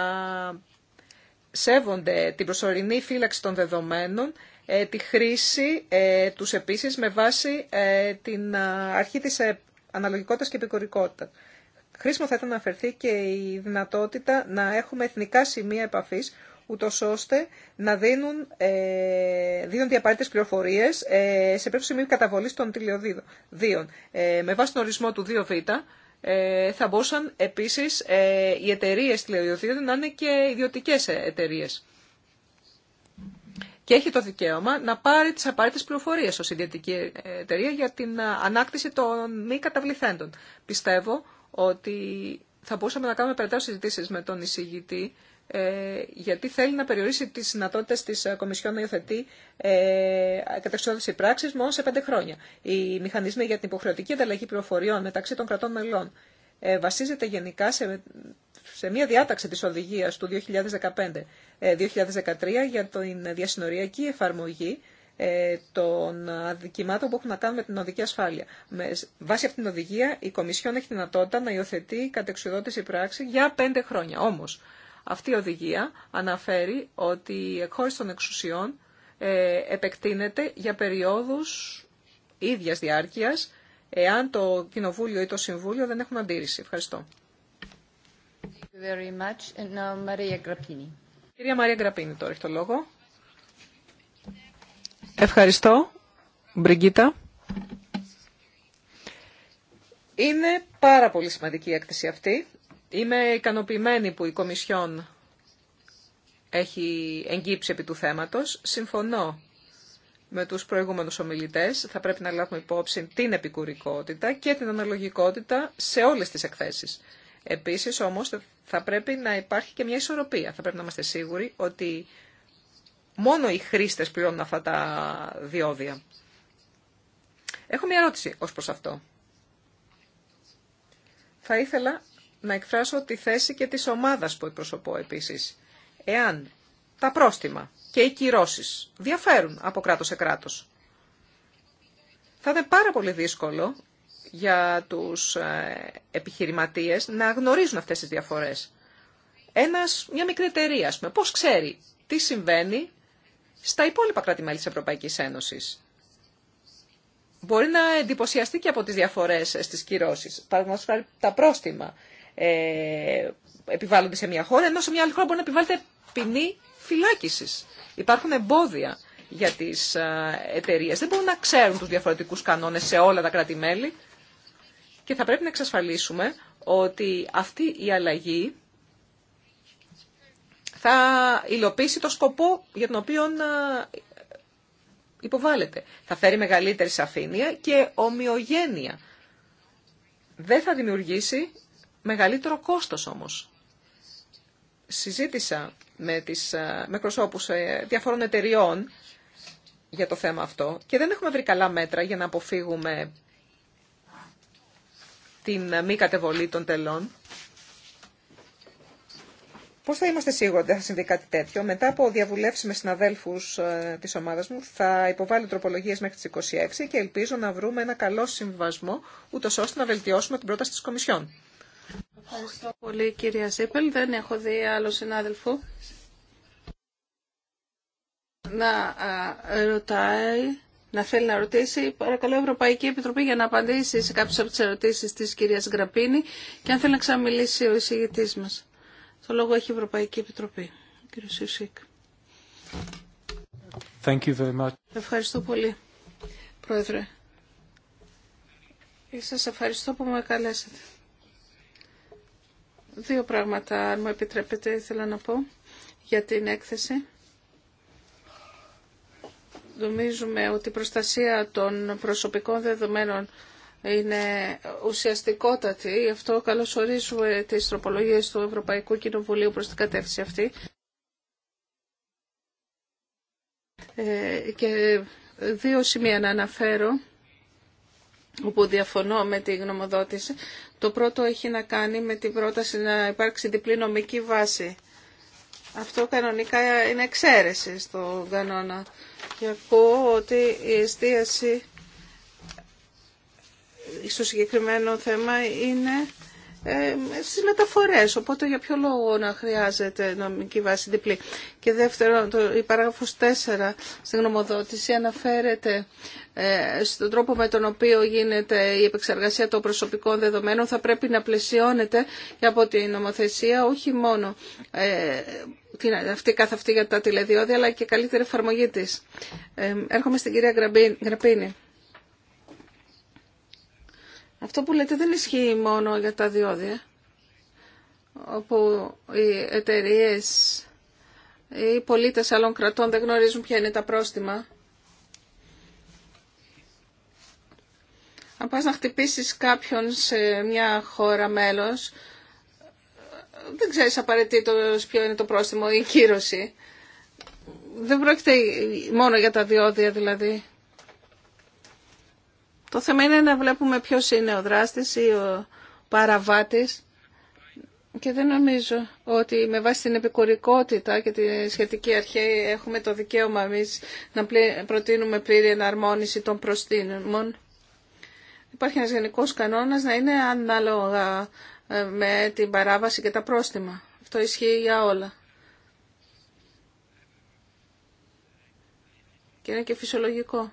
σέβονται την προσωρινή φύλαξη των δεδομένων, ε, τη χρήση ε, τους επίσης με βάση ε, την αρχή της αναλογικότητας και επικορικότητας. Χρήσιμο θα ήταν να αφαιρθεί και η δυνατότητα να έχουμε εθνικά σημεία επαφής, ούτω ώστε να δίνουν, ε, δίνουν πληροφορίε σε περίπτωση σημείο καταβολή των τηλεοδίων. με βάση τον ορισμό του 2β, ε, θα μπορούσαν επίσης ε, οι εταιρείες τηλεοδιοθήτων να είναι και ιδιωτικές εταιρείες. Και έχει το δικαίωμα να πάρει τις απαραίτητες πληροφορίες ως ιδιωτική εταιρεία για την ε, ανάκτηση των μη καταβληθέντων. Πιστεύω ότι θα μπορούσαμε να κάνουμε περαιτέρω συζητήσεις με τον εισηγητή ε, γιατί θέλει να περιορίσει τις δυνατότητες της ε, Κομισιόν να υιοθετεί ε, καταξιόδηση πράξης μόνο σε πέντε χρόνια. Οι μηχανισμοί για την υποχρεωτική ανταλλαγή πληροφοριών μεταξύ των κρατών μελών ε, βασίζεται γενικά σε, μια διάταξη της οδηγίας του 2015-2013 για την διασυνοριακή εφαρμογή των αδικημάτων που έχουν να κάνουν με την οδική ασφάλεια. Με βάση αυτήν την οδηγία, η Κομισιόν έχει δυνατότητα να υιοθετεί κατεξουδότηση πράξη για πέντε χρόνια. Όμως, αυτή η οδηγία αναφέρει ότι η εκχώρηση των εξουσιών ε, επεκτείνεται για περιόδους ίδιας διάρκειας, εάν το Κοινοβούλιο ή το Συμβούλιο δεν έχουν αντίρρηση. Ευχαριστώ. Κυρία Μαρία Γκραπίνη τώρα έχει το λόγο. Ευχαριστώ, Μπριγκίτα. Είναι πάρα πολύ σημαντική η έκθεση αυτή. Είμαι ικανοποιημένη που η Κομισιόν έχει εγγύψει επί του θέματος. Συμφωνώ με τους προηγούμενους ομιλητές. Θα πρέπει να λάβουμε υπόψη την επικουρικότητα και την αναλογικότητα σε όλες τις εκθέσεις. Επίσης όμως θα πρέπει να υπάρχει και μια ισορροπία. Θα πρέπει να είμαστε σίγουροι ότι μόνο οι χρήστες πληρώνουν αυτά τα διόδια. Έχω μια ερώτηση ως προς αυτό. Θα ήθελα να εκφράσω τη θέση και της ομάδας που εκπροσωπώ επίσης. Εάν τα πρόστιμα και οι κυρώσεις διαφέρουν από κράτος σε κράτος, θα είναι πάρα πολύ δύσκολο για τους ε, επιχειρηματίες να γνωρίζουν αυτές τις διαφορές. Ένας, μια μικρή εταιρεία, πούμε. πώς ξέρει τι συμβαίνει στα υπόλοιπα κράτη-μέλη της Ευρωπαϊκής Ένωσης. Μπορεί να εντυπωσιαστεί και από τις διαφορές ε, στις κυρώσεις. Παραδείγματος τα πρόστιμα ε, επιβάλλονται σε μια χώρα, ενώ σε μια άλλη χώρα μπορεί να επιβάλλεται ποινή φυλάκισης. Υπάρχουν εμπόδια για τις ε, εταιρείε. Δεν μπορούν να ξέρουν τους διαφορετικούς κανόνες σε όλα τα κράτη-μέλη και θα πρέπει να εξασφαλίσουμε ότι αυτή η αλλαγή θα υλοποιήσει το σκοπό για τον οποίο ε, υποβάλλεται. Θα φέρει μεγαλύτερη σαφήνεια και ομοιογένεια. Δεν θα δημιουργήσει μεγαλύτερο κόστος όμως. Συζήτησα με, τις, ε, με ε, διαφόρων εταιριών για το θέμα αυτό και δεν έχουμε βρει καλά μέτρα για να αποφύγουμε την μη κατεβολή των τελών. Πώς θα είμαστε σίγουροι ότι θα συμβεί κάτι τέτοιο. Μετά από διαβουλεύσει με συναδέλφου ε, της ομάδας μου, θα υποβάλω τροπολογίες μέχρι τι 26 και ελπίζω να βρούμε ένα καλό συμβασμό ούτως ώστε να βελτιώσουμε την πρόταση της Κομισιόν.
Ευχαριστώ πολύ κυρία Σίπελ. Δεν έχω δει άλλο συνάδελφο να ρωτάει, να θέλει να ρωτήσει. Παρακαλώ η Ευρωπαϊκή Επιτροπή για να απαντήσει σε κάποιες από τις ερωτήσεις της κυρίας Γκραπίνη και αν θέλει να ξαναμιλήσει ο εισηγητής μας. Το λόγο έχει η Ευρωπαϊκή Επιτροπή. Κύριο Σιουσίκ. Ευχαριστώ πολύ, Πρόεδρε. Σας ευχαριστώ που με καλέσατε. Δύο πράγματα, αν μου επιτρέπετε, ήθελα να πω για την έκθεση. Νομίζουμε ότι η προστασία των προσωπικών δεδομένων είναι ουσιαστικότατη. Γι' αυτό καλωσορίζουμε τις τροπολογίες του Ευρωπαϊκού Κοινοβουλίου προς την κατεύθυνση αυτή. Ε, και δύο σημεία να αναφέρω όπου διαφωνώ με τη γνωμοδότηση. Το πρώτο έχει να κάνει με την πρόταση να υπάρξει διπλή νομική βάση. Αυτό κανονικά είναι εξαίρεση στον κανόνα. Και ακούω ότι η εστίαση στο συγκεκριμένο θέμα είναι ε, στις μεταφορές. Οπότε για ποιο λόγο να χρειάζεται νομική βάση διπλή. Και δεύτερον, το, η παράγραφος 4 στην γνωμοδότηση αναφέρεται ε, στον τρόπο με τον οποίο γίνεται η επεξεργασία των προσωπικών δεδομένων θα πρέπει να πλαισιώνεται και από την νομοθεσία όχι μόνο ε, αυτή καθ' αυτή για τα τηλεδιώδη αλλά και καλύτερη εφαρμογή της. Ε, έρχομαι στην κυρία Γραπίνη. Αυτό που λέτε δεν ισχύει μόνο για τα διόδια, όπου οι εταιρείε ή οι πολίτες άλλων κρατών δεν γνωρίζουν ποια είναι τα πρόστιμα. Αν πας να χτυπήσεις κάποιον σε μια χώρα μέλος, δεν ξέρεις απαραίτητο ποιο είναι το πρόστιμο ή η κύρωση. Δεν πρόκειται μόνο για τα διόδια δηλαδή. Το θέμα είναι να βλέπουμε ποιος είναι ο δράστης ή ο παραβάτης και δεν νομίζω ότι με βάση την επικουρικότητα και τη σχετική αρχή έχουμε το δικαίωμα εμείς να προτείνουμε πλήρη εναρμόνιση των προστίνων. Υπάρχει ένας γενικός κανόνας να είναι ανάλογα ε, με την παράβαση και τα πρόστιμα. Αυτό ισχύει για όλα. Και είναι και φυσιολογικό.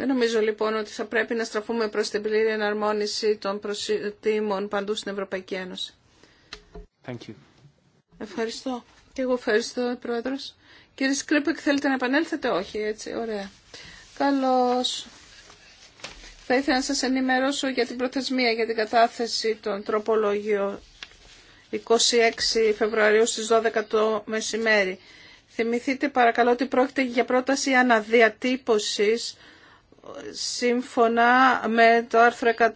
Δεν νομίζω λοιπόν ότι θα πρέπει να στραφούμε προς την πλήρη εναρμόνιση των τιμών παντού στην Ευρωπαϊκή Ένωση. Thank you. Ευχαριστώ. Και εγώ ευχαριστώ, Πρόεδρος. Κύριε Σκρίπεκ, θέλετε να επανέλθετε, όχι, έτσι, ωραία. Καλώς. Θα ήθελα να σας ενημερώσω για την προθεσμία για την κατάθεση των τροπολογιών 26 Φεβρουαρίου στις 12 το μεσημέρι. Θυμηθείτε παρακαλώ ότι πρόκειται για πρόταση αναδιατύπωσης σύμφωνα με το άρθρο 104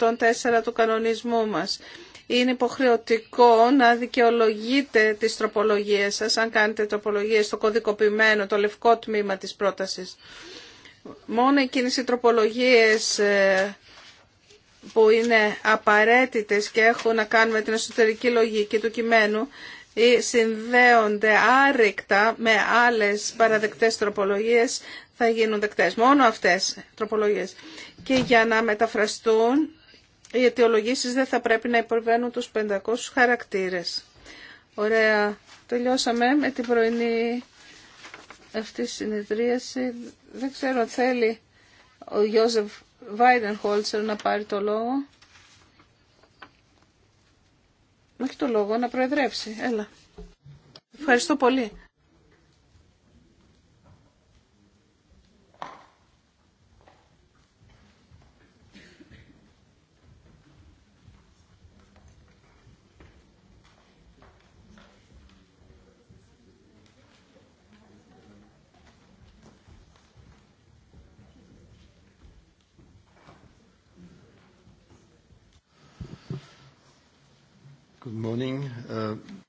του κανονισμού μας. Είναι υποχρεωτικό να δικαιολογείτε τις τροπολογίες σας, αν κάνετε τροπολογίες στο κωδικοποιημένο, το λευκό τμήμα της πρότασης. Μόνο εκείνες οι τροπολογίες ε, που είναι απαραίτητες και έχουν να κάνουν με την εσωτερική λογική του κειμένου ή συνδέονται άρρηκτα με άλλες παραδεκτές τροπολογίες θα γίνουν δεκτές. Μόνο αυτές τροπολογίες. Και για να μεταφραστούν οι αιτιολογήσεις δεν θα πρέπει να υποβαίνουν τους 500 χαρακτήρες. Ωραία. Τελειώσαμε με την πρωινή αυτή συνεδρίαση. Δεν ξέρω αν θέλει ο Γιώζεφ Βάιντεν να πάρει το λόγο. Όχι το λόγο, να προεδρεύσει. Έλα. Ευχαριστώ πολύ.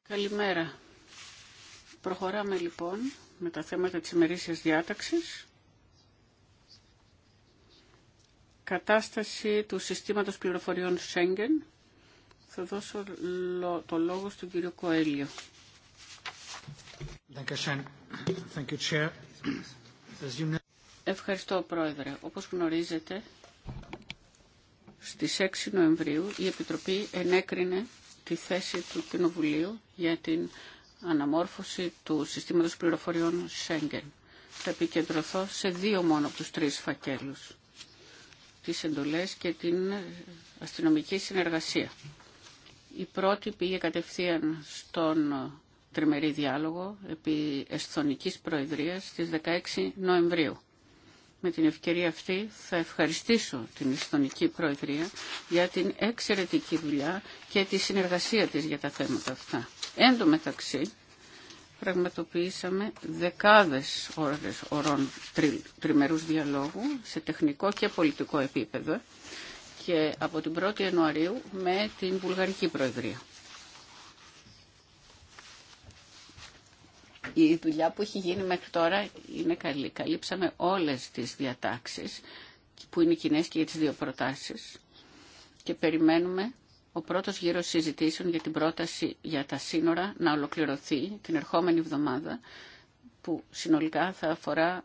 Καλημέρα. Προχωράμε λοιπόν με τα θέματα της ημερήσιας διάταξης. Κατάσταση του συστήματος πληροφοριών Schengen. Θα δώσω το λόγο στον κύριο Κοέλιο. Ευχαριστώ, Πρόεδρε. Όπως γνωρίζετε, στις 6 Νοεμβρίου η Επιτροπή ενέκρινε τη θέση του Κοινοβουλίου για την αναμόρφωση του συστήματος πληροφοριών Σέγγεν. Θα επικεντρωθώ σε δύο μόνο από τους τρεις φακέλους. Τις εντολές και την αστυνομική συνεργασία. Η πρώτη πήγε κατευθείαν στον τριμερή διάλογο επί Εσθονικής Προεδρίας στις 16 Νοεμβρίου με την ευκαιρία αυτή θα ευχαριστήσω την Ιστονική Προεδρία για την εξαιρετική δουλειά και τη συνεργασία της για τα θέματα αυτά. Εν τω μεταξύ, πραγματοποιήσαμε δεκάδες ώρες ωρών τρι, τριμερούς διαλόγου σε τεχνικό και πολιτικό επίπεδο και από την 1η Ιανουαρίου με την Βουλγαρική Προεδρία. η δουλειά που έχει γίνει μέχρι τώρα είναι καλή. Καλύψαμε όλες τις διατάξεις που είναι κοινέ και για τις δύο προτάσεις και περιμένουμε ο πρώτος γύρος συζητήσεων για την πρόταση για τα σύνορα να ολοκληρωθεί την ερχόμενη εβδομάδα που συνολικά θα αφορά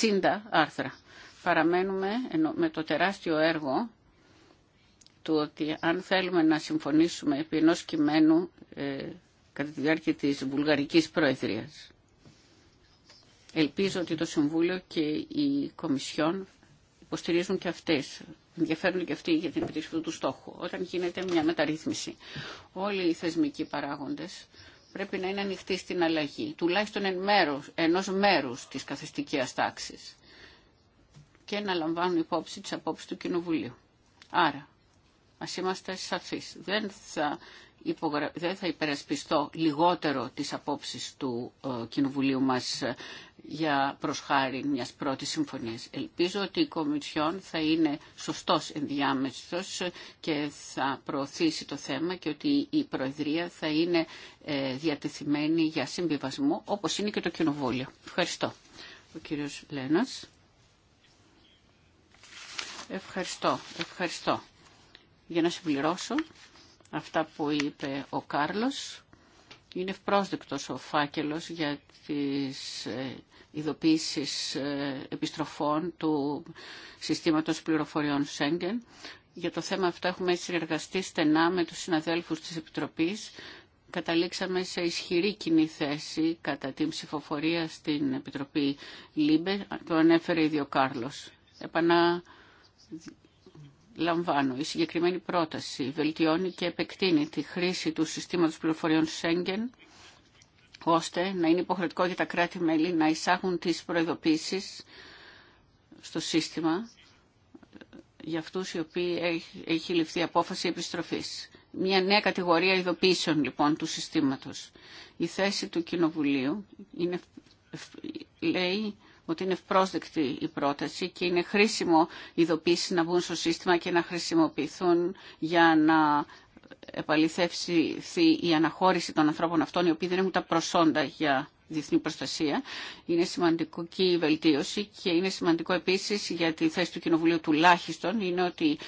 60 άρθρα. Παραμένουμε με το τεράστιο έργο του ότι αν θέλουμε να συμφωνήσουμε επί ενός κειμένου ε, κατά τη διάρκεια της Βουλγαρικής Προεδρίας. Ελπίζω ότι το Συμβούλιο και η Κομισιόν υποστηρίζουν και αυτές, ενδιαφέρουν και αυτοί για την επιτύχηση του στόχου. Όταν γίνεται μια μεταρρύθμιση, όλοι οι θεσμικοί παράγοντες πρέπει να είναι ανοιχτοί στην αλλαγή, τουλάχιστον εν μέρος, ενός μέρους της καθεστικής τάξης και να λαμβάνουν υπόψη τις απόψεις του Κοινοβουλίου. Άρα, ας είμαστε σαφείς. Δεν θα δεν θα υπερασπιστώ λιγότερο τις απόψεις του ε, Κοινοβουλίου μας ε, για προσχάρη μιας πρώτης συμφωνίας. Ελπίζω ότι η Κομισιόν θα είναι σωστός ενδιάμεσος ε, και θα προωθήσει το θέμα και ότι η Προεδρία θα είναι διατεθειμένη για συμβιβασμό όπως είναι και το Κοινοβούλιο. Ευχαριστώ. Ο κύριος Λένας. Ευχαριστώ, ευχαριστώ. Για να συμπληρώσω, αυτά που είπε ο Κάρλος. Είναι ευπρόσδεκτος ο φάκελος για τις ε, ειδοποίησεις ε, επιστροφών του συστήματος πληροφοριών Σέγγεν. Για το θέμα αυτό έχουμε συνεργαστεί στενά με τους συναδέλφους της Επιτροπής. Καταλήξαμε σε ισχυρή κοινή θέση κατά την ψηφοφορία στην Επιτροπή ΛΥΜΠΕ. Το ανέφερε ήδη ο Κάρλος. Επανα Λαμβάνω, η συγκεκριμένη πρόταση βελτιώνει και επεκτείνει τη χρήση του συστήματος πληροφοριών Σέγγεν, ώστε να είναι υποχρεωτικό για τα κράτη-μέλη να εισάγουν τις προειδοποίησεις στο σύστημα για αυτούς οι οποίοι έχει, ληφθεί απόφαση επιστροφής. Μια νέα κατηγορία ειδοποίησεων λοιπόν του συστήματος. Η θέση του Κοινοβουλίου είναι, λέει ότι είναι ευπρόσδεκτη η πρόταση και είναι χρήσιμο ειδοποίησεις να μπουν στο σύστημα και να χρησιμοποιηθούν για να επαληθεύσει η αναχώρηση των ανθρώπων αυτών οι οποίοι δεν έχουν τα προσόντα για διεθνή προστασία. Είναι σημαντικό η βελτίωση και είναι σημαντικό επίσης για τη θέση του Κοινοβουλίου τουλάχιστον είναι ότι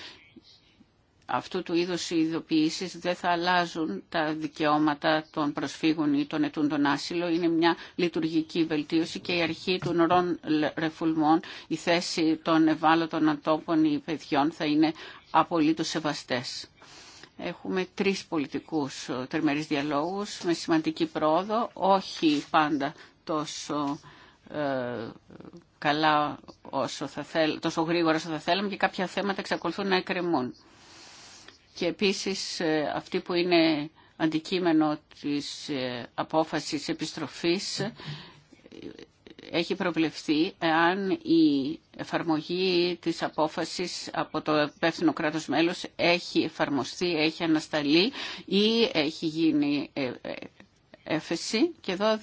αυτού του είδους οι ειδοποιήσεις δεν θα αλλάζουν τα δικαιώματα των προσφύγων ή των ετούντων άσυλο. Είναι μια λειτουργική βελτίωση και η αρχή των ρον ρεφουλμών, η θέση των ευάλωτων αντόπων ή παιδιών θα είναι απολύτως σεβαστές. Έχουμε τρεις πολιτικούς ε, τριμερείς διαλόγους με σημαντική πρόοδο, όχι πάντα τόσο ε, καλά όσο θα τόσο γρήγορα όσο θα θέλαμε και κάποια θέματα εξακολουθούν να εκκρεμούν και επίσης ε, αυτή που είναι αντικείμενο της ε, απόφασης επιστροφής ε, έχει προβλεφθεί εάν η εφαρμογή της απόφασης από το υπεύθυνο κράτος μέλος έχει εφαρμοστεί, έχει ανασταλεί ή έχει γίνει έφεση και εδώ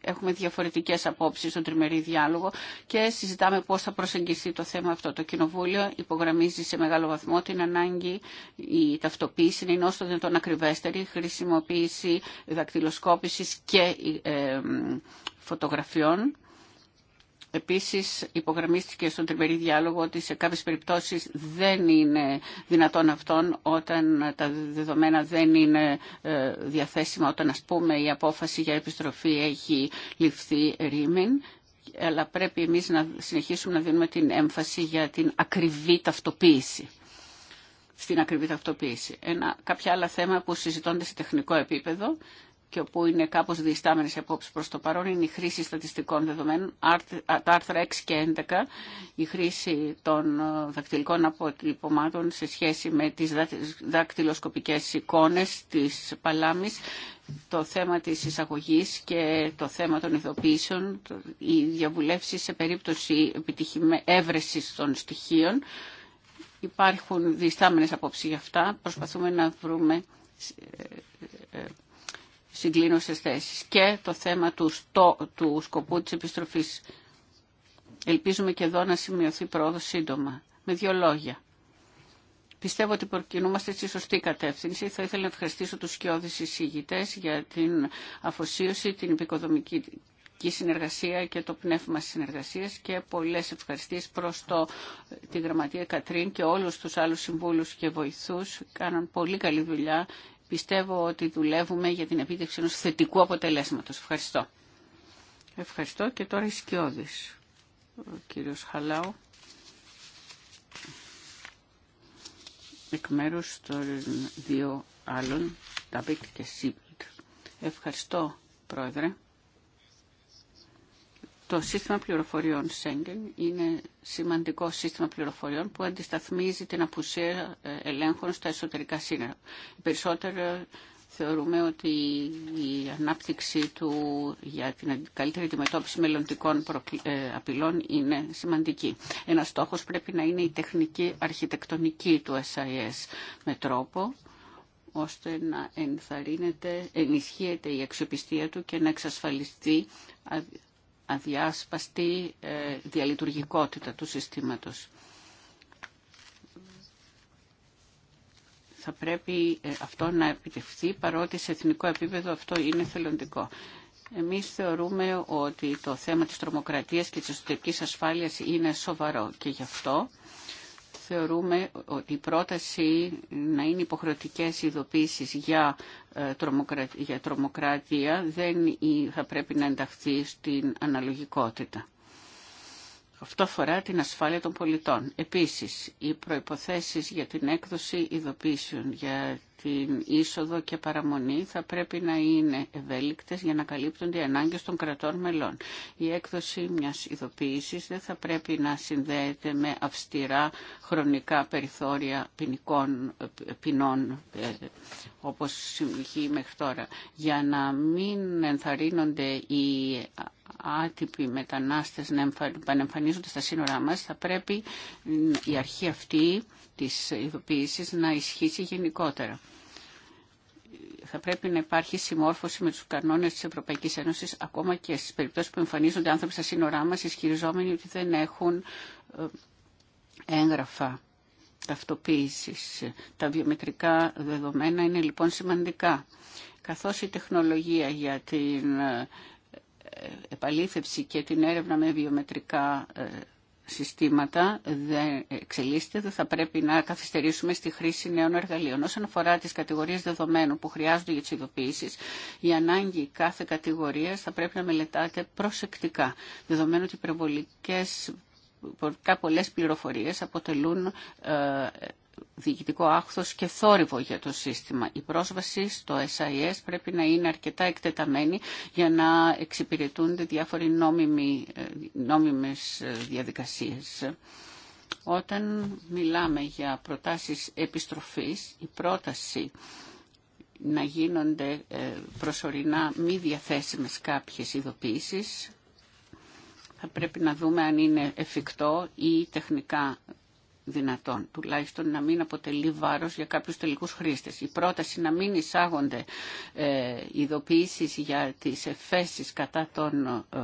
έχουμε διαφορετικές απόψεις στον τριμερή διάλογο και συζητάμε πώς θα προσεγγιστεί το θέμα αυτό. Το Κοινοβούλιο υπογραμμίζει σε μεγάλο βαθμό την ανάγκη η ταυτοποίηση να είναι όσο δυνατόν ακριβέστερη, χρησιμοποίηση δακτυλοσκόπησης και ε, φωτογραφιών Επίσης υπογραμμίστηκε στον τριμερή διάλογο ότι σε κάποιες περιπτώσεις δεν είναι δυνατόν αυτόν όταν τα δεδομένα δεν είναι ε, διαθέσιμα, όταν ας πούμε η απόφαση για επιστροφή έχει ληφθεί ρήμην αλλά πρέπει εμείς να συνεχίσουμε να δίνουμε την έμφαση για την ακριβή ταυτοποίηση στην ακριβή ταυτοποίηση. Ένα, κάποια άλλα θέματα που συζητώνται σε τεχνικό επίπεδο και όπου είναι κάπως διστάμενες απόψεις προς το παρόν είναι η χρήση στατιστικών δεδομένων, τα άρθρα 6 και 11, η χρήση των ε, δακτυλικών αποτυπωμάτων σε σχέση με τις δακτυλοσκοπικές εικόνες της παλάμης, το θέμα της εισαγωγής και το θέμα των ειδοποιήσεων, η διαβουλεύση σε περίπτωση έβρεση των στοιχείων. Υπάρχουν διστάμενες απόψεις για αυτά. Προσπαθούμε να βρούμε ε, ε, συγκλίνωσες θέσεις και το θέμα του, στο, του σκοπού της επιστροφής. Ελπίζουμε και εδώ να σημειωθεί πρόοδο σύντομα. Με δύο λόγια. Πιστεύω ότι προκινούμαστε στη σωστή κατεύθυνση. Θα ήθελα να ευχαριστήσω τους σκιώδης εισηγητές για την αφοσίωση, την επικοδομική συνεργασία και το πνεύμα συνεργασίας και πολλές ευχαριστίες προς το, τη Γραμματεία Κατρίν και όλους τους άλλους συμβούλους και βοηθούς. Κάναν πολύ καλή δουλειά πιστεύω ότι δουλεύουμε για την επίτευξη ενός θετικού αποτελέσματος. Ευχαριστώ. Ευχαριστώ και τώρα η Σκιώδης, ο κύριος Χαλάου, εκ μέρους των δύο άλλων, Ταμπίκ και Σίπλτ. Ευχαριστώ, Πρόεδρε. Το σύστημα πληροφοριών Schengen είναι σημαντικό σύστημα πληροφοριών που αντισταθμίζει την απουσία ε, ελέγχων στα εσωτερικά σύνορα. Περισσότερο θεωρούμε ότι η ανάπτυξη του για την καλύτερη αντιμετώπιση μελλοντικών ε, απειλών είναι σημαντική. Ένας στόχος πρέπει να είναι η τεχνική αρχιτεκτονική του SIS με τρόπο ώστε να ενθαρρύνεται, ενισχύεται η αξιοπιστία του και να εξασφαλιστεί αδιάσπαστη ε, διαλειτουργικότητα του συστήματος. Θα πρέπει ε, αυτό να επιτευχθεί, παρότι σε εθνικό επίπεδο αυτό είναι θελοντικό. Εμείς θεωρούμε ότι το θέμα της τρομοκρατίας και της εσωτερικής ασφάλειας είναι σοβαρό και γι' αυτό θεωρούμε ότι η πρόταση να είναι υποχρεωτικές ειδοποίησεις για, ε, για τρομοκρατία δεν θα πρέπει να ενταχθεί στην αναλογικότητα. Αυτό αφορά την ασφάλεια των πολιτών. Επίσης, οι προϋποθέσεις για την έκδοση ειδοποίησεων για την είσοδο και παραμονή θα πρέπει να είναι ευέλικτες για να καλύπτονται οι ανάγκες των κρατών μελών. Η έκδοση μιας ειδοποίησης δεν θα πρέπει να συνδέεται με αυστηρά χρονικά περιθώρια ποινικών ποινών ε, όπως συμβεί μέχρι τώρα. Για να μην ενθαρρύνονται οι άτυποι μετανάστες να επανεμφανίζονται στα σύνορά μας θα πρέπει η αρχή αυτή της ειδοποίησης να ισχύσει γενικότερα. Θα πρέπει να υπάρχει συμμόρφωση με τους κανόνες της Ευρωπαϊκής Ένωσης ακόμα και στις περιπτώσεις που εμφανίζονται άνθρωποι στα σύνορά μας ισχυριζόμενοι ότι δεν έχουν ε, έγγραφα ταυτοποίησης. Τα βιομετρικά δεδομένα είναι λοιπόν σημαντικά. Καθώς η τεχνολογία για την ε, ε, επαλήθευση και την έρευνα με βιομετρικά συστήματα δεν εξελίσσεται, θα πρέπει να καθυστερήσουμε στη χρήση νέων εργαλείων. Όσον αφορά τι κατηγορίες δεδομένων που χρειάζονται για τι ειδοποίησει, η ανάγκη κάθε κατηγορίας θα πρέπει να μελετάται προσεκτικά, δεδομένου ότι υπερβολικέ Πολλέ πολλές πληροφορίες αποτελούν ε, διοικητικό άχθος και θόρυβο για το σύστημα. Η πρόσβαση στο SIS πρέπει να είναι αρκετά εκτεταμένη για να εξυπηρετούνται διάφοροι νόμιμοι, ε, νόμιμες ε, διαδικασίες. Όταν μιλάμε για προτάσεις επιστροφής, η πρόταση να γίνονται προσωρινά μη διαθέσιμες κάποιες ειδοποίησεις θα πρέπει να δούμε αν είναι εφικτό ή τεχνικά δυνατόν, τουλάχιστον να μην αποτελεί βάρος για κάποιους τελικούς χρήστες. Η πρόταση να μην εισάγονται ε, για τις εφέσεις κατά των ε,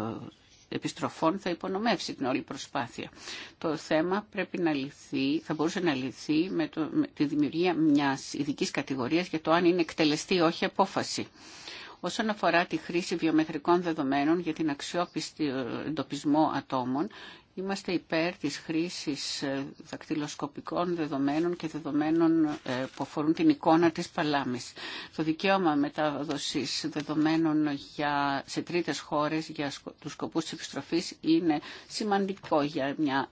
επιστροφών θα υπονομεύσει την όλη προσπάθεια. Το θέμα πρέπει να λυθεί, θα μπορούσε να λυθεί με, το, τη δημιουργία μιας ειδικής κατηγορίας για το αν είναι εκτελεστή ή όχι απόφαση όσον αφορά τη χρήση βιομετρικών δεδομένων για την αξιόπιστη ε, εντοπισμό ατόμων Είμαστε υπέρ της χρήσης ε, δακτυλοσκοπικών δεδομένων και δεδομένων ε, που αφορούν την εικόνα της παλάμης. Το δικαίωμα μετάδοσης δεδομένων για, σε τρίτες χώρες για τους σκοπούς της επιστροφής είναι σημαντικό για μια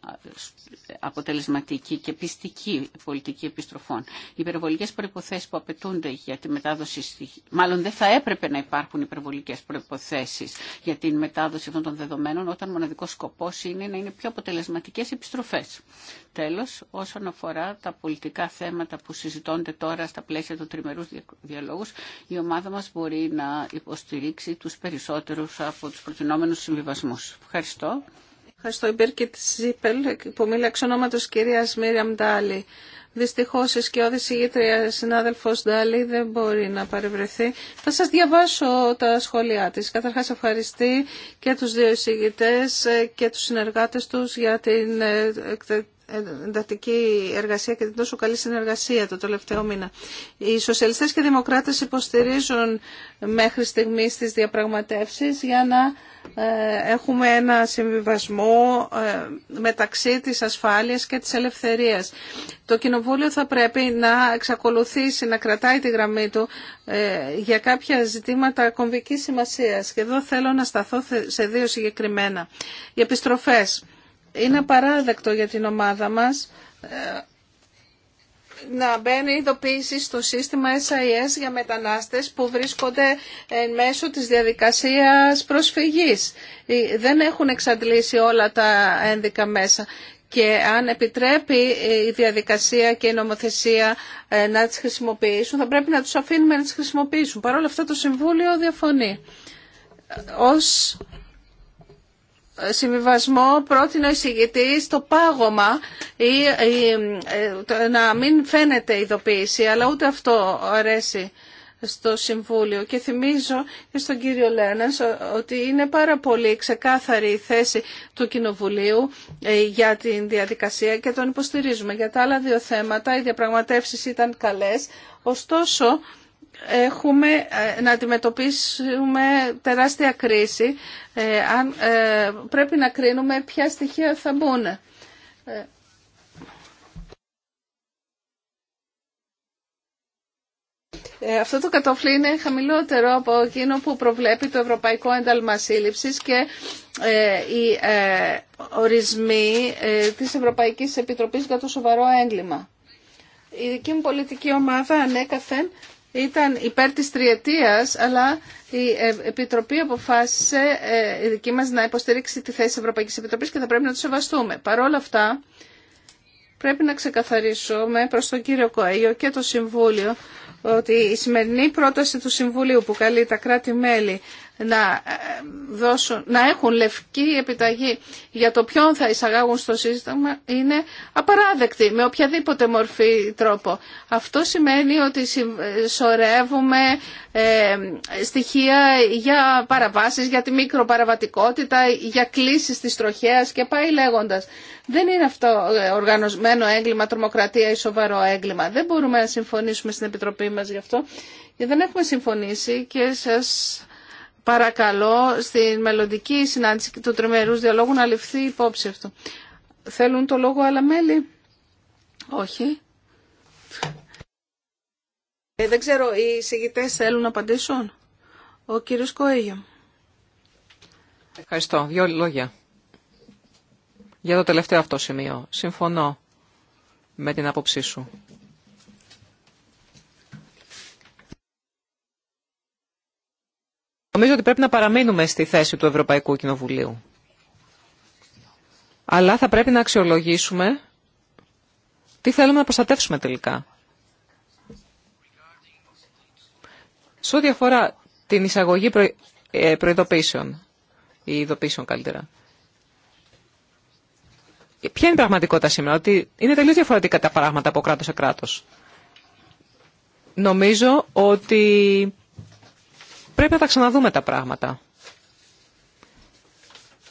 ε, αποτελεσματική και πιστική πολιτική επιστροφών. Οι υπερβολικές προϋποθέσεις που απαιτούνται για τη μετάδοση μάλλον δεν θα έπρεπε να υπάρχουν υπερβολικές προϋποθέσεις για την μετάδοση αυτών των δεδομένων όταν μοναδικός σκοπός είναι να είναι πιο αποτελεσματικές επιστροφές. Τέλος, όσον αφορά τα πολιτικά θέματα που συζητώνται τώρα στα πλαίσια των τριμερούς διαλόγους, η ομάδα μας μπορεί να υποστηρίξει τους περισσότερους από τους προτινόμενους συμβιβασμούς. Ευχαριστώ.
Ευχαριστώ η Μπέρκετ που μίλησε ονόματος κυρίας Μίριαμ Ντάλη Δυστυχώς η σκιώδη συγγήτρια συνάδελφος Ντάλι δεν μπορεί να παρευρεθεί. Θα σας διαβάσω τα σχόλιά της. Καταρχάς ευχαριστεί και τους δύο συγγητές και τους συνεργάτες τους για την ε, εντατική εργασία και την τόσο καλή συνεργασία το τελευταίο μήνα. Οι σοσιαλιστές και δημοκράτες υποστηρίζουν μέχρι στιγμής τις διαπραγματεύσεις για να ε, έχουμε ένα συμβιβασμό ε, μεταξύ της ασφάλειας και της ελευθερίας. Το Κοινοβούλιο θα πρέπει να εξακολουθήσει, να κρατάει τη γραμμή του ε, για κάποια ζητήματα κομβικής σημασίας. Και εδώ θέλω να σταθώ σε δύο συγκεκριμένα. Οι επιστροφές είναι απαράδεκτο για την ομάδα μας ε, να μπαίνει ειδοποίηση στο σύστημα SIS για μετανάστες που βρίσκονται εν μέσω της διαδικασίας προσφυγής. Ε, δεν έχουν εξαντλήσει όλα τα ένδικα μέσα και αν επιτρέπει ε, η διαδικασία και η νομοθεσία να τις χρησιμοποιήσουν, θα πρέπει να τους αφήνουμε να τις χρησιμοποιήσουν. Παρ' όλα αυτά το Συμβούλιο διαφωνεί. Ως συμβιβασμό πρότεινε ο εισηγητή στο πάγωμα ή, ε, να μην φαίνεται ειδοποίηση, αλλά ούτε αυτό αρέσει στο Συμβούλιο και θυμίζω και στον κύριο Λένας ότι είναι πάρα πολύ ξεκάθαρη η θέση του Κοινοβουλίου ε, για την διαδικασία και τον υποστηρίζουμε. Για τα άλλα δύο θέματα οι διαπραγματεύσεις ήταν καλές, ωστόσο έχουμε ε, να αντιμετωπίσουμε τεράστια κρίση. Ε, αν, ε, πρέπει να κρίνουμε ποια στοιχεία θα μπουν. αυτό το κατόφλι είναι χαμηλότερο από εκείνο που προβλέπει το Ευρωπαϊκό Ένταλμα και οι ορισμοί της Ευρωπαϊκής Επιτροπής για το σοβαρό έγκλημα. Η δική μου πολιτική ομάδα ανέκαθεν ήταν υπέρ της τριετίας, αλλά η ε, Επιτροπή αποφάσισε ε, η δική μας να υποστηρίξει τη θέση της Ευρωπαϊκής Επιτροπής και θα πρέπει να το σεβαστούμε. Παρ' όλα αυτά, πρέπει να ξεκαθαρίσουμε προς τον κύριο Κοέγιο και το Συμβούλιο ότι η σημερινή πρόταση του Συμβουλίου που καλεί τα κράτη-μέλη να, ε, δώσουν, να έχουν λευκή επιταγή για το ποιον θα εισαγάγουν στο σύστημα είναι απαράδεκτη με οποιαδήποτε μορφή τρόπο. Αυτό σημαίνει ότι ε, σωρεύουμε ε, στοιχεία για παραβάσεις, για τη μικροπαραβατικότητα, για κλήσεις της τροχέας και πάει λέγοντας. Δεν είναι αυτό οργανωσμένο έγκλημα, τρομοκρατία ή σοβαρό έγκλημα. Δεν μπορούμε να συμφωνήσουμε στην Επιτροπή μας γι' αυτό. Δεν έχουμε συμφωνήσει και σας παρακαλώ στην μελλοντική συνάντηση του τριμερούς διαλόγου να ληφθεί υπόψη αυτό. Θέλουν το λόγο άλλα μέλη. Όχι. Ε, δεν ξέρω, οι συγητές θέλουν να απαντήσουν. Ο κύριος Κοέγιο.
Ευχαριστώ. Δύο λόγια. Για το τελευταίο αυτό σημείο. Συμφωνώ με την άποψή σου Νομίζω ότι πρέπει να παραμείνουμε στη θέση του Ευρωπαϊκού Κοινοβουλίου. Αλλά θα πρέπει να αξιολογήσουμε τι θέλουμε να προστατεύσουμε τελικά. Σε ό,τι αφορά την εισαγωγή ε, προειδοποίησεων, ή ειδοποίησεων καλύτερα, ποια είναι η πραγματικότητα σήμερα, ότι είναι τελείως διαφορετικά τα πράγματα από κράτος σε κράτος. Νομίζω ότι πρέπει να τα ξαναδούμε τα πράγματα.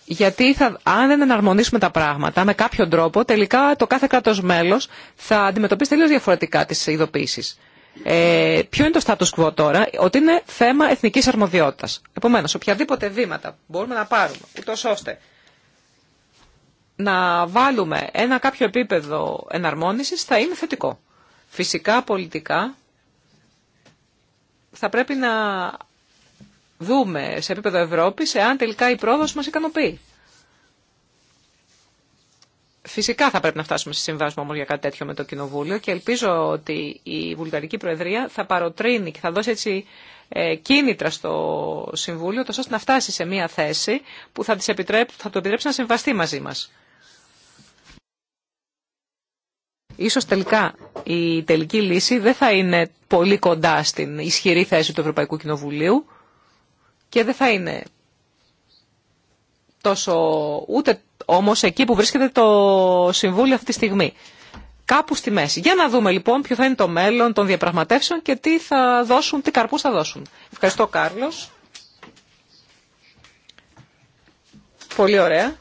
Γιατί αν δεν εναρμονίσουμε τα πράγματα με κάποιο τρόπο, τελικά το κάθε κράτο μέλο θα αντιμετωπίσει τελείω διαφορετικά τι ειδοποίησει. Ε, ποιο είναι το status quo τώρα, ότι είναι θέμα εθνική αρμοδιότητα. Επομένω, οποιαδήποτε βήματα μπορούμε να πάρουμε, ούτω ώστε να βάλουμε ένα κάποιο επίπεδο εναρμόνισης θα είναι θετικό. Φυσικά, πολιτικά, θα πρέπει να δούμε σε επίπεδο Ευρώπης εάν τελικά η πρόοδος μας ικανοποιεί. Φυσικά θα πρέπει να φτάσουμε σε συμβάσμα όμω για κάτι τέτοιο με το Κοινοβούλιο και ελπίζω ότι η Βουλγαρική Προεδρία θα παροτρύνει και θα δώσει έτσι ε, κίνητρα στο Συμβούλιο τόσο ώστε να φτάσει σε μια θέση που θα, το επιτρέψει, θα το επιτρέψει να συμβαστεί μαζί μας. Ίσως τελικά η τελική λύση δεν θα είναι πολύ κοντά στην ισχυρή θέση του Ευρωπαϊκού Κοινοβουλίου και δεν θα είναι τόσο ούτε όμως εκεί που βρίσκεται το Συμβούλιο αυτή τη στιγμή. Κάπου στη μέση. Για να δούμε λοιπόν ποιο θα είναι το μέλλον των διαπραγματεύσεων και τι θα δώσουν, τι καρπούς θα δώσουν. Ευχαριστώ Κάρλος. Πολύ ωραία.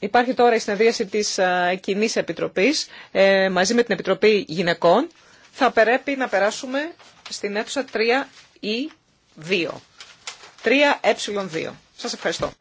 Υπάρχει τώρα η συνεδρίαση της κοινή Επιτροπής ε, μαζί με την Επιτροπή Γυναικών. Θα πρέπει να περάσουμε στην αίθουσα 3E2. ε 2 Σας ευχαριστώ.